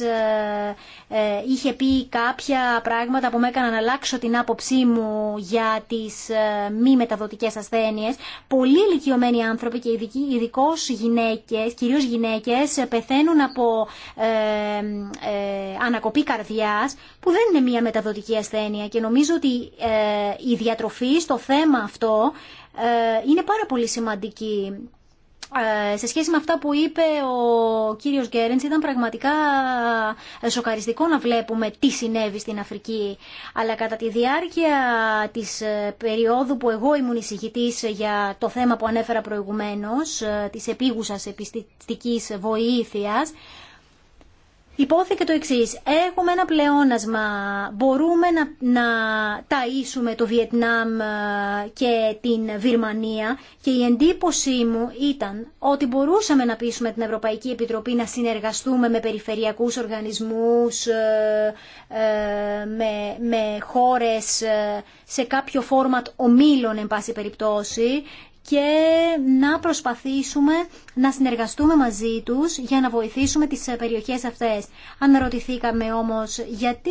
είχε πει κάποια πράγματα που με έκαναν να αλλάξω την άποψή μου για τις ε, μη μεταδοτικέ ασθένειες. Πολλοί ηλικιωμένοι άνθρωποι και ειδικώ γυναίκες, κυρίως γυναίκες, πεθαίνουν από ε, ε, ανακοπή καρδιάς που δεν είναι μια μεταδοτική ασθένεια και νομίζω ότι η διατροφή στο θέμα αυτό είναι πάρα πολύ σημαντική. Ε, σε σχέση με αυτά που είπε ο κύριος Γκέρεντς ήταν πραγματικά ε, σοκαριστικό να βλέπουμε τι συνέβη στην Αφρική αλλά κατά τη διάρκεια της ε, περίοδου που εγώ ήμουν εισηγητής για το θέμα που ανέφερα προηγουμένως της επίγουσας επιστητικής βοήθειας υπόθηκε το εξή. Έχουμε ένα πλεόνασμα. Μπορούμε να, να ταΐσουμε το Βιετνάμ ε, και την Βυρμανία και η εντύπωσή μου ήταν ότι μπορούσαμε να πείσουμε την Ευρωπαϊκή Επιτροπή να συνεργαστούμε με περιφερειακούς οργανισμούς, ε, ε, με, με χώρες σε κάποιο φόρματ ομίλων, εν πάση περιπτώσει, και να προσπαθήσουμε να συνεργαστούμε μαζί τους για να βοηθήσουμε τις ε, περιοχές αυτές. Αναρωτηθήκαμε όμως γιατί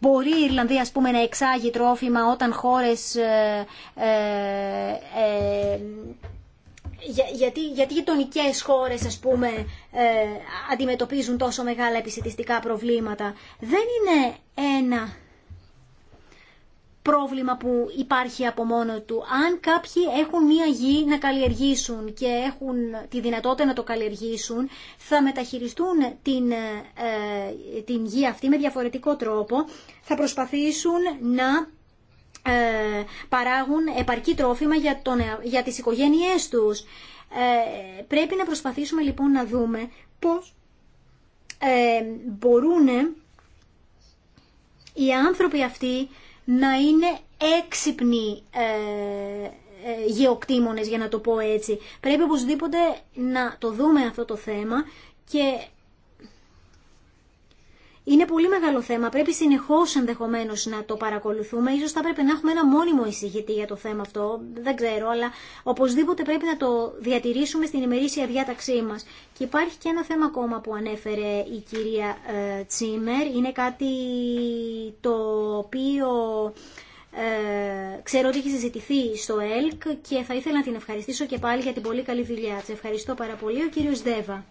Μπορεί η Ιρλανδία ας πούμε, να εξάγει τρόφιμα όταν χώρες... Ε, ε, ε γιατί, οι γειτονικέ χώρες ας πούμε ε, αντιμετωπίζουν τόσο μεγάλα επισητιστικά προβλήματα. Δεν είναι ένα πρόβλημα που υπάρχει από μόνο του. Αν κάποιοι έχουν μία γη να καλλιεργήσουν και έχουν τη δυνατότητα να το καλλιεργήσουν, θα μεταχειριστούν την, ε, την γη αυτή με διαφορετικό τρόπο, θα προσπαθήσουν να ε, παράγουν επαρκή τρόφιμα για, τον, για τις οικογένειές τους. Ε, πρέπει να προσπαθήσουμε λοιπόν να δούμε πώς μπορούν οι άνθρωποι αυτοί να είναι έξυπνοι ε, ε, γεωκτήμονες για να το πω έτσι. Πρέπει οπωσδήποτε να το δούμε αυτό το θέμα και είναι πολύ μεγάλο θέμα. Πρέπει συνεχώ ενδεχομένω να το παρακολουθούμε. σω θα πρέπει να έχουμε ένα μόνιμο εισηγητή για το θέμα αυτό. Δεν ξέρω, αλλά οπωσδήποτε πρέπει να το διατηρήσουμε στην ημερήσια διάταξή μα. Και υπάρχει και ένα θέμα ακόμα που ανέφερε η κυρία ε, Τσίμερ. Είναι κάτι το οποίο. Ε, ξέρω ότι έχει συζητηθεί στο ΕΛΚ και θα ήθελα να την ευχαριστήσω και πάλι για την πολύ καλή δουλειά της. Ευχαριστώ πάρα πολύ. Ο κύριος Δέβα.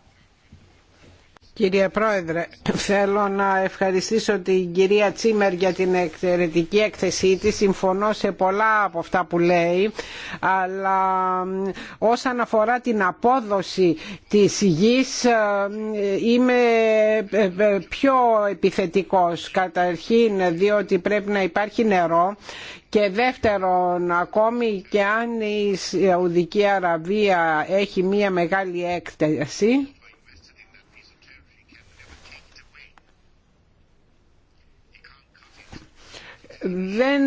Κύριε Πρόεδρε, θέλω να ευχαριστήσω την κυρία Τσίμερ για την εξαιρετική έκθεσή της. Συμφωνώ σε πολλά από αυτά που λέει, αλλά όσον αφορά την απόδοση της γης ε, είμαι ε, ε, πιο επιθετικός. Καταρχήν διότι πρέπει να υπάρχει νερό και δεύτερον, ακόμη και αν η Σαουδική Αραβία έχει μία μεγάλη έκταση, δεν,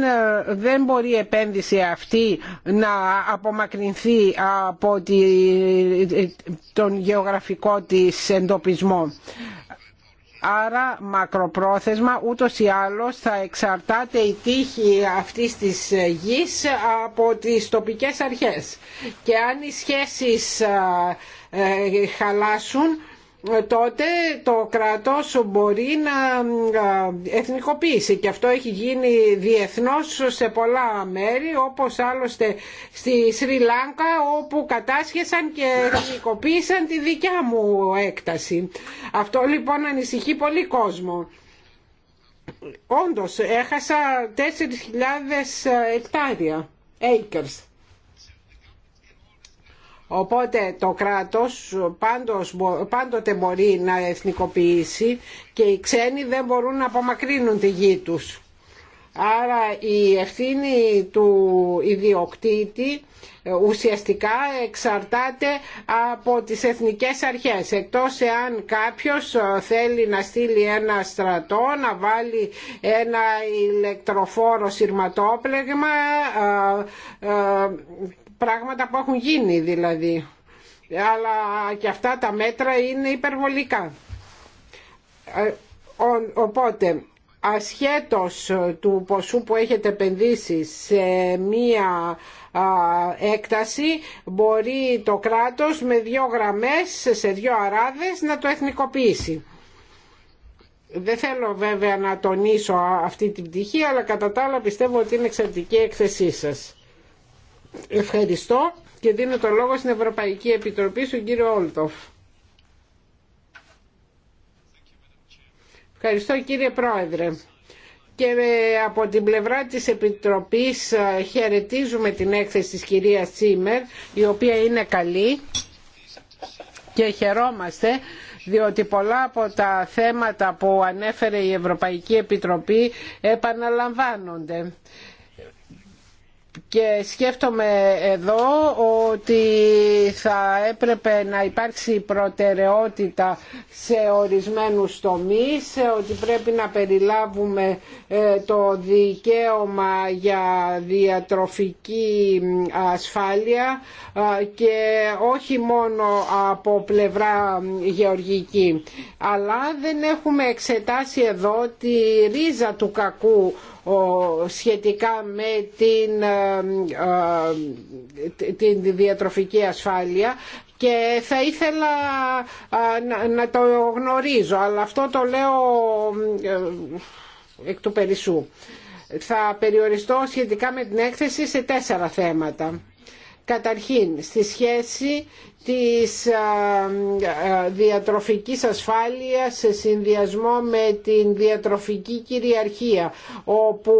δεν μπορεί η επένδυση αυτή να απομακρυνθεί από τον γεωγραφικό της εντοπισμό. Άρα μακροπρόθεσμα ούτως ή άλλως θα εξαρτάται η τύχη αυτής της γης από τις τοπικές αρχές. Και αν οι σχέσεις ε, ε, χαλάσουν τότε το κράτος μπορεί να εθνικοποιήσει και αυτό έχει γίνει διεθνώς σε πολλά μέρη όπως άλλωστε στη Σρι Λάνκα όπου κατάσχεσαν και εθνικοποίησαν τη δικιά μου έκταση. Αυτό λοιπόν ανησυχεί πολύ κόσμο. Όντως έχασα 4.000 ε, εκτάρια, Οπότε το κράτος πάντως, πάντοτε μπορεί να εθνικοποιήσει και οι ξένοι δεν μπορούν να απομακρύνουν τη γη τους. Άρα η ευθύνη του ιδιοκτήτη ε, ουσιαστικά εξαρτάται από τις εθνικές αρχές εκτός εάν κάποιος ε, θέλει να στείλει ένα στρατό να βάλει ένα ηλεκτροφόρο σειρματόπλεγμα ε, πράγματα που έχουν γίνει δηλαδή. Αλλά και αυτά τα μέτρα είναι υπερβολικά. Ε, οπότε, ασχέτως του ποσού που έχετε επενδύσει σε μία έκταση μπορεί το κράτος με δύο γραμμές σε δύο αράδες να το εθνικοποιήσει. Δεν θέλω βέβαια να τονίσω αυτή την πτυχή αλλά κατά τα άλλα πιστεύω ότι είναι εξαιρετική έκθεσή σας. Ευχαριστώ και δίνω το λόγο στην Ευρωπαϊκή Επιτροπή στον κύριο Όλτοφ. Ευχαριστώ κύριε Πρόεδρε. Και ε, από την πλευρά της Επιτροπής ε, χαιρετίζουμε την έκθεση της κυρίας Τσίμερ, η οποία είναι καλή και χαιρόμαστε διότι πολλά από τα θέματα που ανέφερε η Ευρωπαϊκή Επιτροπή επαναλαμβάνονται και σκέφτομαι εδώ ότι θα έπρεπε να υπάρξει προτεραιότητα σε ορισμένους τομείς, ότι πρέπει να περιλάβουμε ε, το δικαίωμα για διατροφική ασφάλεια ε, και όχι μόνο από πλευρά γεωργική. Αλλά δεν έχουμε εξετάσει εδώ τη ρίζα του κακού σχετικά με την, ε, ε, την διατροφική ασφάλεια και θα ήθελα ε, να το γνωρίζω, αλλά αυτό το λέω εκ του περισσού. Θα περιοριστώ σχετικά με την έκθεση σε τέσσερα θέματα. Καταρχήν, στη σχέση της διατροφικής ασφάλειας σε συνδυασμό με την διατροφική κυριαρχία όπου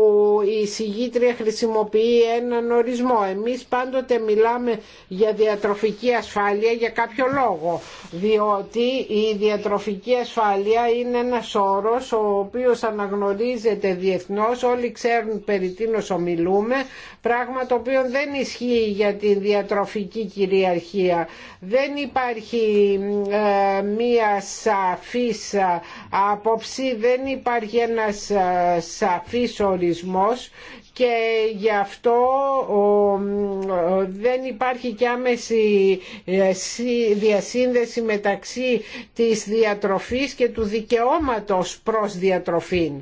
η συγγήτρια χρησιμοποιεί έναν ορισμό. Εμείς πάντοτε μιλάμε για διατροφική ασφάλεια για κάποιο λόγο διότι η διατροφική ασφάλεια είναι ένας όρος ο οποίος αναγνωρίζεται διεθνώς όλοι ξέρουν περί τίνος ομιλούμε πράγμα το οποίο δεν ισχύει για την διατροφική κυριαρχία δεν υπάρχει ε, μία σαφής ε, άποψη, δεν υπάρχει ένας ε, σαφής ορισμός και γι' αυτό δεν υπάρχει και άμεση διασύνδεση μεταξύ της διατροφής και του δικαιώματος προς διατροφήν.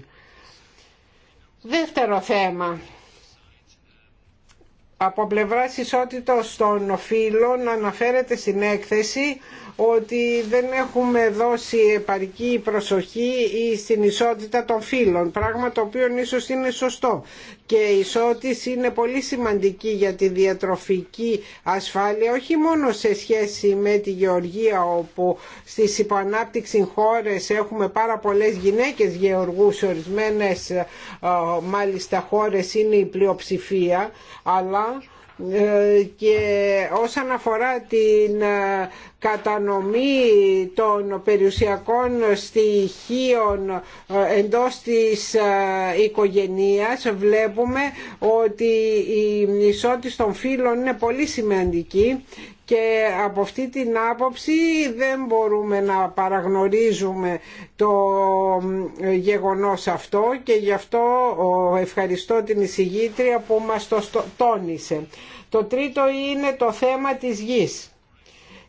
Δεύτερο θέμα από πλευρά ισότητας των φύλων αναφέρεται στην έκθεση ότι δεν έχουμε δώσει επαρκή προσοχή στην ισότητα των φύλων, πράγμα το οποίο ίσως είναι σωστό και η ισότηση είναι πολύ σημαντική για τη διατροφική ασφάλεια όχι μόνο σε σχέση με τη γεωργία όπου στις υποανάπτυξη χώρες έχουμε πάρα πολλές γυναίκες γεωργούς ορισμένες ε, μάλιστα χώρες είναι η πλειοψηφία αλλά ε, και όσον αφορά την ε, κατανομή των περιουσιακών στοιχείων ε, εντός της ε, οικογενείας βλέπουμε ότι η ισότητα των φύλων είναι πολύ σημαντική και από αυτή την άποψη δεν μπορούμε να παραγνωρίζουμε το ε, γεγονός αυτό και γι' αυτό ευχαριστώ την εισηγήτρια που μας το τόνισε. Το τρίτο είναι το θέμα της γης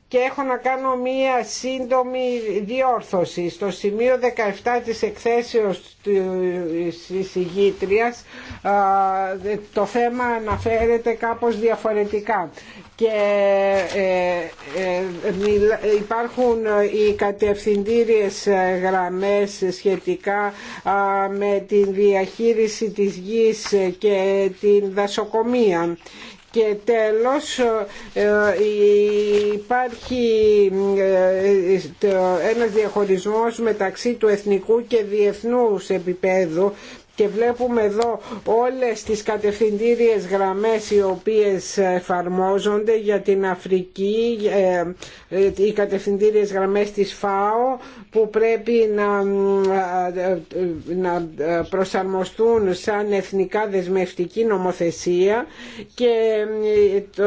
και έχω να κάνω μία σύντομη διόρθωση. Στο σημείο 17 της εκθέσεως της εισηγήτριας το θέμα αναφέρεται κάπως διαφορετικά και ε, ε, υπάρχουν οι κατευθυντήριες γραμμές σχετικά με την διαχείριση της γης και την δασοκομεία και τέλος ε, υπάρχει ε, ένας διαχωρισμός μεταξύ του εθνικού και διεθνούς επίπεδου και βλέπουμε εδώ όλες τις κατευθυντήριες γραμμές οι οποίες εφαρμόζονται για την Αφρική, ε, ε, οι κατευθυντήριες γραμμές της ΦΑΟ που πρέπει να, ε, να προσαρμοστούν σαν εθνικά δεσμευτική νομοθεσία και το,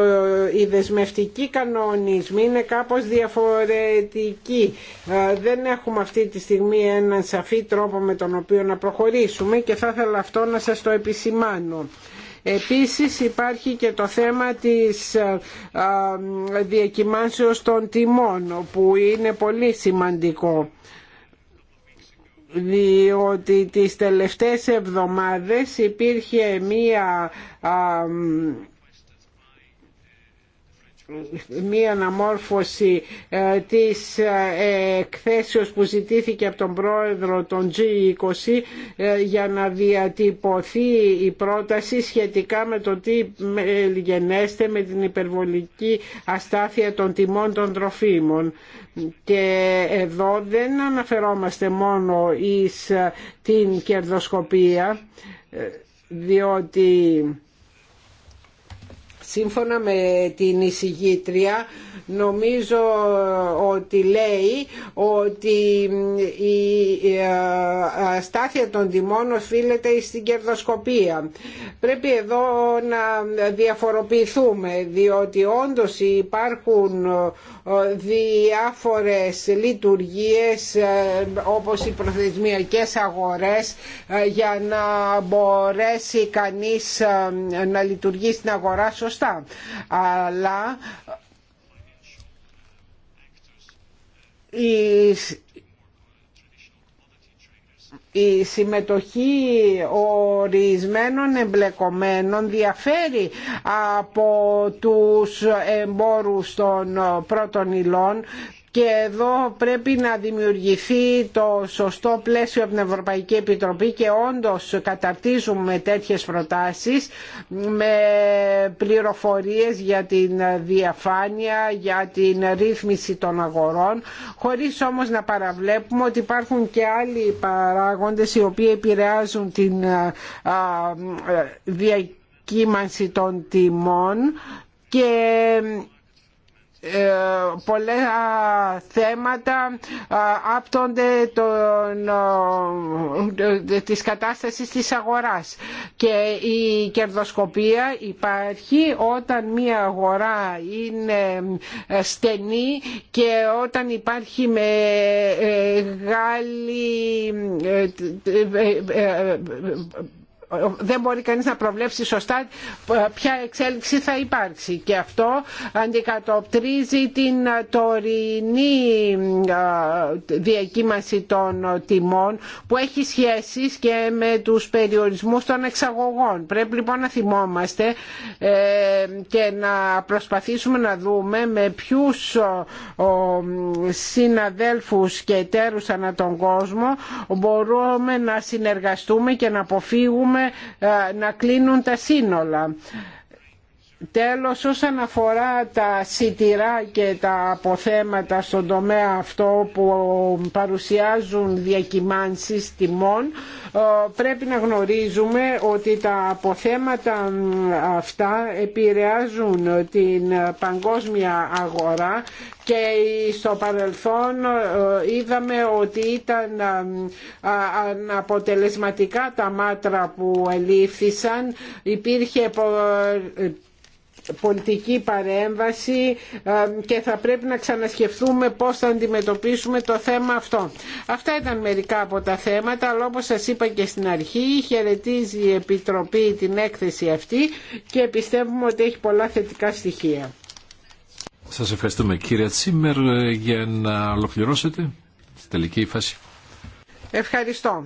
οι δεσμευτικοί κανονισμοί είναι κάπως διαφορετικοί. Δεν έχουμε αυτή τη στιγμή έναν σαφή τρόπο με τον οποίο να προχωρήσουμε και θα ήθελα αυτό να σας το επισημάνω. Επίσης υπάρχει και το θέμα της ε, διακυμάνσεως των τιμών που είναι πολύ σημαντικό διότι τις τελευταίες εβδομάδες υπήρχε μία μία αναμόρφωση ε, της ε, εκθέσεως που ζητήθηκε από τον πρόεδρο των G20 ε, για να διατυπωθεί η πρόταση σχετικά με το τι γενέστε με την υπερβολική αστάθεια των τιμών των τροφίμων. Και εδώ δεν αναφερόμαστε μόνο εις την κερδοσκοπία διότι Σύμφωνα με την εισηγήτρια νομίζω ότι λέει ότι η αστάθεια των τιμών οφείλεται στην κερδοσκοπία. Πρέπει εδώ να διαφοροποιηθούμε διότι όντως υπάρχουν ε, διάφορες λειτουργίες ε, όπως οι προθεσμιακές αγορές ε, για να μπορέσει κανείς να λειτουργεί στην αγορά σωστά αλλά η η συμμετοχή ορισμένων εμπλεκομένων διαφέρει από τους εμπόρους των πρώτων υλών και εδώ πρέπει να δημιουργηθεί το σωστό πλαίσιο από την Ευρωπαϊκή Επιτροπή και όντως καταρτίζουμε τέτοιες προτάσεις με πληροφορίες για την διαφάνεια, για την ρύθμιση των αγορών χωρίς όμως να παραβλέπουμε ότι υπάρχουν και άλλοι παράγοντες οι οποίοι επηρεάζουν την διακύμανση των τιμών και ε, πολλά θέματα ε, άπτονται των, ε, της κατάστασης της αγοράς και η κερδοσκοπία υπάρχει όταν μια αγορά είναι στενή και όταν υπάρχει μεγάλη δεν μπορεί κανείς να προβλέψει σωστά ποια εξέλιξη θα υπάρξει και αυτό αντικατοπτρίζει την τωρινή διακύμαση των τιμών που έχει σχέση και με τους περιορισμούς των εξαγωγών. Πρέπει λοιπόν να θυμόμαστε ε, και να προσπαθήσουμε να δούμε με ποιους συναδέλφους και εταίρους ανά τον κόσμο μπορούμε να συνεργαστούμε και να αποφύγουμε ε, να κλείνουν τα σύνολα. Τέλος, όσον αφορά τα σιτηρά και τα αποθέματα στον τομέα αυτό που παρουσιάζουν διακυμάνσεις τιμών, ε, πρέπει να γνωρίζουμε ότι τα αποθέματα αυτά επηρεάζουν την παγκόσμια αγορά και στο παρελθόν ε, είδαμε ότι ήταν ε, αποτελεσματικά τα μάτρα που ελήφθησαν. Υπήρχε πολιτική παρέμβαση ε, και θα πρέπει να ξανασκεφτούμε πώς θα αντιμετωπίσουμε το θέμα αυτό. Αυτά ήταν μερικά από τα θέματα, αλλά όπως σας είπα και στην αρχή, χαιρετίζει η Επιτροπή την έκθεση αυτή και πιστεύουμε ότι έχει πολλά θετικά στοιχεία. Σας ευχαριστούμε κύριε Τσίμερ για να ολοκληρώσετε τη τελική φάση. Ευχαριστώ.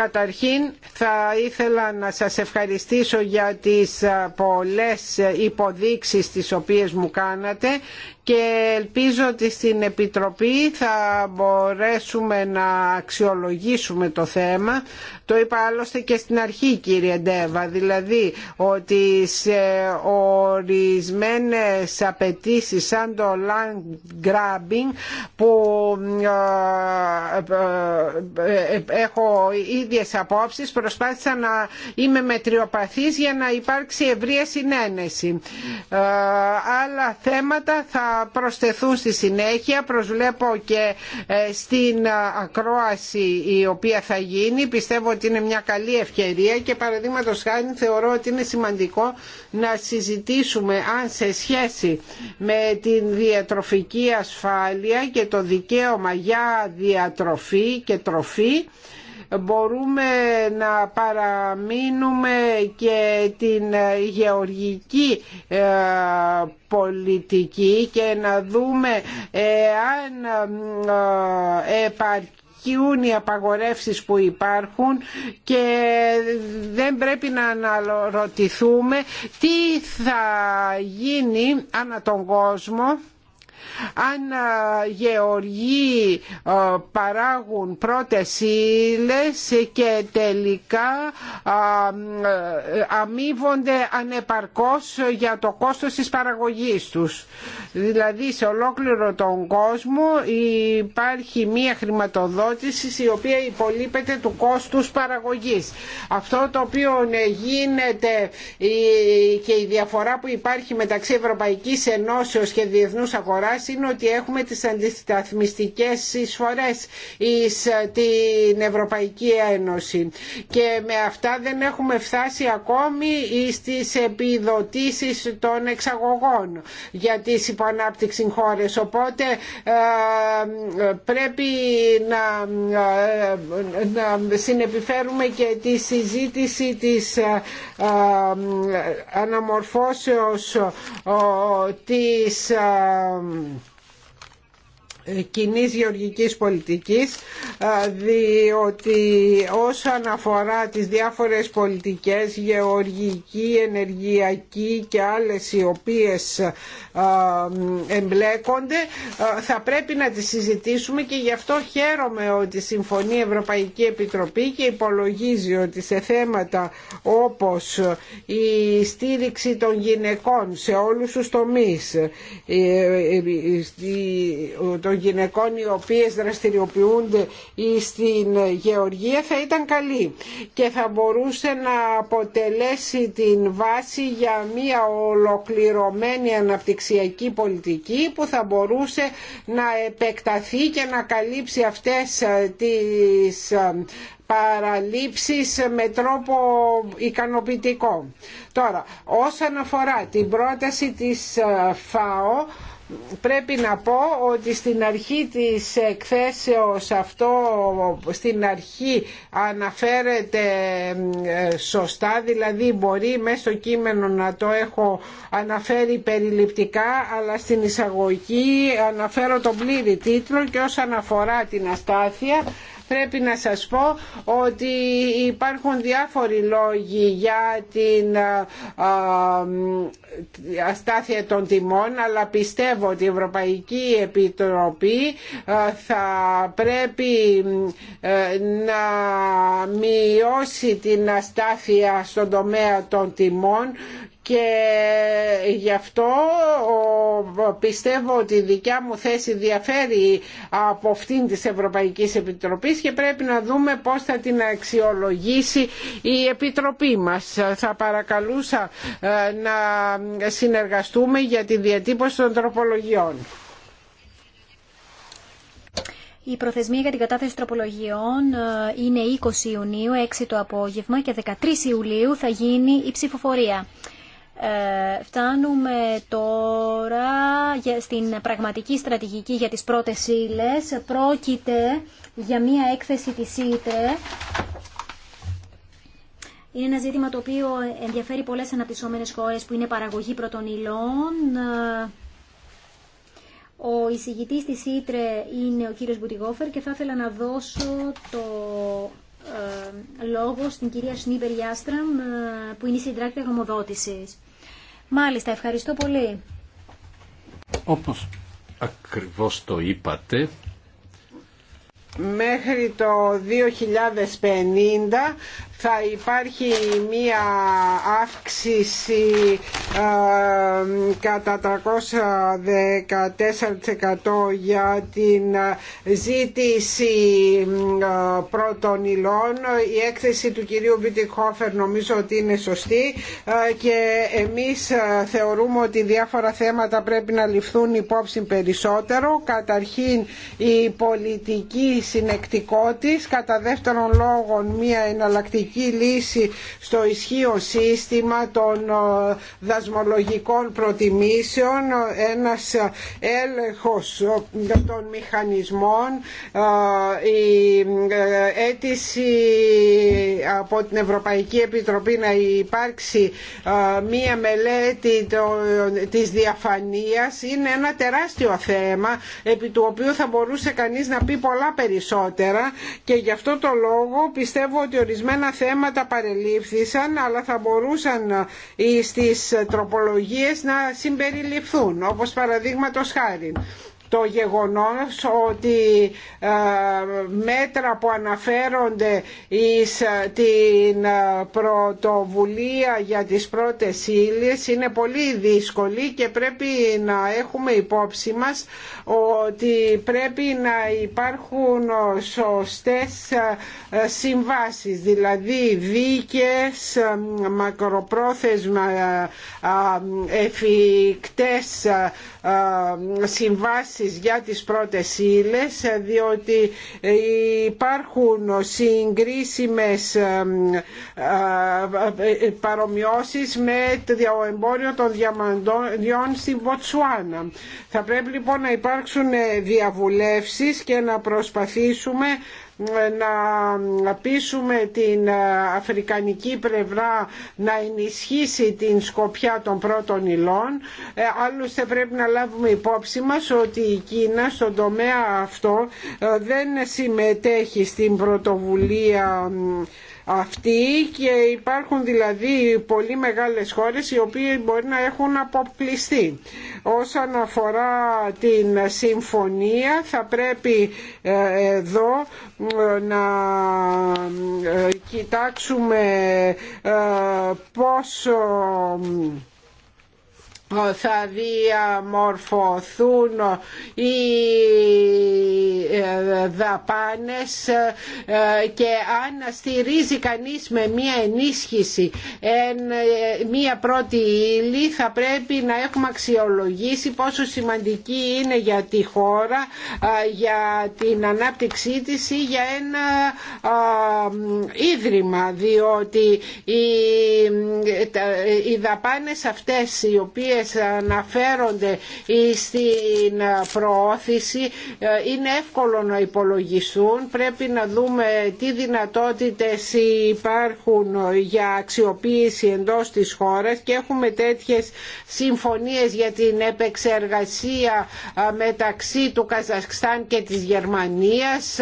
Καταρχήν θα ήθελα να σας ευχαριστήσω για τις ε, πολλές υποδείξεις τις οποίες μου κάνατε και ελπίζω ότι στην Επιτροπή θα μπορέσουμε να αξιολογήσουμε το θέμα. Το είπα άλλωστε και στην αρχή κύριε Ντέβα, δηλαδή ότι σε ορισμένες απαιτήσει σαν το land grabbing που ε, ε, ε, έχω ίδιες απόψεις προσπάθησα να είμαι μετριοπαθής για να υπάρξει ευρεία συνένεση. Άλλα θέματα θα προσθεθούν στη συνέχεια. Προσβλέπω και ε, στην ε, ακρόαση η οποία θα γίνει. Πιστεύω ότι είναι μια καλή ευκαιρία και παραδείγματο χάρη θεωρώ ότι είναι σημαντικό να συζητήσουμε αν σε σχέση με την διατροφική ασφάλεια και το δικαίωμα για διατροφή και τροφή μπορούμε να παραμείνουμε και την γεωργική ε, πολιτική και να δούμε ε, αν ε, επαρκεί οι απαγορεύσεις που υπάρχουν και δεν πρέπει να αναρωτηθούμε τι θα γίνει ανά τον κόσμο αν γεωργοί παράγουν πρώτε ύλες και τελικά αμείβονται ανεπαρκώς για το κόστος της παραγωγής τους. Δηλαδή σε ολόκληρο τον κόσμο υπάρχει μία χρηματοδότηση η οποία υπολείπεται του κόστους παραγωγής. Αυτό το οποίο ναι, γίνεται και η διαφορά που υπάρχει μεταξύ Ευρωπαϊκής Ενώσεως και Διεθνούς Αγοράς είναι ότι έχουμε τις αντισταθμιστικές εισφορές εις ε, την Ευρωπαϊκή Ένωση και με αυτά δεν έχουμε φτάσει ακόμη στις επιδοτήσεις των εξαγωγών για τις υποανάπτυξη χώρες οπότε ε, πρέπει να, ε, να συνεπιφέρουμε και τη συζήτηση της αναμορφώσεως της κοινή γεωργική Πολιτική, διότι όσον αφορά τις διάφορες πολιτικές γεωργική, ενεργειακή και άλλες οι οποίες εμπλέκονται θα πρέπει να τις συζητήσουμε και γι' αυτό χαίρομαι ότι συμφωνεί η Ευρωπαϊκή Επιτροπή και υπολογίζει ότι σε θέματα όπως η στήριξη των γυναικών σε όλους τους τομείς το γυναικών οι οποίες δραστηριοποιούνται στην γεωργία θα ήταν καλή και θα μπορούσε να αποτελέσει την βάση για μια ολοκληρωμένη αναπτυξιακή πολιτική που θα μπορούσε να επεκταθεί και να καλύψει αυτές ε, τις ε, παραλήψεις με τρόπο ικανοποιητικό. Τώρα, όσον αφορά την πρόταση της ε, ΦΑΟ, πρέπει να πω ότι στην αρχή της εκθέσεως αυτό στην αρχή αναφέρεται ε, σωστά δηλαδή μπορεί μέσα στο κείμενο να το έχω αναφέρει περιληπτικά αλλά στην εισαγωγή αναφέρω τον πλήρη τίτλο και όσον αναφορά την αστάθεια πρέπει να σας πω ότι υπάρχουν διάφοροι λόγοι για την αστάθεια των τιμών αλλά πιστεύω ότι η Ευρωπαϊκή Επιτροπή θα πρέπει ε, να μειώσει την αστάθεια στον τομέα των τιμών και γι' αυτό πιστεύω ότι η δικιά μου θέση διαφέρει από αυτήν της Ευρωπαϊκής Επιτροπής και πρέπει να δούμε πώς θα την αξιολογήσει η Επιτροπή μας. Θα παρακαλούσα ε, να συνεργαστούμε για τη διατύπωση των τροπολογιών. Η προθεσμία για την κατάθεση τροπολογιών ε, είναι 20 Ιουνίου, 6 το απόγευμα και 13 Ιουλίου θα γίνει η ψηφοφορία. Ε, φτάνουμε τώρα στην πραγματική στρατηγική για τις πρώτες ύλε. Πρόκειται για μία έκθεση της ΙΤΕ. Είναι ένα ζήτημα το οποίο ενδιαφέρει πολλές αναπτυσσόμενες χώρες που είναι παραγωγή πρώτων Ο εισηγητής της ΙΤΡΕ είναι ο κύριος Μπουτιγόφερ και θα ήθελα να δώσω το ε, λόγο στην κυρία Σνίπερ Γιάστραμ ε, που είναι η συντράκτη Μάλιστα, ευχαριστώ πολύ. Όπως ακριβώς το είπατε, μέχρι το 2050 θα υπάρχει μία αύξηση ε, κατά 314% για την ζήτηση ε, πρώτων υλών. Η έκθεση του κυρίου Βιτιχόφερ νομίζω ότι είναι σωστή ε, και εμείς θεωρούμε ότι διάφορα θέματα πρέπει να ληφθούν υπόψη περισσότερο. Καταρχήν η πολιτική συνεκτικότης, κατά δεύτερον λόγον μία εναλλακτική η λύση στο ισχύο σύστημα των ε, δασμολογικών προτιμήσεων, ένας έλεγχος ε, των μηχανισμών, ε, η αίτηση από την Ευρωπαϊκή Επιτροπή να υπάρξει μία μελέτη της διαφανείας είναι ένα τεράστιο θέμα επί του οποίου θα μπορούσε κανείς να πει πολλά περισσότερα και γι' αυτό το λόγο πιστεύω ότι ορισμένα θέματα παρελήφθησαν αλλά θα μπορούσαν ε, στις τροπολογίες να συμπεριληφθούν όπως παραδείγματος χάρη το γεγονός ότι ε, μέτρα που αναφέρονται εις ε, την ε, πρωτοβουλία για τις πρώτες ύλε είναι πολύ δύσκολη και πρέπει να έχουμε υπόψη μας ότι πρέπει να υπάρχουν σωστές συμβάσεις δηλαδή δίκες μακροπρόθεσμα εφικτές συμβάσεις για τις πρώτες ύλε, διότι υπάρχουν συγκρίσιμες ε, ε, ε, παρομοιώσεις με το εμπόριο των διαμαντών στην Βοτσουάνα. Θα πρέπει λοιπόν να υπάρξουν διαβουλεύσεις και να προσπαθήσουμε να πείσουμε την αφρικανική πλευρά να ενισχύσει την σκοπιά των πρώτων υλών. Ε, άλλωστε πρέπει να λάβουμε υπόψη μας ότι η Κίνα στον τομέα αυτό ε, δεν συμμετέχει στην πρωτοβουλία αυτή και υπάρχουν δηλαδή πολύ μεγάλες χώρες οι οποίες μπορεί να έχουν αποκλειστεί. Όσον αφορά την συμφωνία θα πρέπει ε, εδώ ε, να ε, κοιτάξουμε πόσο θα διαμορφωθούν οι ε, δαπάνες ε, και αν στηρίζει κανείς με μία ενίσχυση ε, μία πρώτη ύλη θα πρέπει να έχουμε αξιολογήσει πόσο σημαντική είναι για τη χώρα για την ανάπτυξή της ή για ένα ίδρυμα διότι οι δαπάνες αυτές οι οποίες αναφέρονται στην προώθηση ε, είναι εύκολο να υπολογιστούν. Πρέπει να δούμε τι δυνατότητες υπάρχουν για αξιοποίηση εντός της χώρας και έχουμε τέτοιες συμφωνίες για την επεξεργασία ε, μεταξύ του Καζακστάν και της Γερμανίας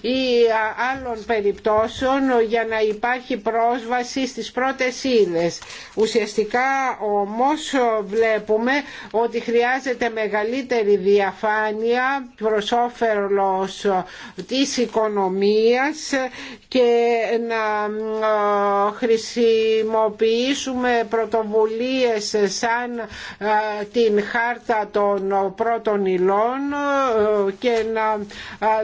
ή ε, άλλων περιπτώσεων για να υπάρχει πρόσβαση στις πρώτες ύλες. Ουσιαστικά όμως βλέπουμε ότι χρειάζεται μεγαλύτερη διαφάνεια προς όφελος της οικονομίας και να ε, χρησιμοποιήσουμε πρωτοβουλίες σαν ε, την χάρτα των πρώτων υλών ε, και να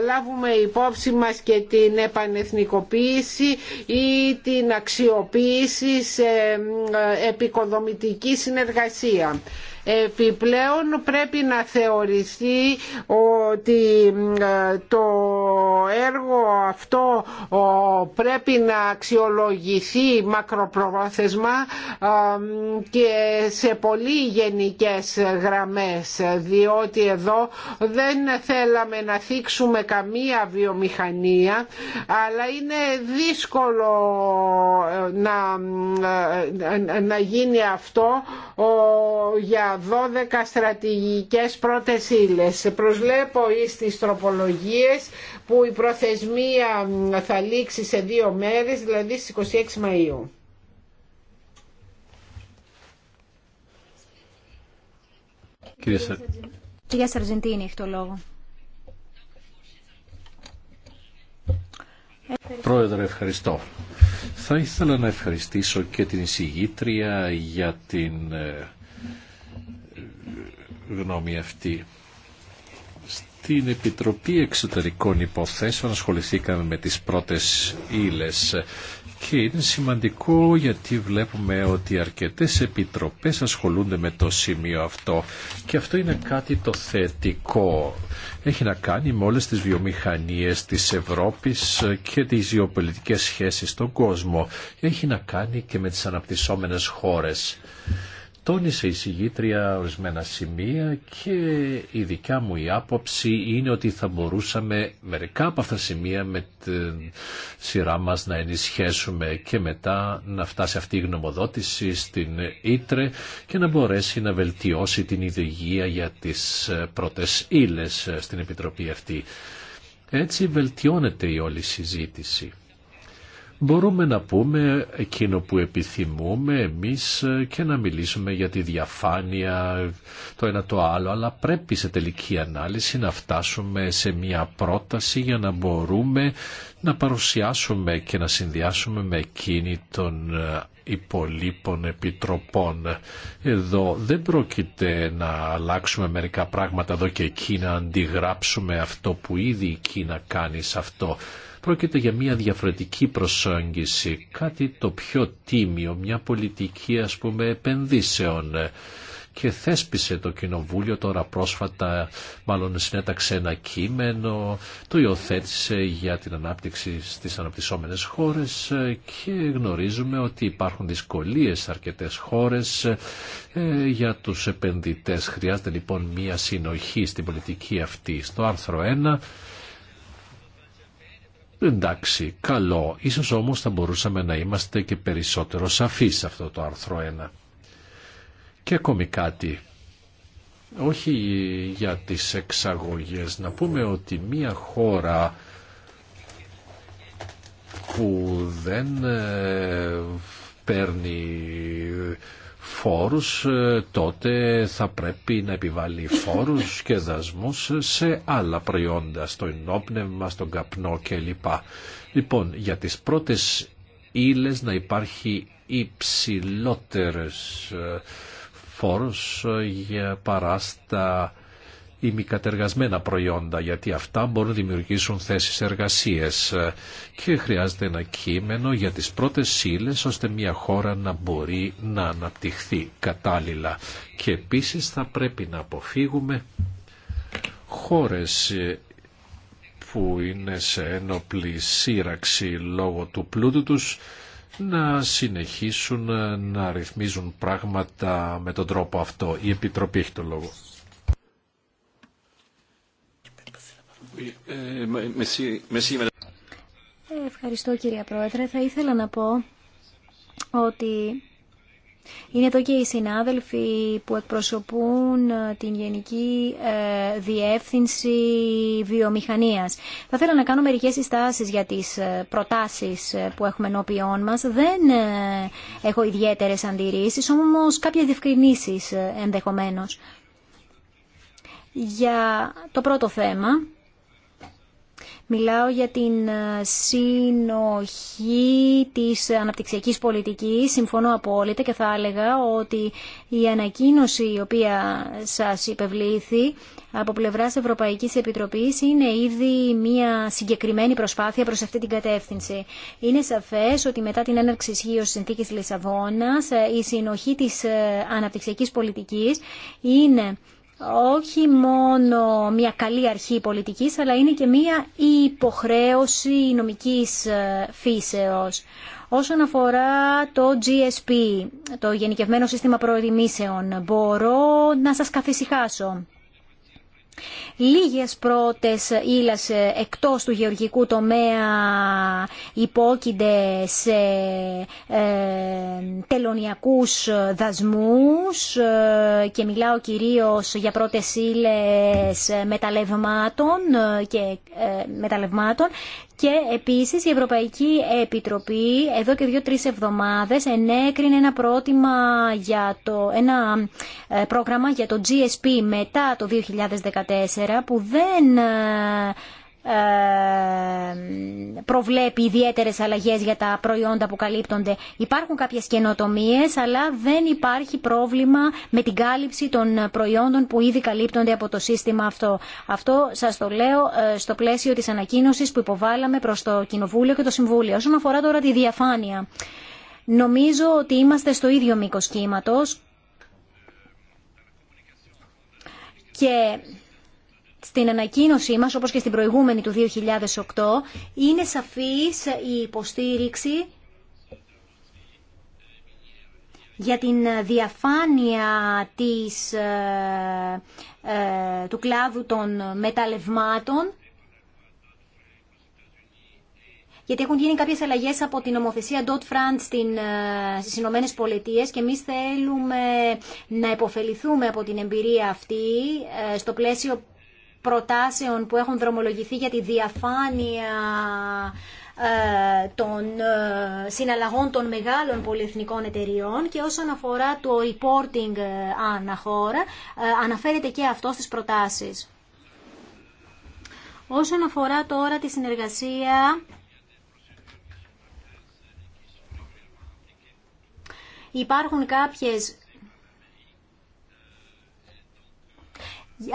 λάβουμε υπόψη μας και την επανεθνικοποίηση ή την αξιοποίηση σε επικοδομητική συνεργασία. Σερβία. Επιπλέον πρέπει να θεωρηθεί ότι ε, το έργο αυτό πρέπει να αξιολογηθεί μακροπρόθεσμα και σε πολύ γενικές γραμμές διότι εδώ δεν θέλαμε να θίξουμε καμία βιομηχανία αλλά είναι δύσκολο ε, ε, να, να γίνει αυτό για 12 στρατηγικές πρώτες ύλες. Προσλέπω εις τις τροπολογίες που η προθεσμία θα λήξει σε δύο μέρες, δηλαδή στις 26 Μαΐου. Κύριε Κυρία Σαρζεντίνη, έχει λόγο. Πρόεδρε, ευχαριστώ. Θα ήθελα να ευχαριστήσω και την εισηγήτρια για την ε, γνώμη αυτή. Στην Επιτροπή Εξωτερικών Υποθέσεων ασχοληθήκαμε με τις πρώτες ύλες και είναι σημαντικό γιατί βλέπουμε ότι αρκετές επιτροπές ασχολούνται με το σημείο αυτό και αυτό είναι κάτι το θετικό. Έχει να κάνει με όλες τις βιομηχανίες της Ευρώπης και τις γεωπολιτικές σχέσεις στον κόσμο. Έχει να κάνει και με τις αναπτυσσόμενες χώρες τόνισε η συγγήτρια ορισμένα σημεία και η δικιά μου η άποψη είναι ότι θα μπορούσαμε μερικά από αυτά τα σημεία με τη σειρά μας να ενισχύσουμε και μετά να φτάσει αυτή η γνωμοδότηση στην Ήτρε και να μπορέσει να βελτιώσει την ιδεγία για τις πρώτες ύλες στην Επιτροπή αυτή. Έτσι βελτιώνεται η όλη συζήτηση μπορούμε να πούμε εκείνο που επιθυμούμε εμείς και να μιλήσουμε για τη διαφάνεια, το ένα το άλλο, αλλά πρέπει σε τελική ανάλυση να φτάσουμε σε μια πρόταση για να μπορούμε να παρουσιάσουμε και να συνδυάσουμε με εκείνη των υπολείπων επιτροπών. Εδώ δεν πρόκειται να αλλάξουμε μερικά πράγματα εδώ και εκεί, να αντιγράψουμε αυτό που ήδη η Κίνα κάνει σε αυτό. Πρόκειται για μια διαφορετική προσέγγιση, κάτι το πιο τίμιο, μια πολιτική ας πούμε επενδύσεων και θέσπισε το Κοινοβούλιο τώρα πρόσφατα, μάλλον συνέταξε ένα κείμενο, το υιοθέτησε για την ανάπτυξη στις αναπτυσσόμενες χώρες και γνωρίζουμε ότι υπάρχουν δυσκολίες σε αρκετές χώρες ε, για τους επενδυτές. Χρειάζεται λοιπόν μία συνοχή στην πολιτική αυτή. Στο άρθρο 1 Εντάξει, καλό. Ίσως όμως θα μπορούσαμε να είμαστε και περισσότερο σαφείς σε αυτό το άρθρο 1. Και ακόμη κάτι. Όχι για τις εξαγωγές. Να πούμε ότι μία χώρα που δεν ε, παίρνει φόρους, ε, τότε θα πρέπει να επιβάλλει φόρους και δασμούς σε άλλα προϊόντα, στο ενόπνευμα, στον καπνό κλπ. Λοιπόν, για τις πρώτες ύλες να υπάρχει υψηλότερες ε, φόρους ε, για παράστα ή μη κατεργασμένα προϊόντα, γιατί αυτά μπορούν να δημιουργήσουν θέσεις εργασίες και χρειάζεται ένα κείμενο για τις πρώτες σύλλε ώστε μια χώρα να μπορεί να αναπτυχθεί κατάλληλα. Και επίσης θα πρέπει να αποφύγουμε χώρες ε, που είναι σε ένοπλη σύραξη λόγω του πλούτου τους να συνεχίσουν να ρυθμίζουν πράγματα με τον τρόπο αυτό. Η Επιτροπή έχει το λόγο. Ε, ευχαριστώ κυρία Πρόεδρε. Θα ήθελα να πω ότι είναι εδώ και οι συνάδελφοι που εκπροσωπούν ε, την Γενική ε, Διεύθυνση Βιομηχανίας. Θα ήθελα να κάνω μερικές συστάσεις για τις προτάσεις που έχουμε ενώπιόν μας. Δεν έχω ιδιαίτερες αντιρρήσεις, όμως κάποιες διευκρινήσεις ενδεχομένως. Για το πρώτο θέμα, Μιλάω για την ε, συνοχή της αναπτυξιακής πολιτικής. Συμφωνώ απόλυτα και θα έλεγα ότι η ανακοίνωση η οποία σας υπευλήθη από πλευράς Ευρωπαϊκής Επιτροπής είναι ήδη μια συγκεκριμένη προσπάθεια προς αυτή την κατεύθυνση. Είναι σαφές ότι μετά την έναρξη ισχύω της συνθήκης Λισαβόνας ε, η συνοχή της ε, αναπτυξιακής πολιτικής είναι όχι μόνο μια καλή αρχή πολιτικής, αλλά είναι και μια υποχρέωση νομικής ε, φύσεως. Όσον αφορά το GSP, το Γενικευμένο Σύστημα Προεδημήσεων, μπορώ να σας καθησυχάσω. Λίγες πρώτες ύλες ε, εκτός του γεωργικού τομέα υπόκεινται σε ε, τελωνιακούς δασμούς ε, και μιλάω κυρίως για πρώτες ύλες μεταλλευμάτων και, μεταλλευμάτων και επίσης η Ευρωπαϊκή Επιτροπή εδώ και δύο-τρεις εβδομάδες ενέκρινε ένα, για το, ένα ε, πρόγραμμα για το GSP μετά το 2014 που δεν ε, ε, προβλέπει ιδιαίτερες αλλαγέ για τα προϊόντα που καλύπτονται. Υπάρχουν κάποιες καινοτομίε, αλλά δεν υπάρχει πρόβλημα με την κάλυψη των προϊόντων που ήδη καλύπτονται από το σύστημα αυτό. Αυτό σας το λέω ε, στο πλαίσιο της ανακοίνωση που υποβάλαμε προς το Κοινοβούλιο και το Συμβούλιο. Όσον αφορά τώρα τη διαφάνεια, νομίζω ότι είμαστε στο ίδιο μήκο κύματο. και στην ανακοίνωσή μας, όπως και στην προηγούμενη του 2008, είναι σαφής η υποστήριξη για την διαφάνεια της, ε, ε, του κλάδου των μεταλλευμάτων γιατί έχουν γίνει κάποιες αλλαγές από την νομοθεσία Dot Front ε, στις Ηνωμένες Πολιτείες και εμείς θέλουμε να υποφεληθούμε από την εμπειρία αυτή στο πλαίσιο προτάσεων που έχουν δρομολογηθεί για τη διαφάνεια ε, των ε, συναλλαγών των μεγάλων πολυεθνικών εταιριών και όσον αφορά το reporting ε, αναχώρα, αναφέρεται και αυτό στις προτάσεις. Όσον αφορά τώρα τη συνεργασία υπάρχουν κάποιες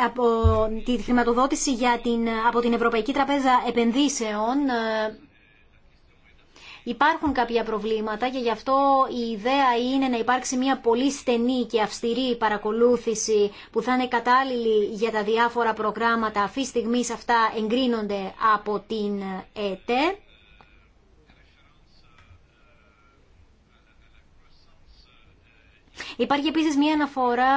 από τη χρηματοδότηση για την, από την Ευρωπαϊκή Τραπέζα Επενδύσεων ε, υπάρχουν κάποια προβλήματα και γι' αυτό η ιδέα είναι να υπάρξει μια πολύ στενή και αυστηρή παρακολούθηση που θα είναι κατάλληλη για τα διάφορα προγράμματα. Αυτή τη στιγμή αυτά εγκρίνονται από την ΕΤΕ. Υπάρχει επίσης μια αναφορά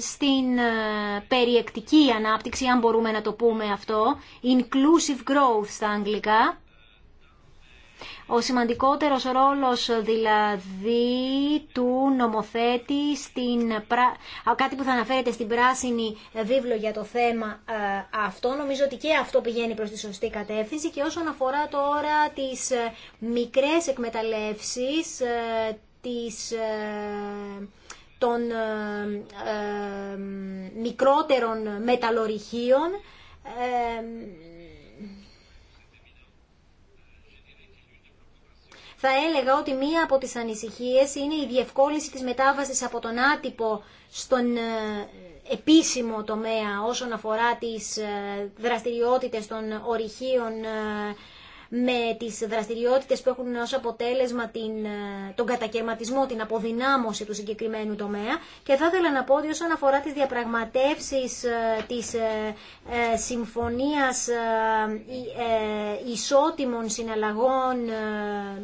στην ε, περιεκτική ανάπτυξη, αν μπορούμε να το πούμε αυτό, inclusive growth στα αγγλικά. Ο σημαντικότερος ρόλος δηλαδή του νομοθέτη, στην κάτι που θα αναφέρεται στην πράσινη βίβλο για το θέμα ε, αυτό, νομίζω ότι και αυτό πηγαίνει προς τη σωστή κατεύθυνση και όσον αφορά τώρα τις ε, μικρές εκμεταλλεύσεις, τις των ε, ε, μικρότερων μεταλλορυχείων ε, θα έλεγα ότι μία από τις ανησυχίες είναι η διευκόλυνση της μετάβασης από τον άτυπο στον επίσημο τομέα όσον αφορά τις δραστηριότητες των ορυχείων με τις δραστηριότητες που έχουν ως αποτέλεσμα την, ε, τον κατακαιρματισμό, την αποδυνάμωση του συγκεκριμένου τομέα. Και θα ήθελα να πω ότι όσον αφορά τις διαπραγματεύσεις ε, της ε, Συμφωνίας Ισότιμων Συναλλαγών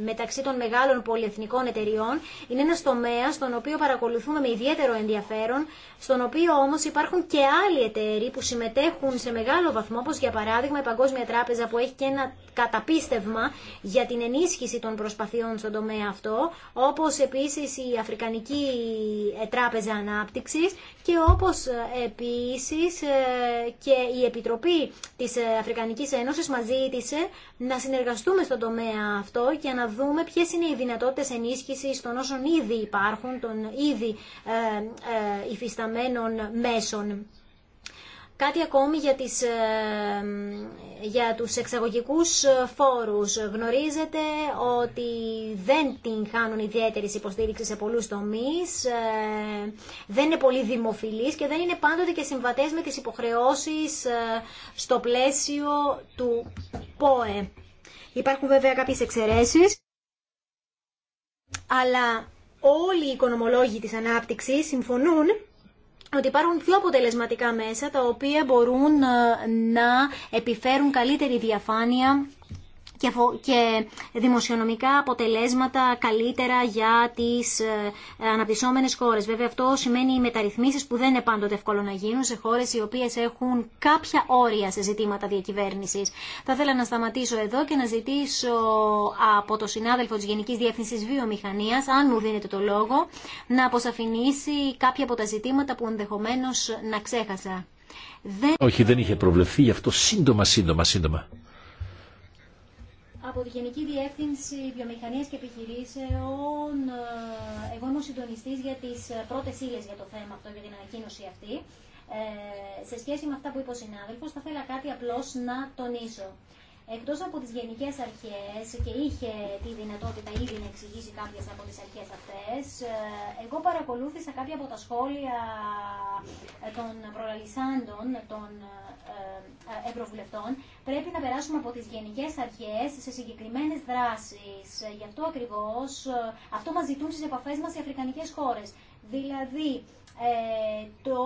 μεταξύ των μεγάλων πολυεθνικών εταιριών, είναι ένας τομέας στον οποίο παρακολουθούμε με ιδιαίτερο ενδιαφέρον, στον οποίο όμως υπάρχουν και άλλοι εταίροι που συμμετέχουν σε μεγάλο βαθμό, όπως για παράδειγμα η Παγκόσμια Τράπεζα που έχει και ένα καταπίστευμα πίστευμα για την ενίσχυση των προσπαθειών στον τομέα αυτό, όπως επίσης η Αφρικανική ε, Τράπεζα Ανάπτυξης και όπως ε, επίσης ε, και η Επιτροπή της Αφρικανικής Ένωσης μας ζήτησε να συνεργαστούμε στον τομέα αυτό και να δούμε ποιες είναι οι δυνατότητες ενίσχυσης των όσων ήδη υπάρχουν, των ήδη υφισταμένων μέσων. Κάτι ακόμη για, τις, ε, για τους εξαγωγικούς φόρους. Γνωρίζετε ότι δεν την χάνουν ιδιαίτερη υποστήριξη σε πολλούς τομείς, ε, δεν είναι πολύ δημοφιλής και δεν είναι πάντοτε και συμβατές με τις υποχρεώσεις ε, στο πλαίσιο του ΠΟΕ. Υπάρχουν βέβαια κάποιες εξαιρέσεις, αλλά όλοι οι οικονομολόγοι της ανάπτυξης συμφωνούν ότι υπάρχουν πιο αποτελεσματικά μέσα τα οποία μπορούν ε, να επιφέρουν καλύτερη διαφάνεια και δημοσιονομικά αποτελέσματα καλύτερα για τις ε, αναπτυσσόμενε χώρε. Βέβαια αυτό σημαίνει μεταρρυθμίσεις που δεν είναι πάντοτε εύκολο να γίνουν σε χώρε οι οποίε έχουν κάποια όρια σε ζητήματα διακυβέρνηση. Θα ήθελα να σταματήσω εδώ και να ζητήσω από το συνάδελφο τη Γενική Διεύθυνσης Βιομηχανία, αν μου δίνετε το λόγο, να αποσαφηνήσει κάποια από τα ζητήματα που ενδεχομένω να ξέχασα. Δεν... Όχι, δεν είχε προβλεφθεί γι' αυτό σύντομα, σύντομα, σύντομα από τη Γενική Διεύθυνση Βιομηχανίας και Επιχειρήσεων. Ε, εγώ είμαι ο συντονιστή για τις ε, πρώτες ύλες για το θέμα αυτό, για την ανακοίνωση αυτή. Ε, σε σχέση με αυτά που είπε ο συνάδελφος, θα ήθελα κάτι απλώς να τονίσω εκτός από τις γενικέ αρχές και είχε τη δυνατότητα ήδη να εξηγήσει κάποιες από τις αρχές αυτές, ε, εγώ παρακολούθησα κάποια από τα σχόλια ε, των προλαλισσάντων, των ε, ευρωβουλευτών, πρέπει να περάσουμε από τις γενικέ αρχές σε συγκεκριμένε δράσεις. Γι' αυτό ακριβώ. αυτό μα ζητούν στι επαφέ μα οι αφρικανικές χώρε. Δηλαδή, το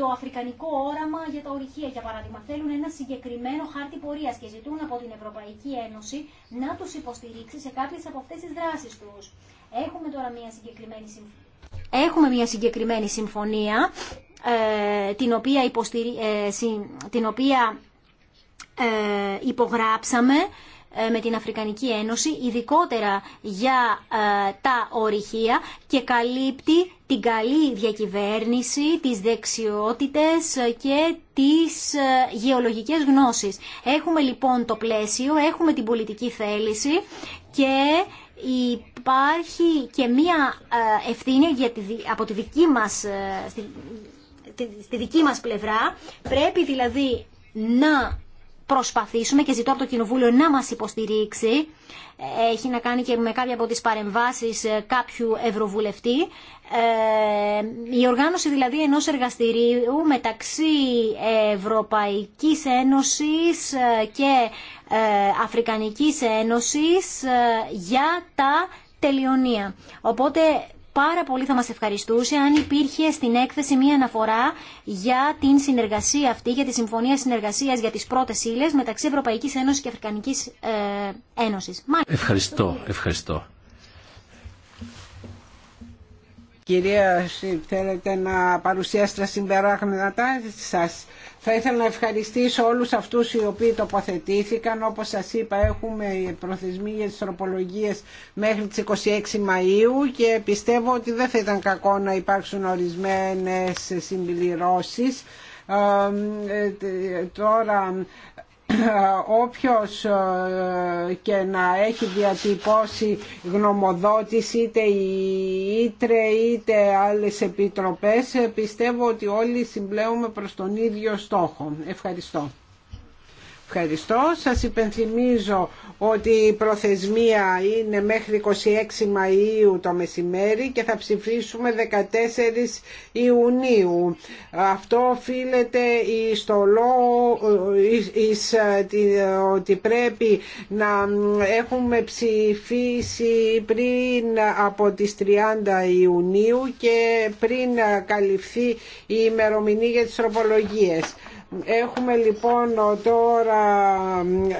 το αφρικανικό όραμα για τα ορυχεία, για παράδειγμα. Θέλουν ένα συγκεκριμένο χάρτη πορεία και ζητούν από την Ευρωπαϊκή Ένωση να του υποστηρίξει σε κάποιε από αυτέ τι δράσει του. Έχουμε τώρα μια συγκεκριμένη συμφωνία. Έχουμε μια συγκεκριμένη συμφωνία ε, την οποία, ε, την οποία ε, υπογράψαμε ε, με την Αφρικανική Ένωση, ειδικότερα για ε, τα ορυχεία και καλύπτει την καλή διακυβέρνηση, τις δεξιότητες και τις ε, γεωλογικές γνώσεις. Έχουμε λοιπόν το πλαίσιο, έχουμε την πολιτική θέληση και υπάρχει και μία ευθύνη από τη δική μας, στη δική μας πλευρά. Πρέπει δηλαδή να προσπαθήσουμε και ζητώ από το Κοινοβούλιο να μας υποστηρίξει. Έχει να κάνει και με κάποια από τις παρεμβάσεις κάποιου ευρωβουλευτή. Ε, η οργάνωση δηλαδή ενός εργαστηρίου μεταξύ Ευρωπαϊκής Ένωσης και ε, Αφρικανικής Ένωσης ε, για τα τελειωνία. Οπότε πάρα πολύ θα μας ευχαριστούσε αν υπήρχε στην έκθεση μία αναφορά για την συνεργασία αυτή, για τη Συμφωνία Συνεργασίας για τις πρώτες ύλες μεταξύ Ευρωπαϊκής Ένωσης και Αφρικανικής ε, Ένωσης. Ευχαριστώ, ευχαριστώ. Κυρία, θέλετε να παρουσιάσετε τα συμπεράγματα σας. Θα ήθελα να ευχαριστήσω όλους αυτούς οι οποίοι τοποθετήθηκαν. Όπως σας είπα έχουμε προθεσμοί για τις τροπολογίες μέχρι τις 26 Μαΐου και πιστεύω ότι δεν θα ήταν κακό να υπάρξουν ορισμένες συμπληρώσεις. Ε, ε, τώρα όποιος ε, και να έχει διατυπώσει γνωμοδότηση είτε η Ήτρε είτε άλλες επιτροπές ε, πιστεύω ότι όλοι συμπλέουμε προς τον ίδιο στόχο. Ευχαριστώ. Ευχαριστώ. Σας υπενθυμίζω ότι η προθεσμία είναι μέχρι 26 Μαΐου το μεσημέρι και θα ψηφίσουμε 14 Ιουνίου. Αυτό οφείλεται στο λόγο ότι πρέπει να έχουμε ψηφίσει πριν από τις 30 Ιουνίου και πριν καλυφθεί η ημερομηνία για τις τροπολογίες. Έχουμε λοιπόν ε, τώρα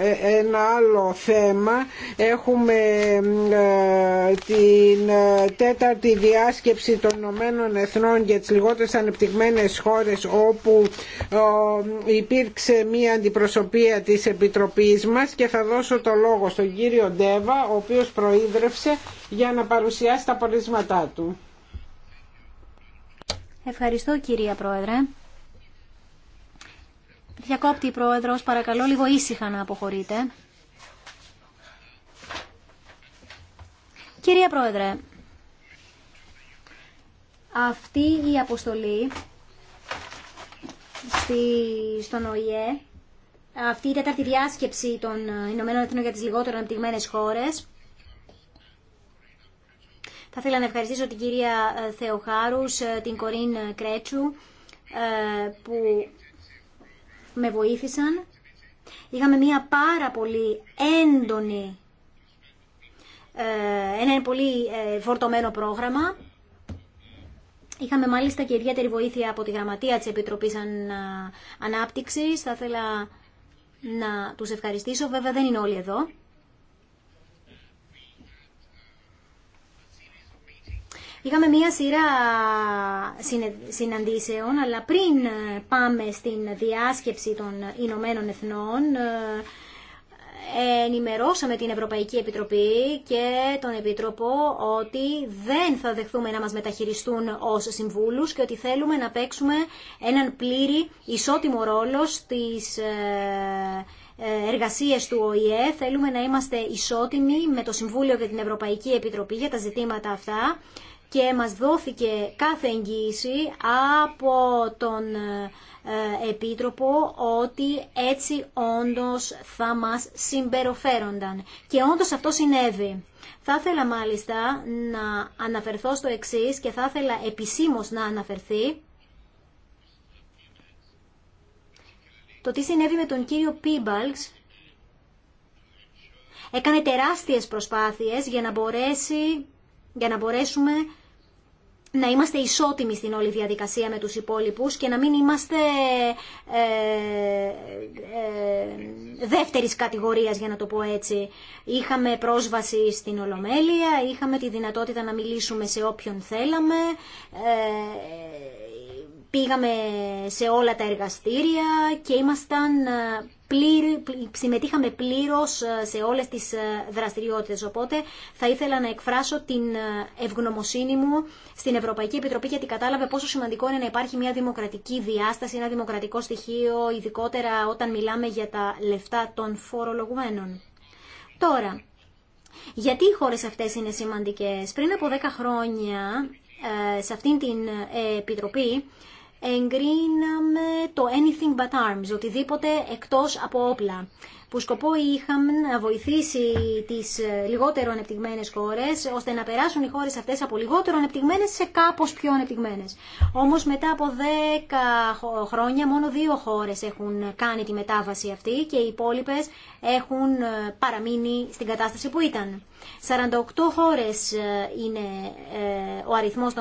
ε, ένα άλλο θέμα. Έχουμε ε, την τέταρτη διάσκεψη των Ηνωμένων Εθνών για τις λιγότερες ανεπτυγμένες χώρες όπου υπήρξε μία αντιπροσωπεία της Επιτροπής μας και θα δώσω το λόγο στον κύριο Ντέβα ο οποίος προείδρευσε για να παρουσιάσει τα πορίσματά του. Ευχαριστώ κυρία Πρόεδρε. Διακόπτη η Πρόεδρος, παρακαλώ λίγο ήσυχα να αποχωρείτε. Κυρία Πρόεδρε, αυτή η αποστολή στη, στον ΟΗΕ, αυτή η τέταρτη διάσκεψη των Ηνωμένων Εθνών για τις λιγότερο αναπτυγμένες χώρες, θα ήθελα να ευχαριστήσω την κυρία Θεοχάρους, την Κορίν Κρέτσου, ε, που με βοήθησαν. Είχαμε μια πάρα πολύ έντονη, ε, ένα πολύ ε, φορτωμένο πρόγραμμα. Είχαμε μάλιστα και ιδιαίτερη βοήθεια από τη Γραμματεία της Επιτροπής Ανάπτυξης. Θα ήθελα να τους ευχαριστήσω. Βέβαια δεν είναι όλοι εδώ. Είχαμε μία σειρά συναντήσεων, αλλά πριν ε, πάμε στην διάσκεψη των Ηνωμένων Εθνών, ε, ενημερώσαμε την Ευρωπαϊκή Επιτροπή και τον Επίτροπο ότι δεν θα δεχθούμε να μας μεταχειριστούν ως συμβούλους και ότι θέλουμε να παίξουμε έναν πλήρη ισότιμο ρόλο στις ε, εργασίες του ΟΗΕ. Θέλουμε να είμαστε ισότιμοι με το Συμβούλιο και την Ευρωπαϊκή Επιτροπή για τα ζητήματα αυτά και μας δόθηκε κάθε εγγύηση από τον ε, Επίτροπο ότι έτσι όντως θα μας συμπεροφέρονταν. Και όντως αυτό συνέβη. Θα ήθελα μάλιστα να αναφερθώ στο εξής και θα ήθελα επισήμως να αναφερθεί το τι συνέβη με τον κύριο Πίμπαλξ έκανε τεράστιες προσπάθειες για να, μπορέσει, για να μπορέσουμε να είμαστε ισότιμοι στην όλη διαδικασία με τους υπόλοιπους και να μην είμαστε ε, ε, δεύτερης κατηγορίας για να το πω έτσι. Είχαμε πρόσβαση στην Ολομέλεια, είχαμε τη δυνατότητα να μιλήσουμε σε όποιον θέλαμε, ε, πήγαμε σε όλα τα εργαστήρια και ήμασταν ε, πλήρη, συμμετείχαμε πλήρως ε, σε όλες τις ε, δραστηριότητες. Οπότε θα ήθελα να εκφράσω την ε, ευγνωμοσύνη μου στην Ευρωπαϊκή Επιτροπή γιατί κατάλαβε πόσο σημαντικό είναι να υπάρχει μια δημοκρατική διάσταση, ένα δημοκρατικό στοιχείο, ειδικότερα όταν μιλάμε για τα λεφτά των φορολογουμένων. Τώρα, γιατί οι χώρες αυτές είναι σημαντικές. Πριν από 10 χρόνια σε αυτήν την Επιτροπή εγκρίναμε το anything but arms, οτιδήποτε εκτός από όπλα που σκοπό είχαν να βοηθήσει τις ε, λιγότερο ανεπτυγμένες χώρες, ώστε να περάσουν οι χώρες αυτές από λιγότερο ανεπτυγμένες σε κάπως πιο ανεπτυγμένες. Όμως μετά από 10 χρόνια μόνο δύο χώρες έχουν κάνει τη μετάβαση αυτή και οι υπόλοιπε έχουν ε, παραμείνει στην κατάσταση που ήταν. 48 χώρες ε, είναι, ο αριθμός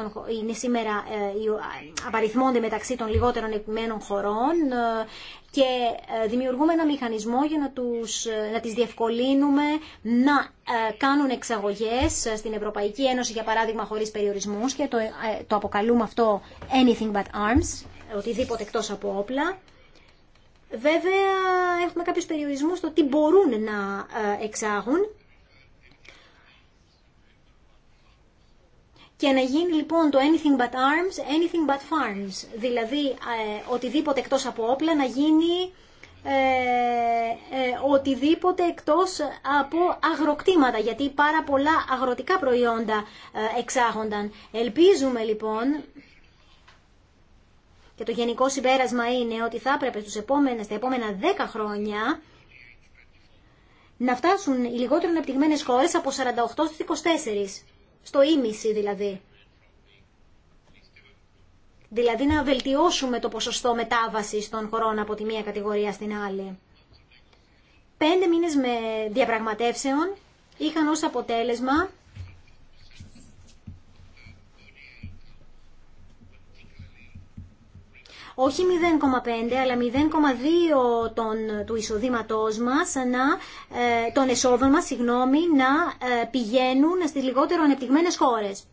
είναι σήμερα απαριθμώνται μεταξύ των λιγότερων ανεπτυγμένων χωρών και ε, δημιουργούμε ένα μηχανισμό για να, τους, ε, να τις διευκολύνουμε να ε, κάνουν εξαγωγές στην Ευρωπαϊκή Ένωση, για παράδειγμα, χωρίς περιορισμούς και το, το αποκαλούμε αυτό anything but arms, οτιδήποτε εκτός από όπλα. Βέβαια, έχουμε κάποιους περιορισμούς στο τι μπορούν να εξάγουν και να γίνει λοιπόν το anything but arms, anything but farms. Δηλαδή ε, οτιδήποτε εκτός από όπλα να γίνει ε, ε, οτιδήποτε εκτός από αγροκτήματα, γιατί πάρα πολλά αγροτικά προϊόντα ε, εξάγονταν. Ελπίζουμε λοιπόν και το γενικό συμπέρασμα είναι ότι θα έπρεπε επόμενες, στα επόμενα 10 χρόνια να φτάσουν οι λιγότερο αναπτυγμένες χώρες από 48 στις 24 στο ίμιση δηλαδή. Δηλαδή να βελτιώσουμε το ποσοστό μετάβασης των χωρών από τη μία κατηγορία στην άλλη. Πέντε μήνες με διαπραγματεύσεων είχαν ως αποτέλεσμα όχι 0,5 αλλά 0,2 των, του εισοδήματός μας, να, ε, των εσόδων μας, συγγνώμη, να ε, πηγαίνουν στις λιγότερο ανεπτυγμένες χώρες.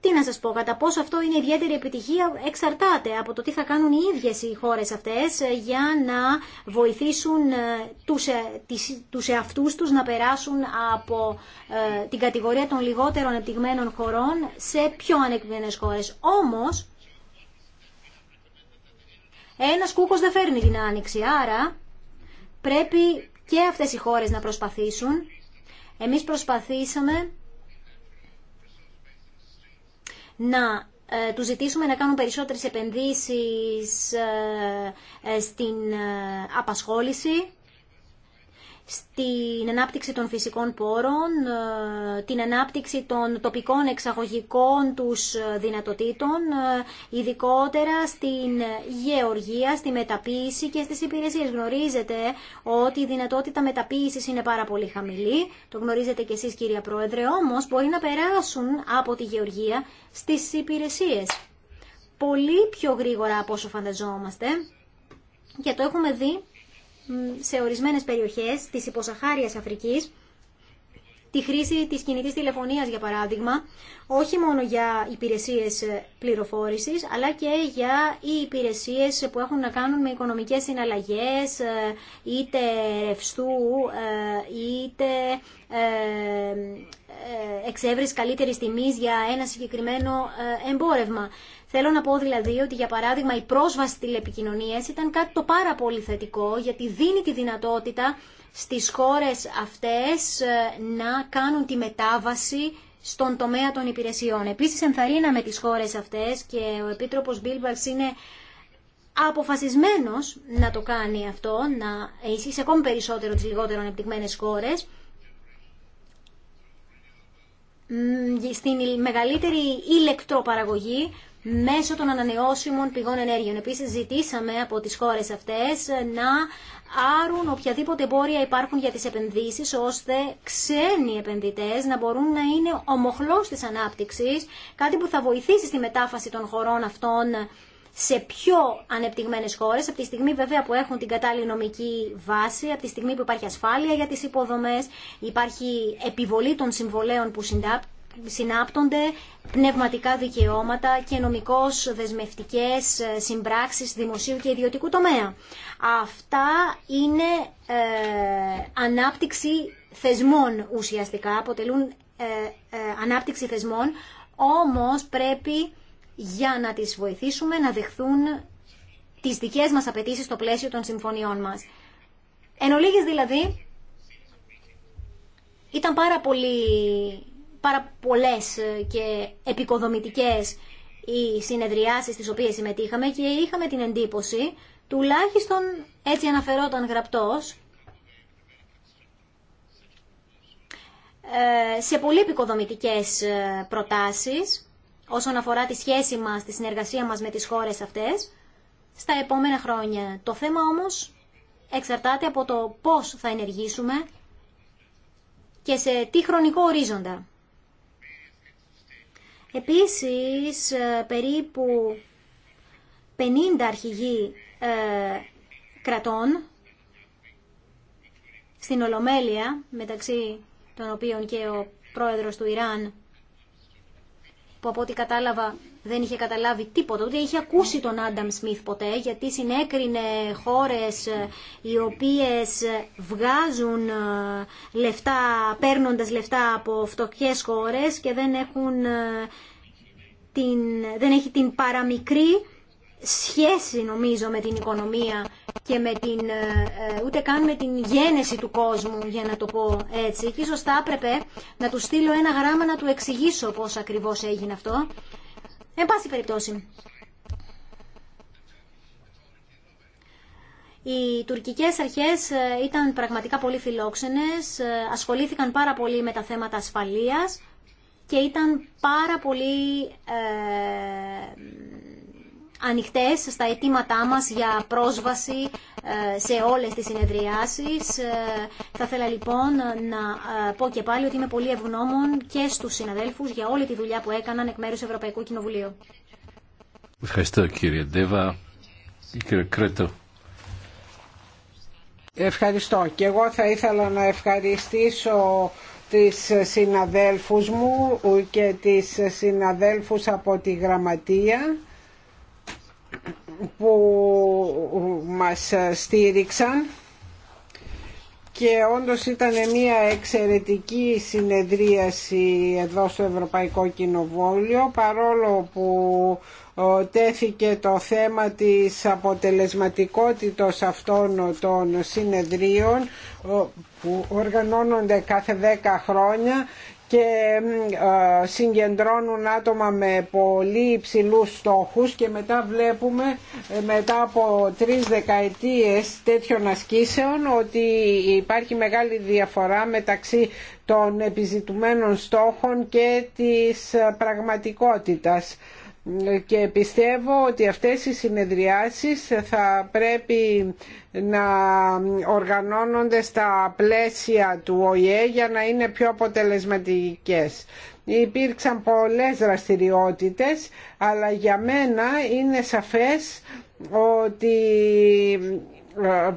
Τι να σας πω, κατά πόσο αυτό είναι ιδιαίτερη επιτυχία εξαρτάται από το τι θα κάνουν οι ίδιες οι χώρες αυτές ε, για να βοηθήσουν ε, τους, ε, τους εαυτούς τους να περάσουν από την κατηγορία των λιγότερων ανεπτυγμένων χωρών σε πιο ανεπτυγμένες χώρες. Όμως, ένας κούκο δεν φέρνει την άνοιξη, άρα πρέπει και αυτές οι χώρες να προσπαθήσουν. Εμείς προσπαθήσαμε να ε, τους ζητήσουμε να κάνουν περισσότερες επενδύσεις ε, ε, στην ε, απασχόληση στην ανάπτυξη των φυσικών πόρων, ε, την ανάπτυξη των τοπικών εξαγωγικών τους ε, δυνατοτήτων, ε, ειδικότερα στην γεωργία, στη μεταποίηση και στις υπηρεσίες. Γνωρίζετε ότι η δυνατότητα μεταποίησης είναι πάρα πολύ χαμηλή, το γνωρίζετε και εσείς κυρία Πρόεδρε, όμως μπορεί να περάσουν από τη γεωργία στις υπηρεσίες. Πολύ πιο γρήγορα από όσο φανταζόμαστε και το έχουμε δει σε ορισμένες περιοχές της υποσαχάριας Αφρικής τη χρήση της κινητής τηλεφωνίας για παράδειγμα, όχι μόνο για υπηρεσίες πληροφόρησης, αλλά και για οι υπηρεσίες που έχουν να κάνουν με οικονομικές συναλλαγές, ε, είτε ρευστού, ε, είτε ε, εξέβρεση καλύτερης τιμής για ένα συγκεκριμένο εμπόρευμα. Θέλω να πω δηλαδή ότι για παράδειγμα η πρόσβαση στις ήταν κάτι το πάρα πολύ θετικό γιατί δίνει τη δυνατότητα στις χώρες αυτές ε, να κάνουν τη μετάβαση στον τομέα των υπηρεσιών. Επίσης ενθαρρύναμε τις χώρες αυτές και ο Επίτροπος Μπίλβαρς είναι αποφασισμένος να το κάνει αυτό, να ισχύσει ακόμη περισσότερο τις λιγότερο ανεπτυγμένες χώρες, στην μεγαλύτερη ηλεκτροπαραγωγή μέσω των ανανεώσιμων πηγών ενέργειων. Επίση, ζητήσαμε από τι χώρε αυτέ να άρουν οποιαδήποτε εμπόρια υπάρχουν για τι επενδύσει, ώστε ξένοι επενδυτέ, να μπορούν να είναι ομοχλός τη ανάπτυξη, κάτι που θα βοηθήσει στη μετάφαση των χωρών αυτών σε πιο ανεπτυγμένες χώρες, από τη στιγμή βέβαια που έχουν την κατάλληλη νομική βάση, από τη στιγμή που υπάρχει ασφάλεια για τις υποδομές, υπάρχει επιβολή των συμβολέων που συντάπτουν, συνάπτονται πνευματικά δικαιώματα και νομικώς δεσμευτικές ε, συμπράξεις δημοσίου και ιδιωτικού τομέα. Αυτά είναι ε, ανάπτυξη θεσμών ουσιαστικά, αποτελούν ε, ε, ανάπτυξη θεσμών, όμως πρέπει για να τις βοηθήσουμε να δεχθούν τις δικές μας απαιτήσεις στο πλαίσιο των συμφωνιών μας. Εν δηλαδή, ήταν πάρα πολύ πάρα πολλέ ε, και επικοδομητικές οι συνεδριάσει στις οποίες συμμετείχαμε και είχαμε την εντύπωση, τουλάχιστον έτσι αναφερόταν γραπτός, ε, σε πολύ επικοδομητικές ε, προτάσεις όσον αφορά τη σχέση μας, τη συνεργασία μας με τις χώρες αυτές στα επόμενα χρόνια. Το θέμα όμως εξαρτάται από το πώς θα ενεργήσουμε και σε τι χρονικό ορίζοντα. Επίσης, ε, περίπου 50 αρχηγοί ε, κρατών στην Ολομέλεια, μεταξύ των οποίων και ο πρόεδρος του Ιράν, που από ό,τι κατάλαβα δεν είχε καταλάβει τίποτα, ούτε είχε ακούσει τον Άνταμ Σμιθ ποτέ, γιατί συνέκρινε χώρες ε, οι οποίες βγάζουν ε, λεφτά, παίρνοντας λεφτά από φτωχές χώρες και δεν, έχουν ε, την, δεν έχει την παραμικρή σχέση νομίζω με την οικονομία και με την, ούτε καν με την γένεση του κόσμου για να το πω έτσι και ίσως θα έπρεπε να του στείλω ένα γράμμα να του εξηγήσω πώς ακριβώς έγινε αυτό Εν πάση περιπτώσει, Οι τουρκικές αρχές ε, ήταν πραγματικά πολύ φιλόξενες, ε, ασχολήθηκαν πάρα πολύ με τα θέματα ασφαλείας και ήταν πάρα πολύ ε, ανοιχτές στα αιτήματά μας για πρόσβαση ε, σε όλες τις συνεδριάσεις. Ε, θα ήθελα λοιπόν να ε, πω και πάλι ότι είμαι πολύ ευγνώμων και στους συναδέλφους για όλη τη δουλειά που έκαναν εκ μέρους Ευρωπαϊκού Κοινοβουλίου. Ευχαριστώ κύριε Ντέβα. Κύριε Κρέτο. Ευχαριστώ και εγώ θα ήθελα να ευχαριστήσω τις συναδέλφους μου και τις συναδέλφους από τη Γραμματεία που μας στήριξαν και όντως ήταν μια εξαιρετική συνεδρίαση εδώ στο Ευρωπαϊκό Κοινοβούλιο παρόλο που τέθηκε το θέμα της αποτελεσματικότητας αυτών των συνεδρίων που οργανώνονται κάθε 10 χρόνια και συγκεντρώνουν άτομα με πολύ υψηλούς στόχους και μετά βλέπουμε ε, μετά από τρεις δεκαετίες τέτοιων ασκήσεων ότι υπάρχει μεγάλη διαφορά μεταξύ των επιζητουμένων στόχων και της ε, πραγματικότητας ε, και πιστεύω ότι αυτές οι συνεδριάσεις θα πρέπει να οργανώνονται στα πλαίσια του ΟΗΕ για να είναι πιο αποτελεσματικές. Υπήρξαν πολλές δραστηριότητες, αλλά για μένα είναι σαφές ότι ε,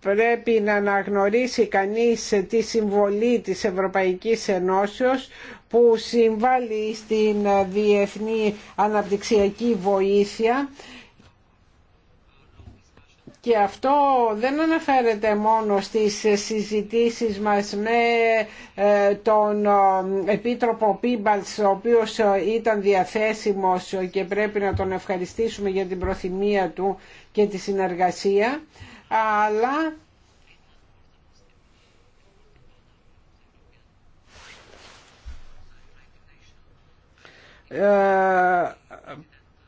πρέπει να αναγνωρίσει κανείς τη συμβολή της Ευρωπαϊκής Ενώσεως που συμβάλλει στην διεθνή αναπτυξιακή βοήθεια και αυτό δεν αναφέρεται μόνο στις συζητήσεις μας με ε, τον ε, Επίτροπο Πίμπαλς, ο οποίος ε, ήταν διαθέσιμος και πρέπει να τον ευχαριστήσουμε για την προθυμία του και τη συνεργασία, αλλά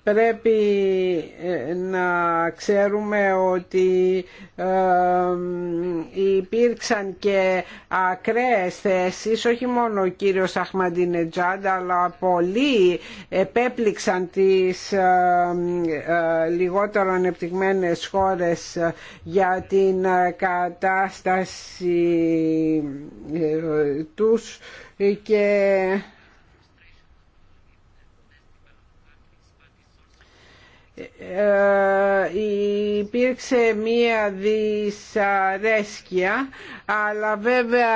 πρέπει ε, να ξέρουμε ότι ε, υπήρξαν και ακραίες θέσεις, όχι μόνο ο κύριος Τζάντα, αλλά πολλοί επέπληξαν τις ε, λιγότερο ανεπτυγμένες χώρες για την κατάσταση τους και Ε, ε, υπήρξε μία δυσαρέσκεια αλλά βέβαια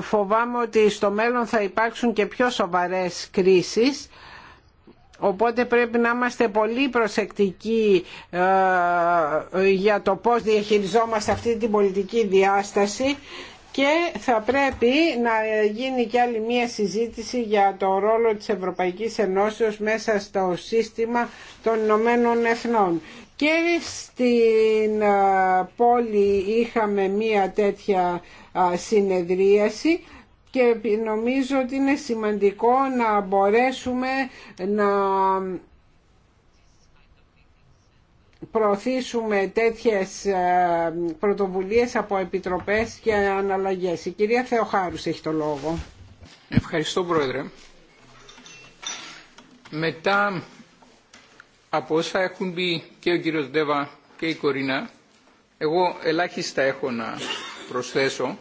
φοβάμαι ότι στο μέλλον θα υπάρξουν και πιο σοβαρές κρίσεις Οπότε πρέπει να είμαστε πολύ προσεκτικοί ε, για το πώς διαχειριζόμαστε αυτή την πολιτική διάσταση και θα πρέπει να γίνει και άλλη μία συζήτηση για το ρόλο της Ευρωπαϊκής Ενώσεως μέσα στο σύστημα των Ηνωμένων Εθνών. Και στην ε, πόλη είχαμε μία τέτοια ε, συνεδρίαση και νομίζω ότι είναι σημαντικό να μπορέσουμε να προωθήσουμε τέτοιες ε, πρωτοβουλίες από επιτροπές και αναλλαγές. Η κυρία Θεοχάρους έχει το λόγο. Ευχαριστώ Πρόεδρε. Μετά από όσα έχουν πει και ο κύριος Δέβα και η Κορίνα, εγώ ελάχιστα έχω να προσθέσω.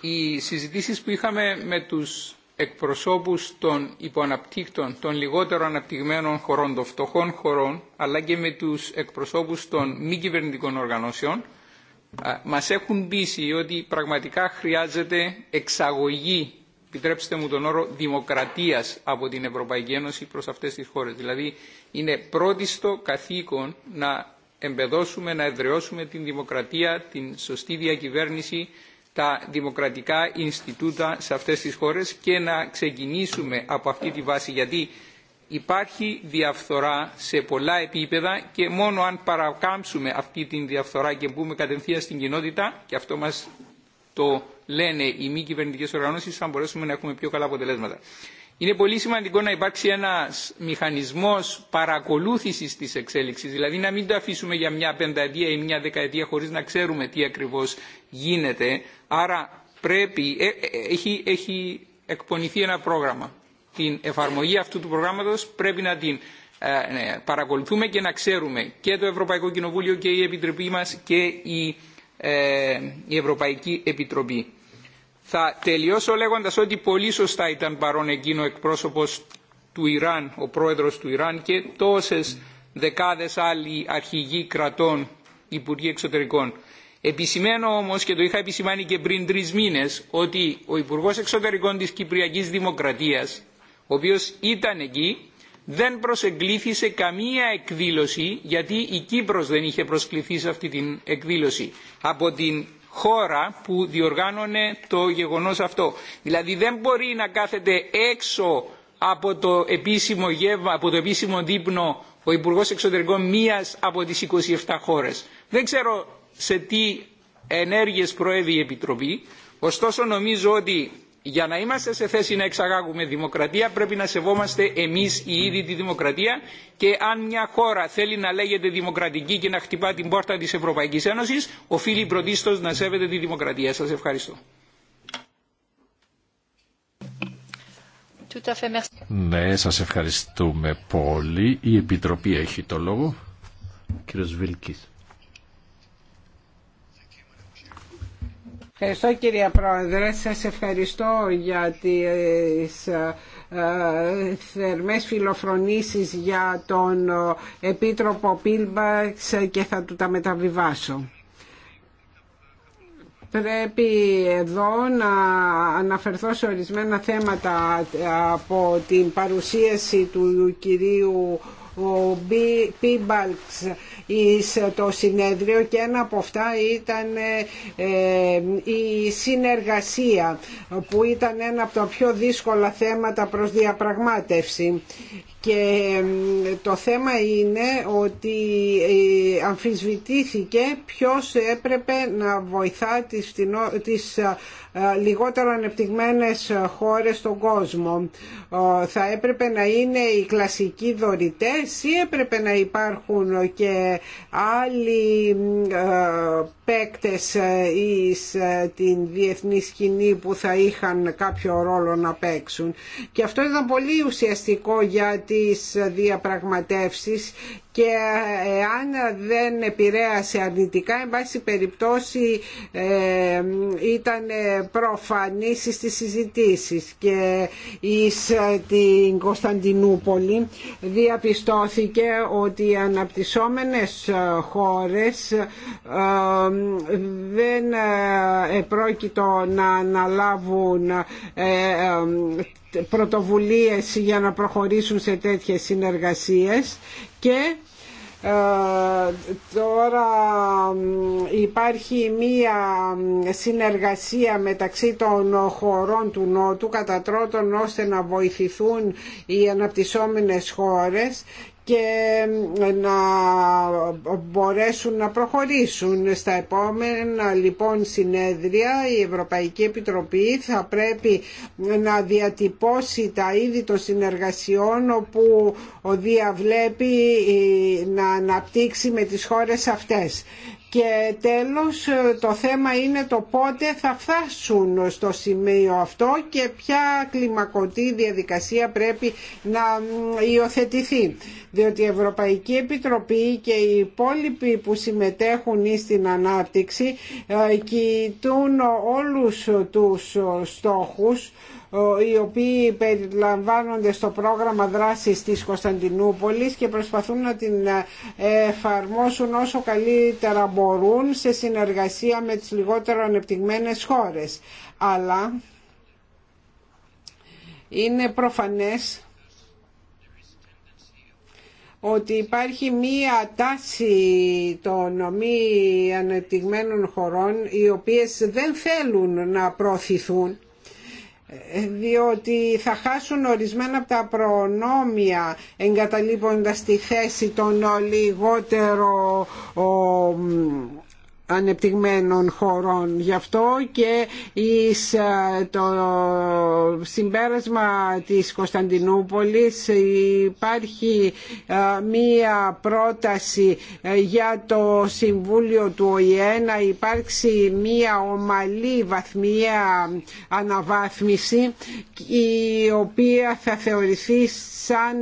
Οι συζητήσεις που είχαμε με τους εκπροσώπους των υποαναπτύκτων των λιγότερο αναπτυγμένων χωρών, των φτωχών χωρών, αλλά και με τους εκπροσώπους των μη κυβερνητικών οργανώσεων, μας έχουν πείσει ότι πραγματικά χρειάζεται εξαγωγή, επιτρέψτε μου τον όρο, δημοκρατίας από την Ευρωπαϊκή Ένωση προς αυτές τις χώρες. Δηλαδή είναι πρότιστο καθήκον να εμπεδώσουμε, να εδραιώσουμε την δημοκρατία, την σωστή διακυβέρνηση, τα δημοκρατικά Ινστιτούτα σε αυτές τις χώρες και να ξεκινήσουμε από αυτή τη βάση γιατί υπάρχει διαφθορά σε πολλά επίπεδα και μόνο αν παρακάμψουμε αυτή τη διαφθορά και μπούμε κατευθείαν στην κοινότητα και αυτό μας το λένε οι μη κυβερνητικέ οργανώσεις θα μπορέσουμε να έχουμε πιο καλά αποτελέσματα. Είναι πολύ σημαντικό να υπάρξει ένας μηχανισμός παρακολούθησης της εξέλιξης, δηλαδή να μην το αφήσουμε για μια πενταετία ή μια δεκαετία χωρίς να ξέρουμε τι ακριβώς γίνεται. Άρα πρέπει, ε, ε, έχει, εκπονηθεί ένα πρόγραμμα. Την εφαρμογή αυτού του προγράμματος πρέπει να την ε, ναι, παρακολουθούμε και να ξέρουμε και το Ευρωπαϊκό Κοινοβούλιο και η Επιτροπή μας και η Ευρωπαϊκή Επιτροπή. Θα τελειώσω λέγοντας ότι πολύ σωστά ήταν παρόν εκείνο ο εκπρόσωπος του Ιράν, ο πρόεδρος του Ιράν και τόσες δεκάδες άλλοι αρχηγοί κρατών, υπουργοί εξωτερικών. Επισημαίνω όμως και το είχα επισημάνει και πριν τρεις μήνες ότι ο Υπουργός Εξωτερικών της Κυπριακής Δημοκρατίας, ο οποίος ήταν εκεί, δεν προσεγκλήθησε καμία εκδήλωση γιατί η Κύπρος δεν είχε προσκληθεί σε αυτή την εκδήλωση. Από την χώρα που διοργάνωνε το γεγονός αυτό. Δηλαδή δεν μπορεί να κάθεται έξω από το επίσημο γεύμα, από το επίσημο δείπνο ο Υπουργό Εξωτερικών μίας από τις 27 χώρες. Δεν ξέρω σε τι ενέργειες προέβη η Επιτροπή, ωστόσο νομίζω ότι για να είμαστε σε θέση να εξαγάγουμε δημοκρατία πρέπει να σεβόμαστε εμείς οι ίδιοι τη δημοκρατία και αν μια χώρα θέλει να λέγεται δημοκρατική και να χτυπά την πόρτα της Ευρωπαϊκής Ένωσης οφείλει πρωτίστως να σέβεται τη δημοκρατία. Σας ευχαριστώ. Ναι, σας ευχαριστούμε πολύ. Η Επιτροπή έχει το λόγο. Κύριος Βίλκης. Ευχαριστώ κυρία Πρόεδρε. Σας ευχαριστώ για τις ε, θερμές φιλοφρονήσεις για τον ε, Επίτροπο Πίλμπαξ και θα του τα μεταβιβάσω. Πρέπει εδώ να αναφερθώ σε ορισμένα θέματα από την παρουσίαση του κυρίου ο ε, το συνέδριο και ένα από αυτά ήταν ε, ε, η συνεργασία που ήταν ένα από τα πιο δύσκολα θέματα προς διαπραγμάτευση και το θέμα είναι ότι ε, αμφισβητήθηκε ποιος έπρεπε να βοηθά τις, τις ε, λιγότερο ανεπτυγμένες χώρες στον κόσμο. Θα έπρεπε να είναι οι κλασικοί δωρητές ή έπρεπε να υπάρχουν και άλλοι ε, παίκτες εις την διεθνή σκηνή που θα είχαν κάποιο ρόλο να παίξουν. Και αυτό ήταν πολύ ουσιαστικό γιατί τις διαπραγματεύσεις και αν δεν επηρέασε αρνητικά, εν πάση περιπτώσει ε, ήταν προφανής στις συζητήσεις και εις ε, την Κωνσταντινούπολη διαπιστώθηκε ότι οι αναπτυσσόμενες χώρες ε, δεν επρόκειτο να αναλάβουν πρωτοβουλίες για να προχωρήσουν σε τέτοιες συνεργασίες και ε, τώρα υπάρχει μία συνεργασία μεταξύ των χωρών του Νότου κατά τρότον ώστε να βοηθηθούν οι αναπτυσσόμενες χώρες και ε, να μπορέσουν να προχωρήσουν στα επόμενα λοιπόν συνέδρια η Ευρωπαϊκή Επιτροπή θα πρέπει να διατυπώσει τα είδη των συνεργασιών όπου βλέπει ε, να αναπτύξει με τις χώρες αυτές και τέλος ε, το θέμα είναι το πότε θα φτάσουν στο σημείο αυτό και ποια κλιμακωτή διαδικασία πρέπει να υιοθετηθεί. Διότι η Ευρωπαϊκή Επιτροπή και οι υπόλοιποι που συμμετέχουν στην ανάπτυξη ε, κοιτούν όλους τους στόχους οι οποίοι περιλαμβάνονται στο πρόγραμμα δράσης της Κωνσταντινούπολης και προσπαθούν να την ε, εφαρμόσουν όσο καλύτερα μπορούν σε συνεργασία με τις λιγότερο ανεπτυγμένες χώρες. Αλλά είναι προφανές ότι υπάρχει μία τάση των μη ανεπτυγμένων χωρών οι οποίες δεν θέλουν να προωθηθούν διότι θα χάσουν ορισμένα από τα προνόμια εγκαταλείποντας τη θέση των λιγότερο ανεπτυγμένων χωρών. Γι' αυτό και εις ε, το συμπέρασμα της Κωνσταντινούπολης υπάρχει ε, μία πρόταση ε, για το Συμβούλιο του ΟΗΕ να υπάρξει μία ομαλή βαθμία αναβάθμιση η οποία θα θεωρηθεί σαν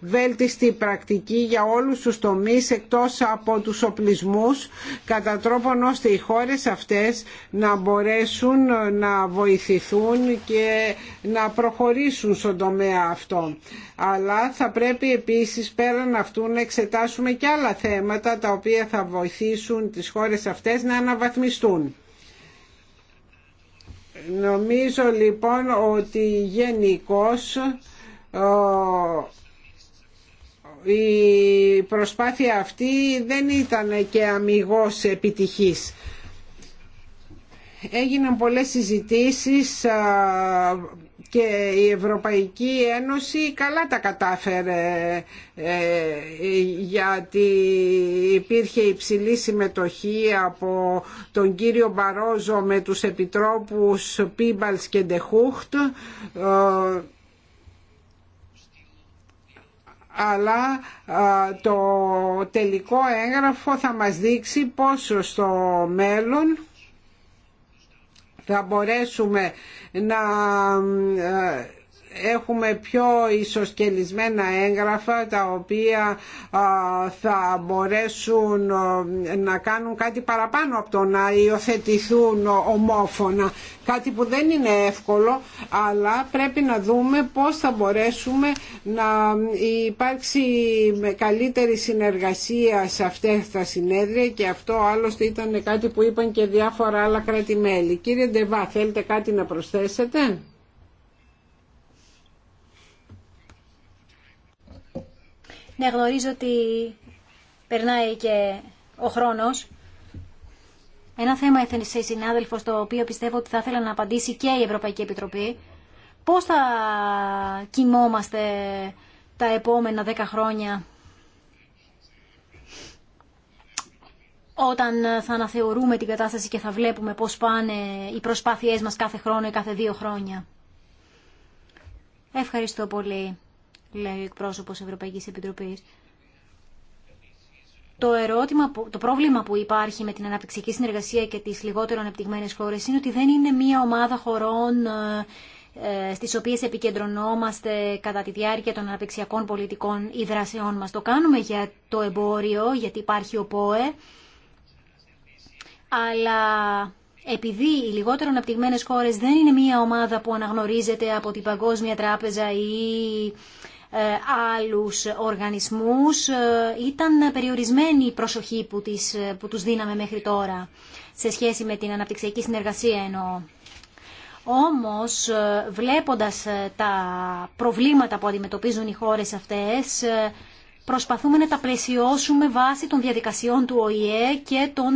βέλτιστη πρακτική για όλους τους τομείς εκτός από τους οπλισμούς κατά ώστε οι χώρες αυτές να μπορέσουν να βοηθηθούν και να προχωρήσουν στον τομέα αυτό. Αλλά θα πρέπει επίσης πέραν αυτού να εξετάσουμε και άλλα θέματα τα οποία θα βοηθήσουν τις χώρες αυτές να αναβαθμιστούν. Νομίζω λοιπόν ότι γενικώ η προσπάθεια αυτή δεν ήταν και αμυγός επιτυχής. Έγιναν πολλές συζητήσεις και η Ευρωπαϊκή Ένωση καλά τα κατάφερε ε, γιατί υπήρχε υψηλή συμμετοχή από τον κύριο Μπαρόζο με τους επιτρόπους Πίμπαλς και Ντεχούχτ ε, αλλά το τελικό έγγραφο θα μας δείξει πόσο στο μέλλον θα μπορέσουμε να ε, έχουμε πιο ισοσκελισμένα έγγραφα τα οποία θα μπορέσουν να κάνουν κάτι παραπάνω από το να υιοθετηθούν ομόφωνα. Κάτι που δεν είναι εύκολο, αλλά πρέπει να δούμε πώς θα μπορέσουμε να υπάρξει καλύτερη συνεργασία σε αυτές τα συνέδρια και αυτό άλλωστε ήταν κάτι που είπαν και διάφορα άλλα κράτη-μέλη. Κύριε Ντεβά, θέλετε κάτι να προσθέσετε? Ναι, γνωρίζω ότι περνάει και ο χρόνος. Ένα θέμα η σε συνάδελφο, το οποίο πιστεύω ότι θα ήθελα να απαντήσει και η Ευρωπαϊκή Επιτροπή. Πώς θα κοιμόμαστε τα επόμενα δέκα χρόνια όταν θα αναθεωρούμε την κατάσταση και θα βλέπουμε πώς πάνε οι προσπάθειές μας κάθε χρόνο ή κάθε δύο χρόνια. Ευχαριστώ πολύ λέει ο εκπρόσωπο Ευρωπαϊκή Επιτροπής. Το, ερώτημα, το πρόβλημα που υπάρχει με την αναπτυξιακή συνεργασία και τις λιγότερο ανεπτυγμένες χώρες είναι ότι δεν είναι μία ομάδα χωρών ε, ε, στις οποίες επικεντρωνόμαστε κατά τη διάρκεια των αναπτυξιακών πολιτικών ή δράσεών μας. Το κάνουμε για το εμπόριο, γιατί υπάρχει ο ΠΟΕ, αλλά επειδή οι λιγότερο αναπτυγμένες χώρες δεν είναι μία ομάδα που αναγνωρίζεται από την Παγκόσμια Τράπεζα ή ε, άλλους οργανισμούς. Ε, ήταν περιορισμένη η προσοχή που, τις, ε, που τους δίναμε μέχρι τώρα σε σχέση με την αναπτυξιακή συνεργασία εννοώ. Όμως βλέποντας τα προβλήματα που αντιμετωπίζουν οι χώρες αυτές προσπαθούμε να τα πλαισιώσουμε βάσει των διαδικασιών του ΟΗΕ και των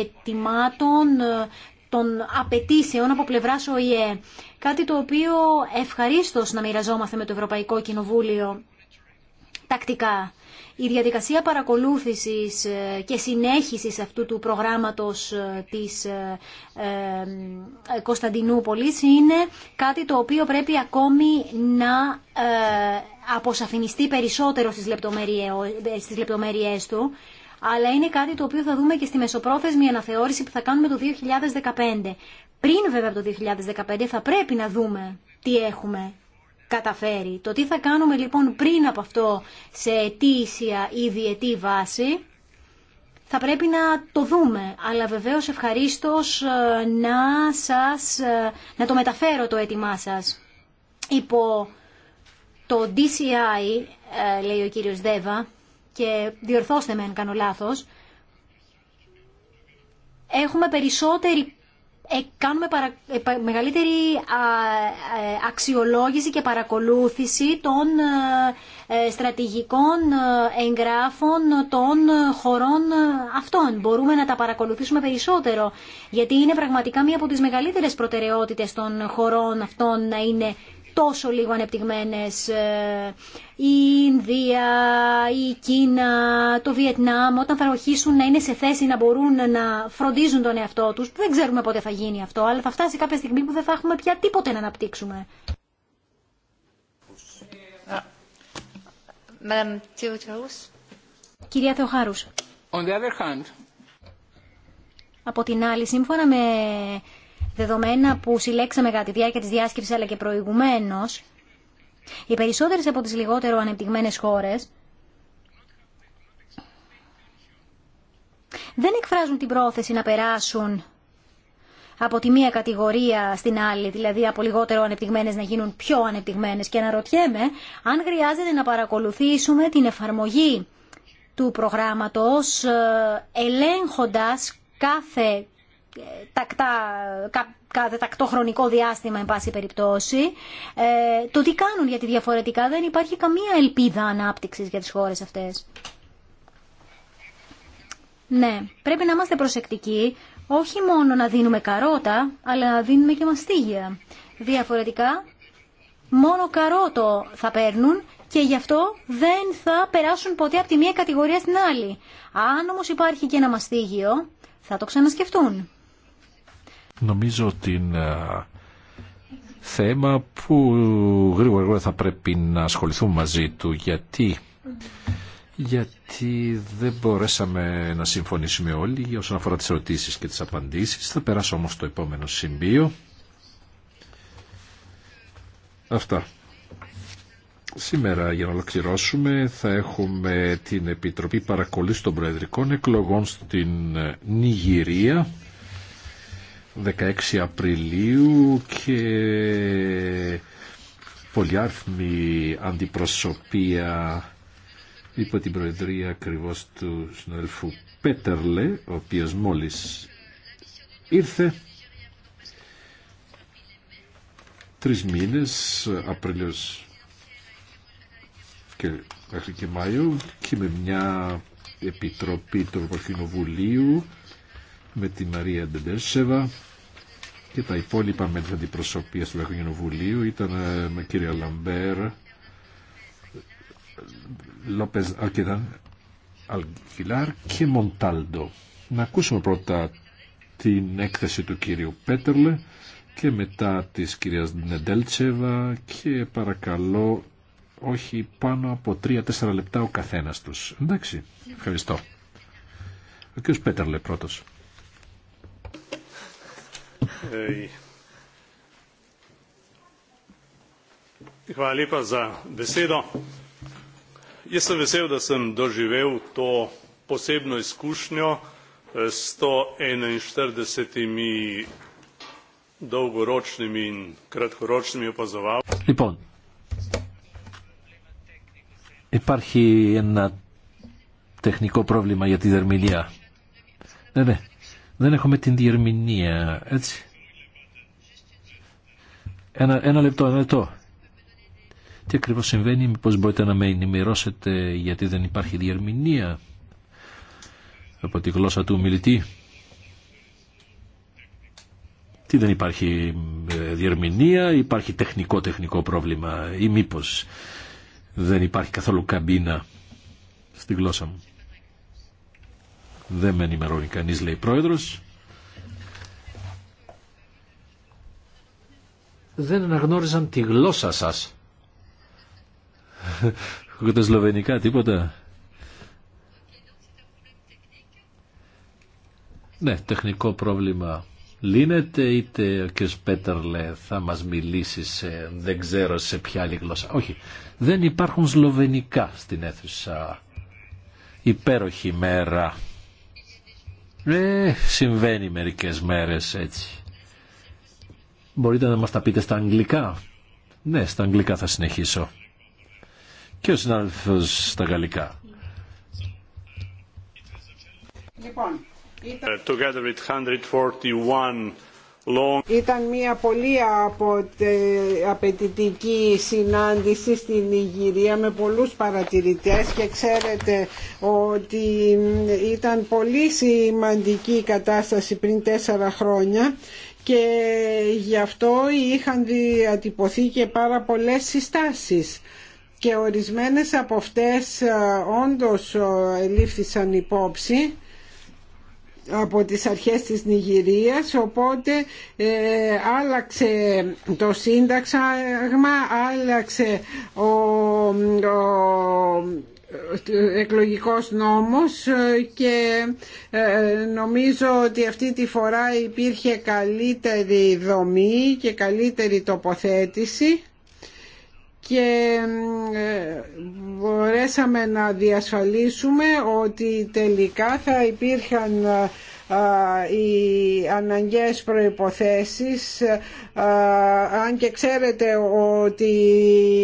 ετοιμάτων των απαιτήσεων από πλευρά ΟΗΕ. Κάτι το οποίο ευχαρίστω να μοιραζόμαστε με το Ευρωπαϊκό Κοινοβούλιο τακτικά. Η διαδικασία παρακολούθησης ε, και συνέχισης αυτού του προγράμματος ε, της ε, Κωνσταντινούπολης είναι κάτι το οποίο πρέπει ακόμη να αποσαφινιστεί περισσότερο στις λεπτομέρειές του αλλά είναι κάτι το οποίο θα δούμε και στη μεσοπρόθεσμη αναθεώρηση που θα κάνουμε το 2015. Πριν βέβαια από το 2015 θα πρέπει να δούμε τι έχουμε καταφέρει. Το τι θα κάνουμε λοιπόν πριν από αυτό σε ετήσια ή διετή βάση θα πρέπει να το δούμε, αλλά βεβαίως ευχαρίστως ε, να, σας, ε, να το μεταφέρω το έτοιμά σας. Υπό το DCI, ε, λέει ο κύριος Δέβα, και διορθώστε με αν κάνω λάθος, έχουμε περισσότερη ε, κάνουμε παρα, ε, μεγαλύτερη ε, αξιολόγηση και παρακολούθηση των στρατηγικών εγγράφων των χωρών αυτών. Μπορούμε να τα παρακολουθήσουμε περισσότερο, γιατί είναι πραγματικά μία από τις μεγαλύτερες προτεραιότητες των χωρών αυτών να είναι τόσο λίγο ανεπτυγμένες. Ε, η Ινδία, η Κίνα, το Βιετνάμ, όταν θα αρχίσουν να είναι σε θέση να μπορούν να φροντίζουν τον εαυτό τους, δεν ξέρουμε πότε θα γίνει αυτό, αλλά θα φτάσει κάποια στιγμή που δεν θα έχουμε πια τίποτε να αναπτύξουμε. Κυρία Θεοχάρους. Από την άλλη, σύμφωνα με δεδομένα που συλλέξαμε κατά τη διάρκεια της διάσκεψης αλλά και προηγουμένως, οι περισσότερες από τις λιγότερο ανεπτυγμένες χώρες δεν εκφράζουν την πρόθεση να περάσουν από τη μία κατηγορία στην άλλη, δηλαδή από λιγότερο ανεπτυγμένες να γίνουν πιο ανεπτυγμένες και αναρωτιέμαι αν χρειάζεται να παρακολουθήσουμε την εφαρμογή του προγράμματος ε, ελέγχοντας κάθε τακτά, κάθε τακτό χρονικό διάστημα, εν πάση περιπτώσει, ε, το τι κάνουν, γιατί διαφορετικά δεν υπάρχει καμία ελπίδα ανάπτυξη για τις χώρες αυτές. Ναι, πρέπει να είμαστε προσεκτικοί, όχι μόνο να δίνουμε καρότα, αλλά να δίνουμε και μαστίγια. Διαφορετικά, μόνο καρότο θα παίρνουν και γι' αυτό δεν θα περάσουν ποτέ από τη μία κατηγορία στην άλλη. Αν όμως υπάρχει και ένα μαστίγιο, θα το ξανασκεφτούν. Νομίζω ότι είναι ε, θέμα που γρήγορα, γρήγορα θα πρέπει να ασχοληθούμε μαζί του. Γιατί γιατί δεν μπορέσαμε να συμφωνήσουμε όλοι όσον αφορά τις ερωτήσεις και τις απαντήσεις. Θα περάσω όμως στο επόμενο συμπείο. Αυτά. Σήμερα για να ολοκληρώσουμε θα έχουμε την Επιτροπή Παρακολής των Προεδρικών Εκλογών στην ε, Νιγηρία. 16 Απριλίου και πολυάριθμη αντιπροσωπεία υπό την Προεδρία ακριβώ του συναδελφού Πέτερλε, ο οποίος μόλις ήρθε τρεις μήνες, Απρίλιο, και μέχρι και Μάιο και με μια επιτροπή του Ευρωπαϊκού Κοινοβουλίου με τη Μαρία Ντεντέσεβα και τα υπόλοιπα μέλη την του Λαϊκού ήταν ε, με κύρια Λαμπέρ, Λόπεζ Αρκεδάν, Αλγκυλάρ και Μοντάλντο. Να ακούσουμε πρώτα την έκθεση του κύριου Πέτερλε και μετά της κυρίας Νεντέλτσεβα και παρακαλώ όχι πάνω από 3-4 λεπτά ο καθένας τους. Εντάξει, ευχαριστώ. Ο κύριος Πέτερλε πρώτος. Hvala lepa za besedo. Jaz sem vesel, da sem doživel to posebno izkušnjo s sto enainštirideset dolgoročnimi in kratkoročnimi opazovalci. υπάρχει ένα τεχνικό πρόβλημα για τη διερμηνία. Ναι, ναι, δεν έχουμε την διερμηνία, έτσι. Ένα, ένα λεπτό, ένα λεπτό. Τι ακριβώς συμβαίνει, μήπως μπορείτε να με ενημερώσετε γιατί δεν υπάρχει διερμηνία από τη γλώσσα του μιλητή. Τι δεν υπάρχει ε, διερμηνία, υπάρχει τεχνικό τεχνικό πρόβλημα ή μήπως δεν υπάρχει καθόλου καμπίνα στη γλώσσα μου. Δεν με ενημερώνει κανείς λέει πρόεδρος. δεν αναγνώριζαν τη γλώσσα σας. Ακούτε σλοβενικά τίποτα. Ναι, τεχνικό πρόβλημα λύνεται, είτε ο κ. Πέτερλε θα μας μιλήσει σε, δεν ξέρω σε ποια άλλη γλώσσα. Όχι, δεν υπάρχουν σλοβενικά στην αίθουσα. Υπέροχη μέρα. Ε, συμβαίνει μερικές μέρες έτσι. Μπορείτε να μας τα πείτε στα αγγλικά. Ναι, στα αγγλικά θα συνεχίσω. Και ο συνάδελφος στα γαλλικά. Λοιπόν, ήταν... Ε, ήταν μια πολύ απαιτητική συνάντηση στην Ιγυρία με πολλούς παρατηρητές και ξέρετε ότι ήταν πολύ σημαντική η κατάσταση πριν τέσσερα χρόνια και γι' αυτό είχαν διατυπωθεί και πάρα πολλές συστάσεις και ορισμένες από αυτές ε, όντως ε, ελήφθησαν υπόψη από τις αρχές της Νιγηρίας οπότε ε, άλλαξε το σύνταξαγμα άλλαξε ο ε, εκλογικός νόμος ε, και ε, νομίζω ότι αυτή τη φορά υπήρχε καλύτερη δομή και καλύτερη τοποθέτηση και μπορέσαμε να διασφαλίσουμε ότι τελικά θα υπήρχαν οι αναγκαίες προϋποθέσεις αν και ξέρετε ότι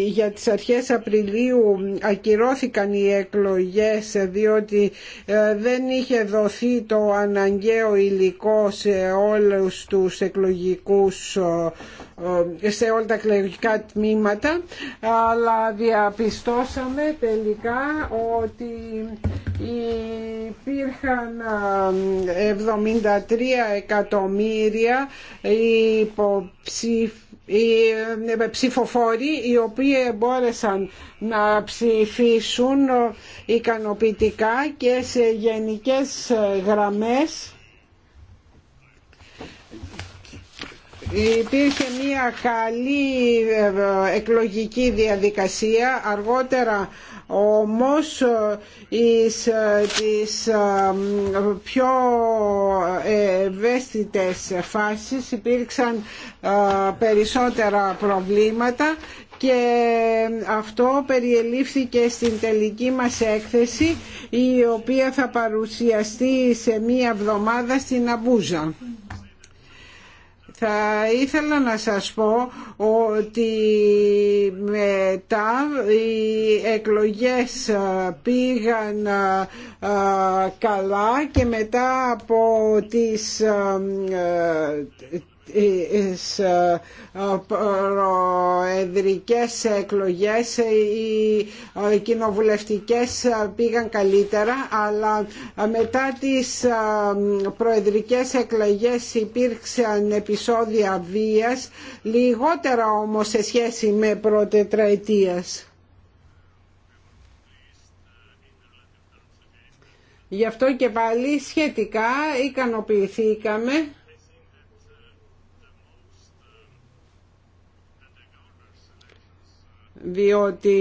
για τις αρχές Απριλίου ακυρώθηκαν οι εκλογές διότι ε, δεν είχε δοθεί το αναγκαίο υλικό σε όλους τους εκλογικούς ε, σε όλα τα μήματα, τμήματα αλλά διαπιστώσαμε τελικά ότι υπήρχαν 73 ε, εκατομμύρια οι ε, ψηφοφόροι οι οποίοι μπόρεσαν να ψηφίσουν ικανοποιητικά και σε γενικές γραμμές υπήρχε μια καλή ε, ε, εκλογική διαδικασία αργότερα όμως ε, εις τις πιο ευαίσθητες φάσεις υπήρξαν περισσότερα προβλήματα και αυτό περιελήφθηκε στην τελική μας έκθεση η οποία θα παρουσιαστεί σε μία εβδομάδα στην Αμπούζα. Θα ήθελα να σας πω ότι μετά οι εκλογές πήγαν καλά και μετά από τις τις ε, προεδρικές εκλογές οι ε, κοινοβουλευτικές ε, πήγαν καλύτερα αλλά μετά τις προεδρικές εκλογές υπήρξαν επεισόδια βίας λιγότερα όμως σε σχέση με πρωτετραετίας. Γι' αυτό και πάλι σχετικά ικανοποιηθήκαμε διότι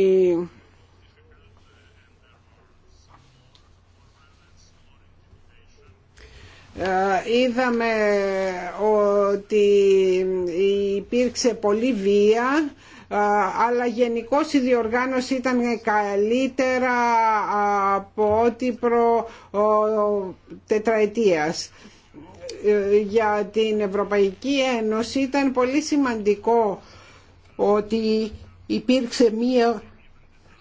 ε, είδαμε ότι υπήρξε πολλή βία ε, αλλά γενικώ η διοργάνωση ήταν καλύτερα από ό,τι προ τετραετίας. Ε, για την Ευρωπαϊκή Ένωση ήταν πολύ σημαντικό ότι υπήρξε μία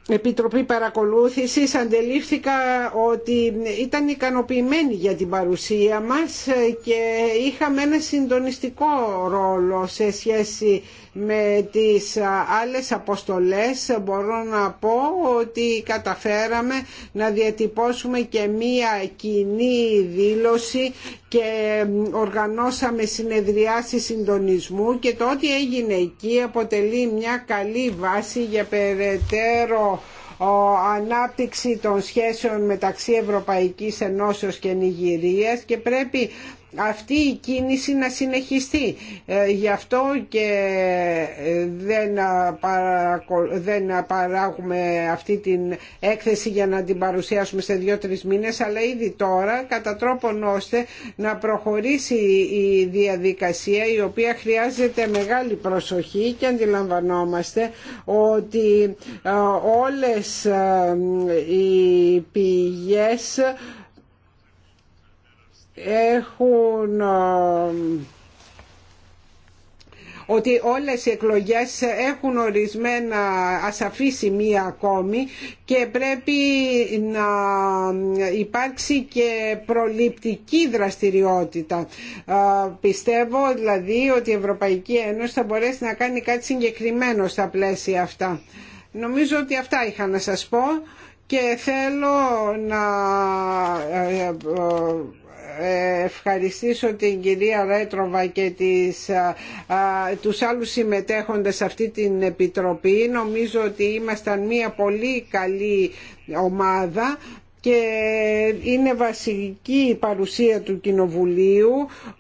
Επιτροπή Παρακολούθησης αντελήφθηκα ότι ήταν ικανοποιημένη για την παρουσία μας και είχαμε ένα συντονιστικό ρόλο σε σχέση με τις άλλες αποστολές μπορώ να πω ότι καταφέραμε να διατυπώσουμε και μία κοινή δήλωση και οργανώσαμε συνεδριάσει συντονισμού και το ότι έγινε εκεί αποτελεί μια καλή βάση για περαιτέρω ανάπτυξη των σχέσεων μεταξύ Ευρωπαϊκής Ενώσεως και Νιγηρίας και πρέπει αυτή η κίνηση να συνεχιστεί. Ε, γι' αυτό και ε, δεν, δεν παράγουμε αυτή την έκθεση για να την παρουσιάσουμε σε δύο-τρεις μήνες, αλλά ήδη τώρα κατά τρόπον ώστε να προχωρήσει η διαδικασία η οποία χρειάζεται μεγάλη προσοχή και αντιλαμβανόμαστε ότι ε, όλες οι πηγές έχουν ότι όλες οι εκλογές έχουν ορισμένα ασαφή σημεία ακόμη και πρέπει να υπάρξει και προληπτική δραστηριότητα. Πιστεύω δηλαδή ότι η Ευρωπαϊκή Ένωση θα μπορέσει να κάνει κάτι συγκεκριμένο στα πλαίσια αυτά. Νομίζω ότι αυτά είχα να σας πω και θέλω να ε, ε, ευχαριστήσω την κυρία Ρέτροβα και τις, τους άλλους συμμετέχοντες σε αυτή την επιτροπή. Νομίζω ότι ήμασταν μια πολύ καλή ομάδα και είναι βασική η παρουσία του Κοινοβουλίου.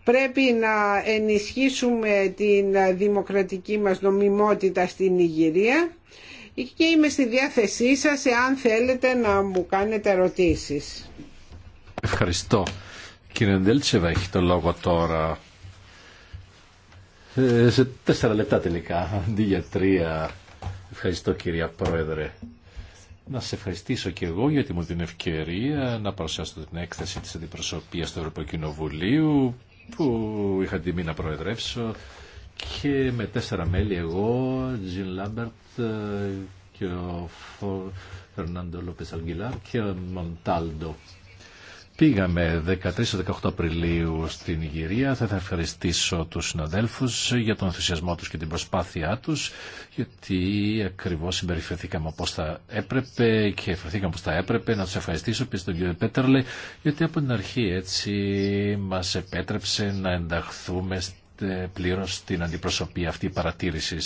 Πρέπει να ενισχύσουμε την δημοκρατική μας νομιμότητα στην Ιγυρία και είμαι στη διάθεσή σας εάν θέλετε να μου κάνετε ερωτήσεις. Ευχαριστώ. Κύριε Ντέλτσεβα έχει το λόγο τώρα. Ε, σε τέσσερα λεπτά τελικά, αντί για τρία. Ευχαριστώ κυρία Πρόεδρε. Να σε ευχαριστήσω και εγώ γιατί μου την ευκαιρία να παρουσιάσω την έκθεση της αντιπροσωπείας του Ευρωπαϊκού Κοινοβουλίου που είχα τιμή να προεδρεύσω και με τέσσερα μέλη εγώ, Τζιν Λάμπερτ ε, και ο Φερνάντο Λόπες Αγγιλάρ και ο Μοντάλντο. Πήγαμε 13-18 Απριλίου στην Ιγυρία. Θα, θα ευχαριστήσω τους συναδέλφους για τον ενθουσιασμό τους και την προσπάθειά τους, γιατί ακριβώς συμπεριφερθήκαμε πώς θα έπρεπε και εφερθήκαμε όπω θα έπρεπε. Να τους ευχαριστήσω επίσης τον κύριο Πέτερλε, γιατί από την αρχή έτσι μας επέτρεψε να ενταχθούμε πλήρως στην αντιπροσωπή αυτή παρατήρηση.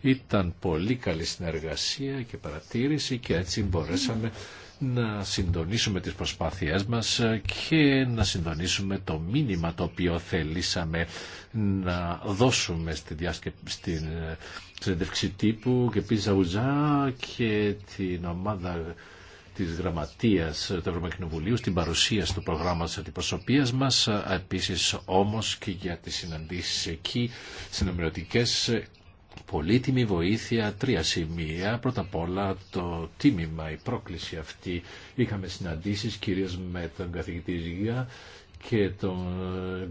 Ήταν πολύ καλή συνεργασία και παρατήρηση και έτσι μπορέσαμε να συντονίσουμε τις προσπάθειές μας και να συντονίσουμε το μήνυμα το οποίο θελήσαμε να δώσουμε στη διάσκεψη στην ε, συνέντευξη τύπου και πίζα και την ομάδα της Γραμματείας του Κοινοβουλίου στην παρουσίαση του προγράμματος αντιπροσωπείας μας, ε, επίσης όμως και για τις συναντήσεις εκεί, συνομιλωτικές πολύτιμη βοήθεια, τρία σημεία. Πρώτα απ' όλα το τίμημα, η πρόκληση αυτή. Είχαμε συναντήσεις κυρίως με τον καθηγητή Ζηγία και τον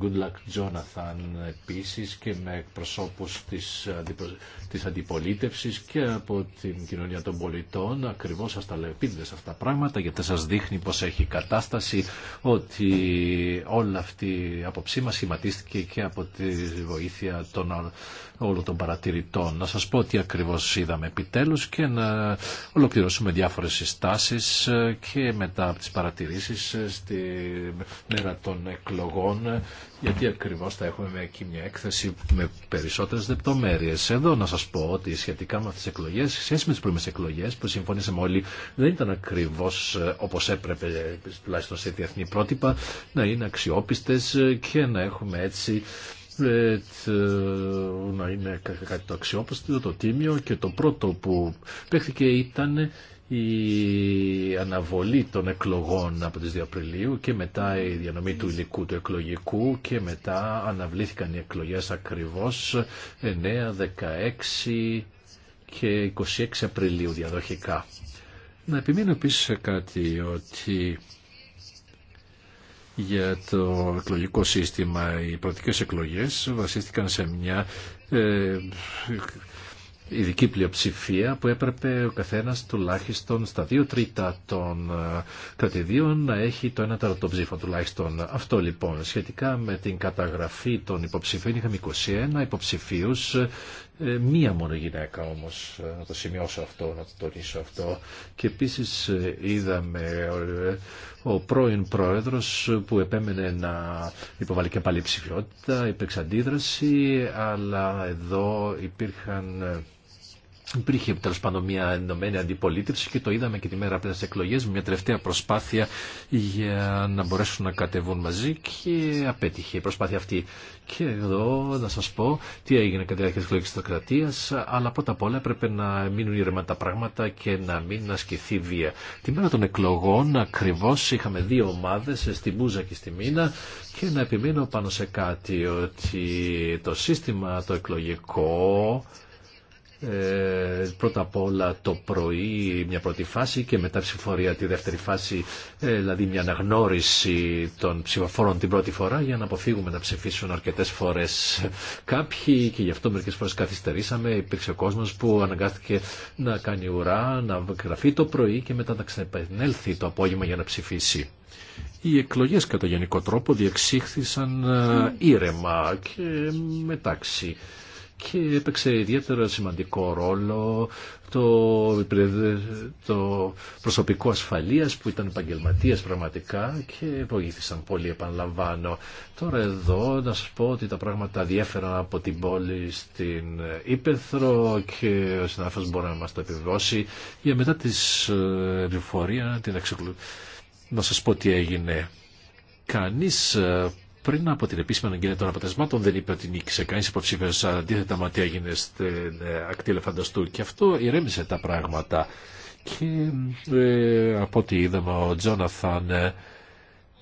Good Luck Jonathan επίσης και με προσώπους της, της αντιπολίτευσης και από την κοινωνία των πολιτών ακριβώς σας τα λέω αυτά τα πράγματα γιατί σας δείχνει πως έχει κατάσταση ότι όλη αυτή η απόψή μας σχηματίστηκε και από τη βοήθεια των όλων των παρατηρητών. Να σας πω τι ακριβώς είδαμε επιτέλους και να ολοκληρώσουμε διάφορες συστάσεις ε, και μετά από τις παρατηρήσεις ε, στη μέρα των εκλογών ε, γιατί ακριβώς θα έχουμε εκεί μια έκθεση με περισσότερες λεπτομέρειες. Εδώ να σας πω ότι σχετικά με αυτές τις εκλογές, σχέση με τις προηγούμενες εκλογές που συμφωνήσαμε όλοι, δεν ήταν ακριβώς όπως έπρεπε τουλάχιστον σε διεθνή πρότυπα να είναι αξιόπιστες και να έχουμε έτσι ε, να είναι κάτι το αξιόπιστο, το τίμιο και το πρώτο που παίχθηκε ήταν η αναβολή των εκλογών από τις 2 Απριλίου και μετά η διανομή του υλικού του εκλογικού και μετά αναβλήθηκαν οι εκλογές ακριβώς 9, 16 και 26 Απριλίου διαδοχικά. Να επιμείνω επίσης κάτι ότι για το εκλογικό σύστημα. Οι πρωτικές εκλογές βασίστηκαν σε μια ε, ειδική πλειοψηφία που έπρεπε ο καθένας τουλάχιστον στα δύο τρίτα των ε, κρατηδίων να έχει το ένα τέταρτο ψήφων τουλάχιστον. Αυτό λοιπόν σχετικά με την καταγραφή των υποψηφίων είχαμε 21 υποψηφίους ε, μία μόνο γυναίκα όμως, ε, να το σημειώσω αυτό, να το τονίσω αυτό. Και επίσης ε, είδαμε ο πρώην πρόεδρος που επέμενε να υποβαλεί και πάλι ψηφιότητα, υπήρξε αντίδραση, αλλά εδώ υπήρχαν Υπήρχε τέλο πάντων μια ενωμένη αντιπολίτευση και το είδαμε και τη μέρα πριν τι εκλογέ με μια τελευταία προσπάθεια για να μπορέσουν να κατεβούν μαζί και απέτυχε η προσπάθεια αυτή. Και εδώ να σα πω τι έγινε κατά τη διάρκεια τη εκλογή τη αλλά πρώτα απ' όλα έπρεπε να μείνουν ήρεμα τα πράγματα και να μην ασκηθεί βία. Τη μέρα των εκλογών ακριβώ είχαμε δύο ομάδε, στη Μπούζα και στη Μίνα, και να επιμείνω πάνω σε κάτι ότι το σύστημα το εκλογικό ε, πρώτα απ' όλα το πρωί μια πρώτη φάση και μετά ψηφορία τη δεύτερη φάση, ε, δηλαδή μια αναγνώριση των ψηφοφόρων την πρώτη φορά για να αποφύγουμε να ψηφίσουν αρκετές φορές κάποιοι και γι' αυτό μερικές φορές καθυστερήσαμε, υπήρξε ο κόσμος που αναγκάστηκε να κάνει ουρά, να γραφεί το πρωί και μετά να ξαναεπανέλθει το απόγευμα για να ψηφίσει. Οι εκλογές κατά γενικό τρόπο διεξήχθησαν ε, ήρεμα και μετάξυ και έπαιξε ιδιαίτερα σημαντικό ρόλο το, το προσωπικό ασφαλείας που ήταν επαγγελματία πραγματικά και βοήθησαν πολύ επαναλαμβάνω. Τώρα εδώ να σας πω ότι τα πράγματα διέφεραν από την πόλη στην Ήπεθρο και ο συνάδελφος μπορεί να μας το επιβιώσει για μετά της ε, ρηφορία την εξεκλου... να σας πω τι έγινε. Κανείς ε, πριν από την επίσημη αναγγελία των αποτελεσμάτων δεν είπε ότι νίκησε κανεί υποψήφιο αντίθετα μα τι έγινε στην ε, ακτή του και αυτό ηρέμησε τα πράγματα. Και ε, από ό,τι είδαμε ο Τζόναθαν ε,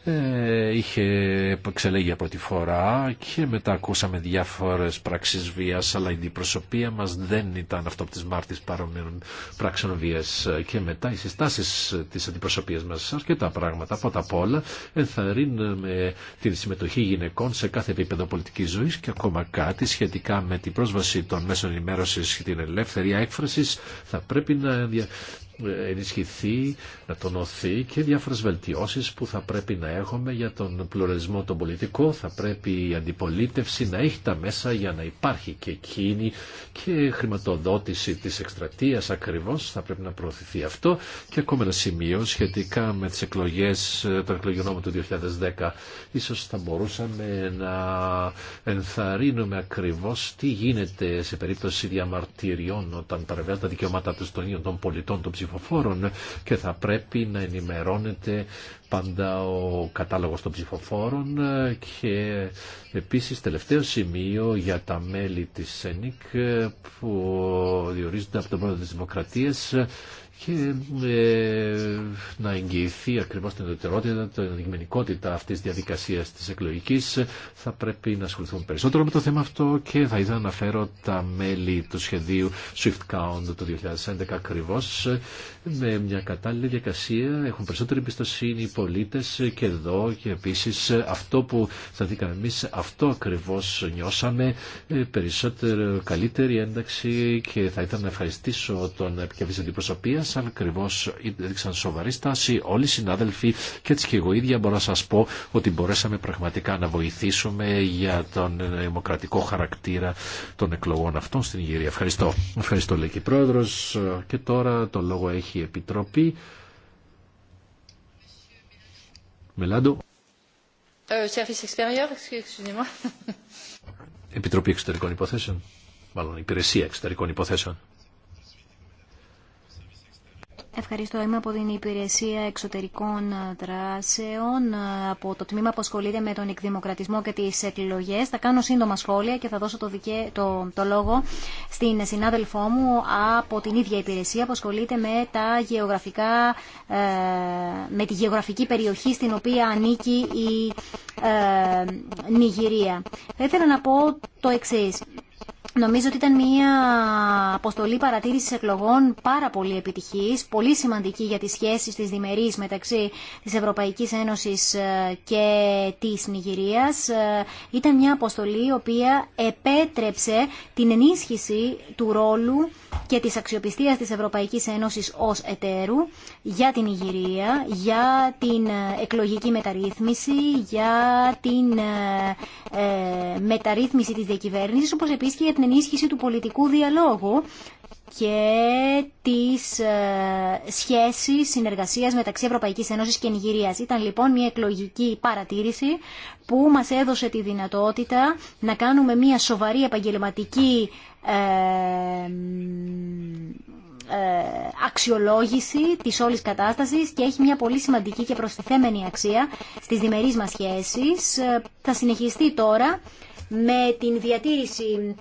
ε, είχε εξελέγει από τη φορά και μετά ακούσαμε διάφορες πράξεις βίας αλλά η αντιπροσωπεία μας δεν ήταν αυτό από τις μάρτυρες παρόμοιων πράξεων βίας και μετά οι συστάσεις της αντιπροσωπείας μας αρκετά πράγματα πρώτα απ' όλα ενθαρρύνουμε την συμμετοχή γυναικών σε κάθε επίπεδο πολιτικής ζωής και ακόμα κάτι σχετικά με την πρόσβαση των μέσων ενημέρωσης και την ελεύθερη έκφραση θα πρέπει να ενισχυθεί, να τονωθεί και διάφορες βελτιώσεις που θα πρέπει να έχουμε για τον πλουραλισμό τον πολιτικό. Θα πρέπει η αντιπολίτευση να έχει τα μέσα για να υπάρχει και εκείνη και χρηματοδότηση της εκστρατείας ακριβώς. Θα πρέπει να προωθηθεί αυτό. Και ακόμα ένα σημείο σχετικά με τις εκλογές των νόμο του 2010. Ίσως θα μπορούσαμε να ενθαρρύνουμε ακριβώς τι γίνεται σε περίπτωση διαμαρτυριών όταν παρεμβαίνουν τα δικαιώματα των ίδιων των πολιτών, των ψηφοφόρων και θα πρέπει να ενημερώνεται πάντα ο κατάλογος των ψηφοφόρων και επίσης τελευταίο σημείο για τα μέλη της ΕΝΙΚ που διορίζονται από τον πρόεδρο της Δημοκρατίας και ε, να εγγυηθεί ακριβώς την ιδιωτερότητα, την αντικειμενικότητα αυτής της διαδικασίας της εκλογικής θα πρέπει να ασχοληθούν περισσότερο με το θέμα αυτό και θα ήθελα να αναφέρω τα μέλη του σχεδίου Swift Count το 2011 ακριβώς με μια κατάλληλη διακασία, έχουν περισσότερη εμπιστοσύνη οι πολίτες και εδώ και επίσης αυτό που θα δείκαμε εμείς, αυτό ακριβώς νιώσαμε, ε, περισσότερο καλύτερη ένταξη και θα ήθελα να ευχαριστήσω τον επικεφαλής αντιπροσωπείας, αν ακριβώς έδειξαν σοβαρή στάση όλοι οι συνάδελφοι και έτσι και εγώ ίδια μπορώ να σας πω ότι μπορέσαμε πραγματικά να βοηθήσουμε για τον δημοκρατικό χαρακτήρα των εκλογών αυτών στην Ιγυρία. Ευχαριστώ. Ευχαριστώ λέει και η και τώρα το λόγο έχει Ευρωπαϊκή επιτροπή. Μελάντο. Ε, επιτροπή Εξωτερικών Υποθέσεων. Μάλλον Υπηρεσία Εξωτερικών Υποθέσεων. Ευχαριστώ. Είμαι από την Υπηρεσία Εξωτερικών Δράσεων, από το τμήμα που ασχολείται με τον εκδημοκρατισμό και τις εκλογέ. Θα κάνω σύντομα σχόλια και θα δώσω το, δικαι... το... το λόγο στην συνάδελφό μου από την ίδια υπηρεσία που ασχολείται με, τα γεωγραφικά... Ε, με τη γεωγραφική περιοχή στην οποία ανήκει η ε, Νιγηρία. Θα ήθελα να πω το εξή. Νομίζω ότι ήταν μια αποστολή παρατήρηση εκλογών πάρα πολύ επιτυχής, πολύ σημαντική για τις σχέσεις τη διμερή μεταξύ της Ευρωπαϊκής Ένωσης ε, και της Νιγηρία. Ε, ήταν μια αποστολή η οποία επέτρεψε την ενίσχυση του ρόλου και της αξιοπιστίας της Ευρωπαϊκής Ένωσης ως εταίρου για την Ιγυρία, για την ε, εκλογική μεταρρύθμιση, για την μεταρρύθμιση της διακυβέρνηση, όπως επίσης για την ενίσχυση του πολιτικού διαλόγου και της ε, σχέσης συνεργασίας μεταξύ Ευρωπαϊκής Ένωσης και Νιγηρίας. Ήταν λοιπόν μια εκλογική παρατήρηση που μας έδωσε τη δυνατότητα να κάνουμε μια σοβαρή επαγγελματική ε, ε, αξιολόγηση της όλης κατάστασης και έχει μια πολύ σημαντική και προστιθέμενη αξία στις διμερείς μας σχέσεις. Θα συνεχιστεί τώρα με την διατήρηση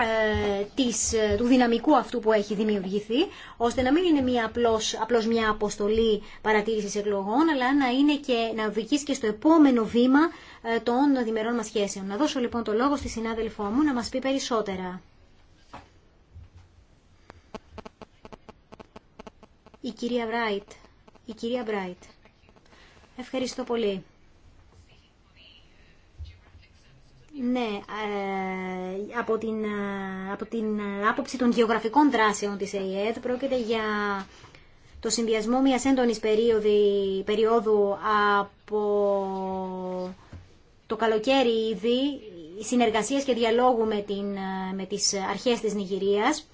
ε, της, ε, του δυναμικού αυτού που έχει δημιουργηθεί, ώστε να μην είναι μια απλώς, απλώς μια αποστολή παρατήρησης εκλογών, αλλά να είναι και να οδηγείς και στο επόμενο βήμα ε, των διμερών μας σχέσεων. Να δώσω λοιπόν το λόγο στη συνάδελφό μου να μας πει περισσότερα. Η κυρία Μπράιτ. Η κυρία Μπράιτ. Ευχαριστώ πολύ. Ναι, ε, από, την, ε, από την άποψη των γεωγραφικών δράσεων της ΕΙΕΔ πρόκειται για το συνδυασμό μιας έντονης περίοδη, περίοδου από το καλοκαίρι ήδη συνεργασίες και διαλόγου με, την, ε, με τις αρχές της Νιγηρίας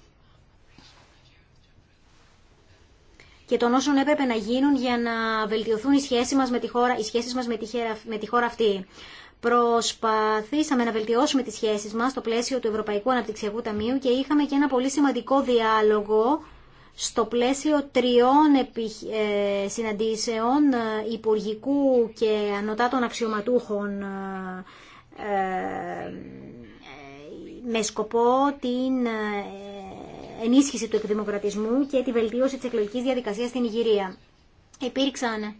και των όσων έπρεπε να γίνουν για να βελτιωθούν οι σχέσεις μας με τη χώρα, οι μας με τη χώρα αυτή. Προσπαθήσαμε να βελτιώσουμε τις σχέσεις μας στο πλαίσιο του Ευρωπαϊκού Αναπτυξιακού Ταμείου και είχαμε και ένα πολύ σημαντικό διάλογο στο πλαίσιο τριών ε, συναντήσεων ε, υπουργικού και ανωτάτων αξιωματούχων ε, με σκοπό την ενίσχυση του εκδημοκρατισμού και τη βελτίωση της εκλογικής διαδικασίας στην Ιγυρία. Υπήρξαν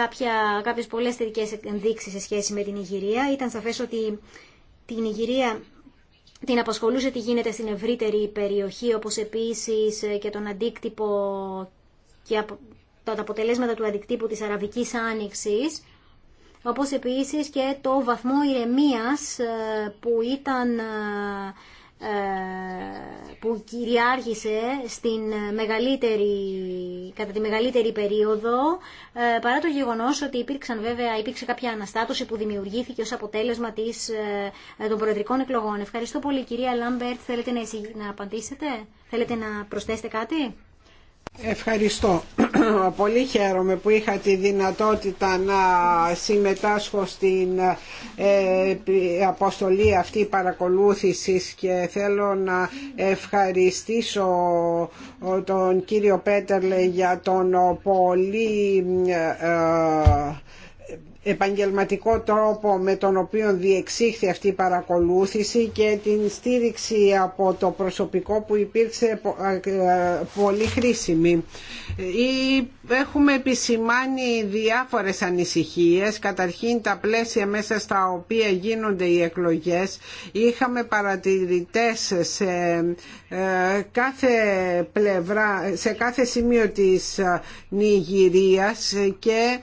κάποια, κάποιες πολλές θετικές ενδείξεις σε σχέση με την Ιγυρία. Ήταν σαφές ότι την Ιγυρία την απασχολούσε τι γίνεται στην ευρύτερη περιοχή, όπως επίσης ε, και τον αντίκτυπο και τα αποτελέσματα του αντικτύπου της Αραβικής Άνοιξης, όπως επίσης και το βαθμό ηρεμίας ε, που ήταν ε, ε, που κυριάρχησε στην μεγαλύτερη, κατά τη μεγαλύτερη περίοδο ε, παρά το γεγονός ότι υπήρξαν βέβαια, υπήρξε κάποια αναστάτωση που δημιουργήθηκε ως αποτέλεσμα της, ε, των προεδρικών εκλογών. Ευχαριστώ πολύ κυρία Λάμπερτ. Θέλετε να απαντήσετε, θέλετε να προσθέσετε κάτι. Ευχαριστώ. Πολύ χαίρομαι που είχα τη δυνατότητα να συμμετάσχω στην ε, αποστολή αυτή παρακολούθησης και θέλω να ευχαριστήσω ε, τον κύριο Πέτερλε για τον πολύ ε, επαγγελματικό τρόπο με τον οποίο διεξήχθη αυτή η παρακολούθηση και την στήριξη από το προσωπικό που υπήρξε ε, πολύ χρήσιμη. Ε, έχουμε επισημάνει διάφορες ανησυχίες, καταρχήν τα πλαίσια μέσα στα οποία γίνονται οι εκλογές. Είχαμε παρατηρητές σε ε, κάθε πλευρά, σε κάθε σημείο της Νιγηρίας και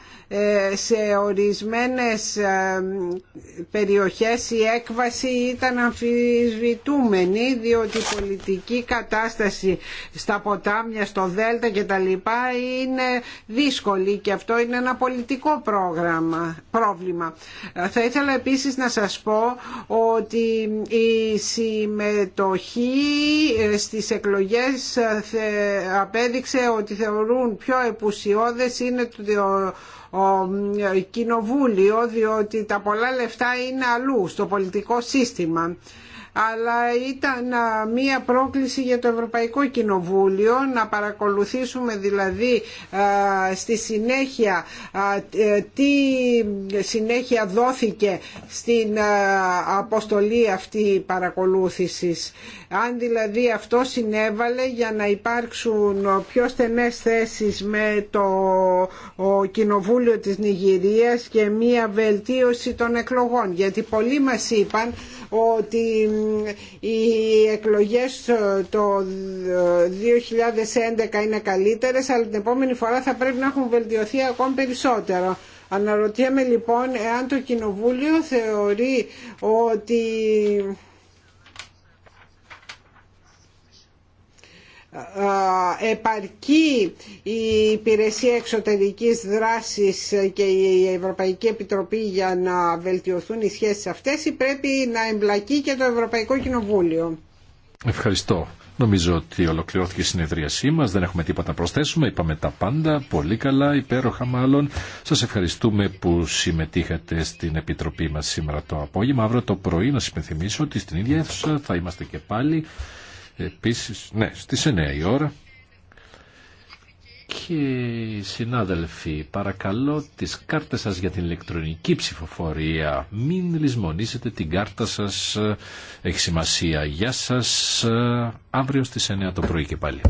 σε ορισμένες ορισμένες ε, περιοχές η έκβαση ήταν αμφισβητούμενη διότι η πολιτική κατάσταση στα ποτάμια, στο Δέλτα και τα λοιπά είναι δύσκολη και αυτό είναι ένα πολιτικό πρόγραμμα, πρόβλημα. Θα ήθελα επίσης να σας πω ότι η συμμετοχή ε, στις εκλογές ε, απέδειξε ότι θεωρούν πιο επουσιώδες είναι το ο κοινοβούλιο διότι τα πολλά λεφτά είναι αλλού στο πολιτικό σύστημα αλλά ήταν μία πρόκληση για το Ευρωπαϊκό Κοινοβούλιο να παρακολουθήσουμε δηλαδή στη συνέχεια ε, τι συνέχεια δόθηκε στην αποστολή αυτή παρακολούθησης. Αν δηλαδή αυτό συνέβαλε για να υπάρξουν πιο στενές θέσεις με το Κοινοβούλιο της Νιγηρίας και μία βελτίωση των εκλογών. Γιατί πολλοί μας είπαν ότι οι εκλογές το 2011 είναι καλύτερες αλλά την επόμενη φορά θα πρέπει να έχουν βελτιωθεί ακόμη περισσότερο. Αναρωτιέμαι λοιπόν εάν το Κοινοβούλιο θεωρεί ότι επαρκεί η υπηρεσία εξωτερικής δράσης και η Ευρωπαϊκή Επιτροπή για να βελτιωθούν οι σχέσεις αυτές ή πρέπει να εμπλακεί και το Ευρωπαϊκό Κοινοβούλιο. Ευχαριστώ. Νομίζω ότι ολοκληρώθηκε η συνεδρίασή μας, δεν έχουμε τίποτα να προσθέσουμε, είπαμε τα πάντα, πολύ καλά, υπέροχα μάλλον. Σας ευχαριστούμε που συμμετείχατε στην Επιτροπή μας σήμερα το απόγευμα. Αύριο το πρωί να σας ότι στην ίδια αίθουσα θα είμαστε και πάλι. Επίσης, ναι, στις 9 η ώρα. Και συνάδελφοι, παρακαλώ τις κάρτες σας για την ηλεκτρονική ψηφοφορία. Μην λησμονήσετε την κάρτα σας, έχει σημασία. Γεια σας, αύριο στις 9 το πρωί και πάλι.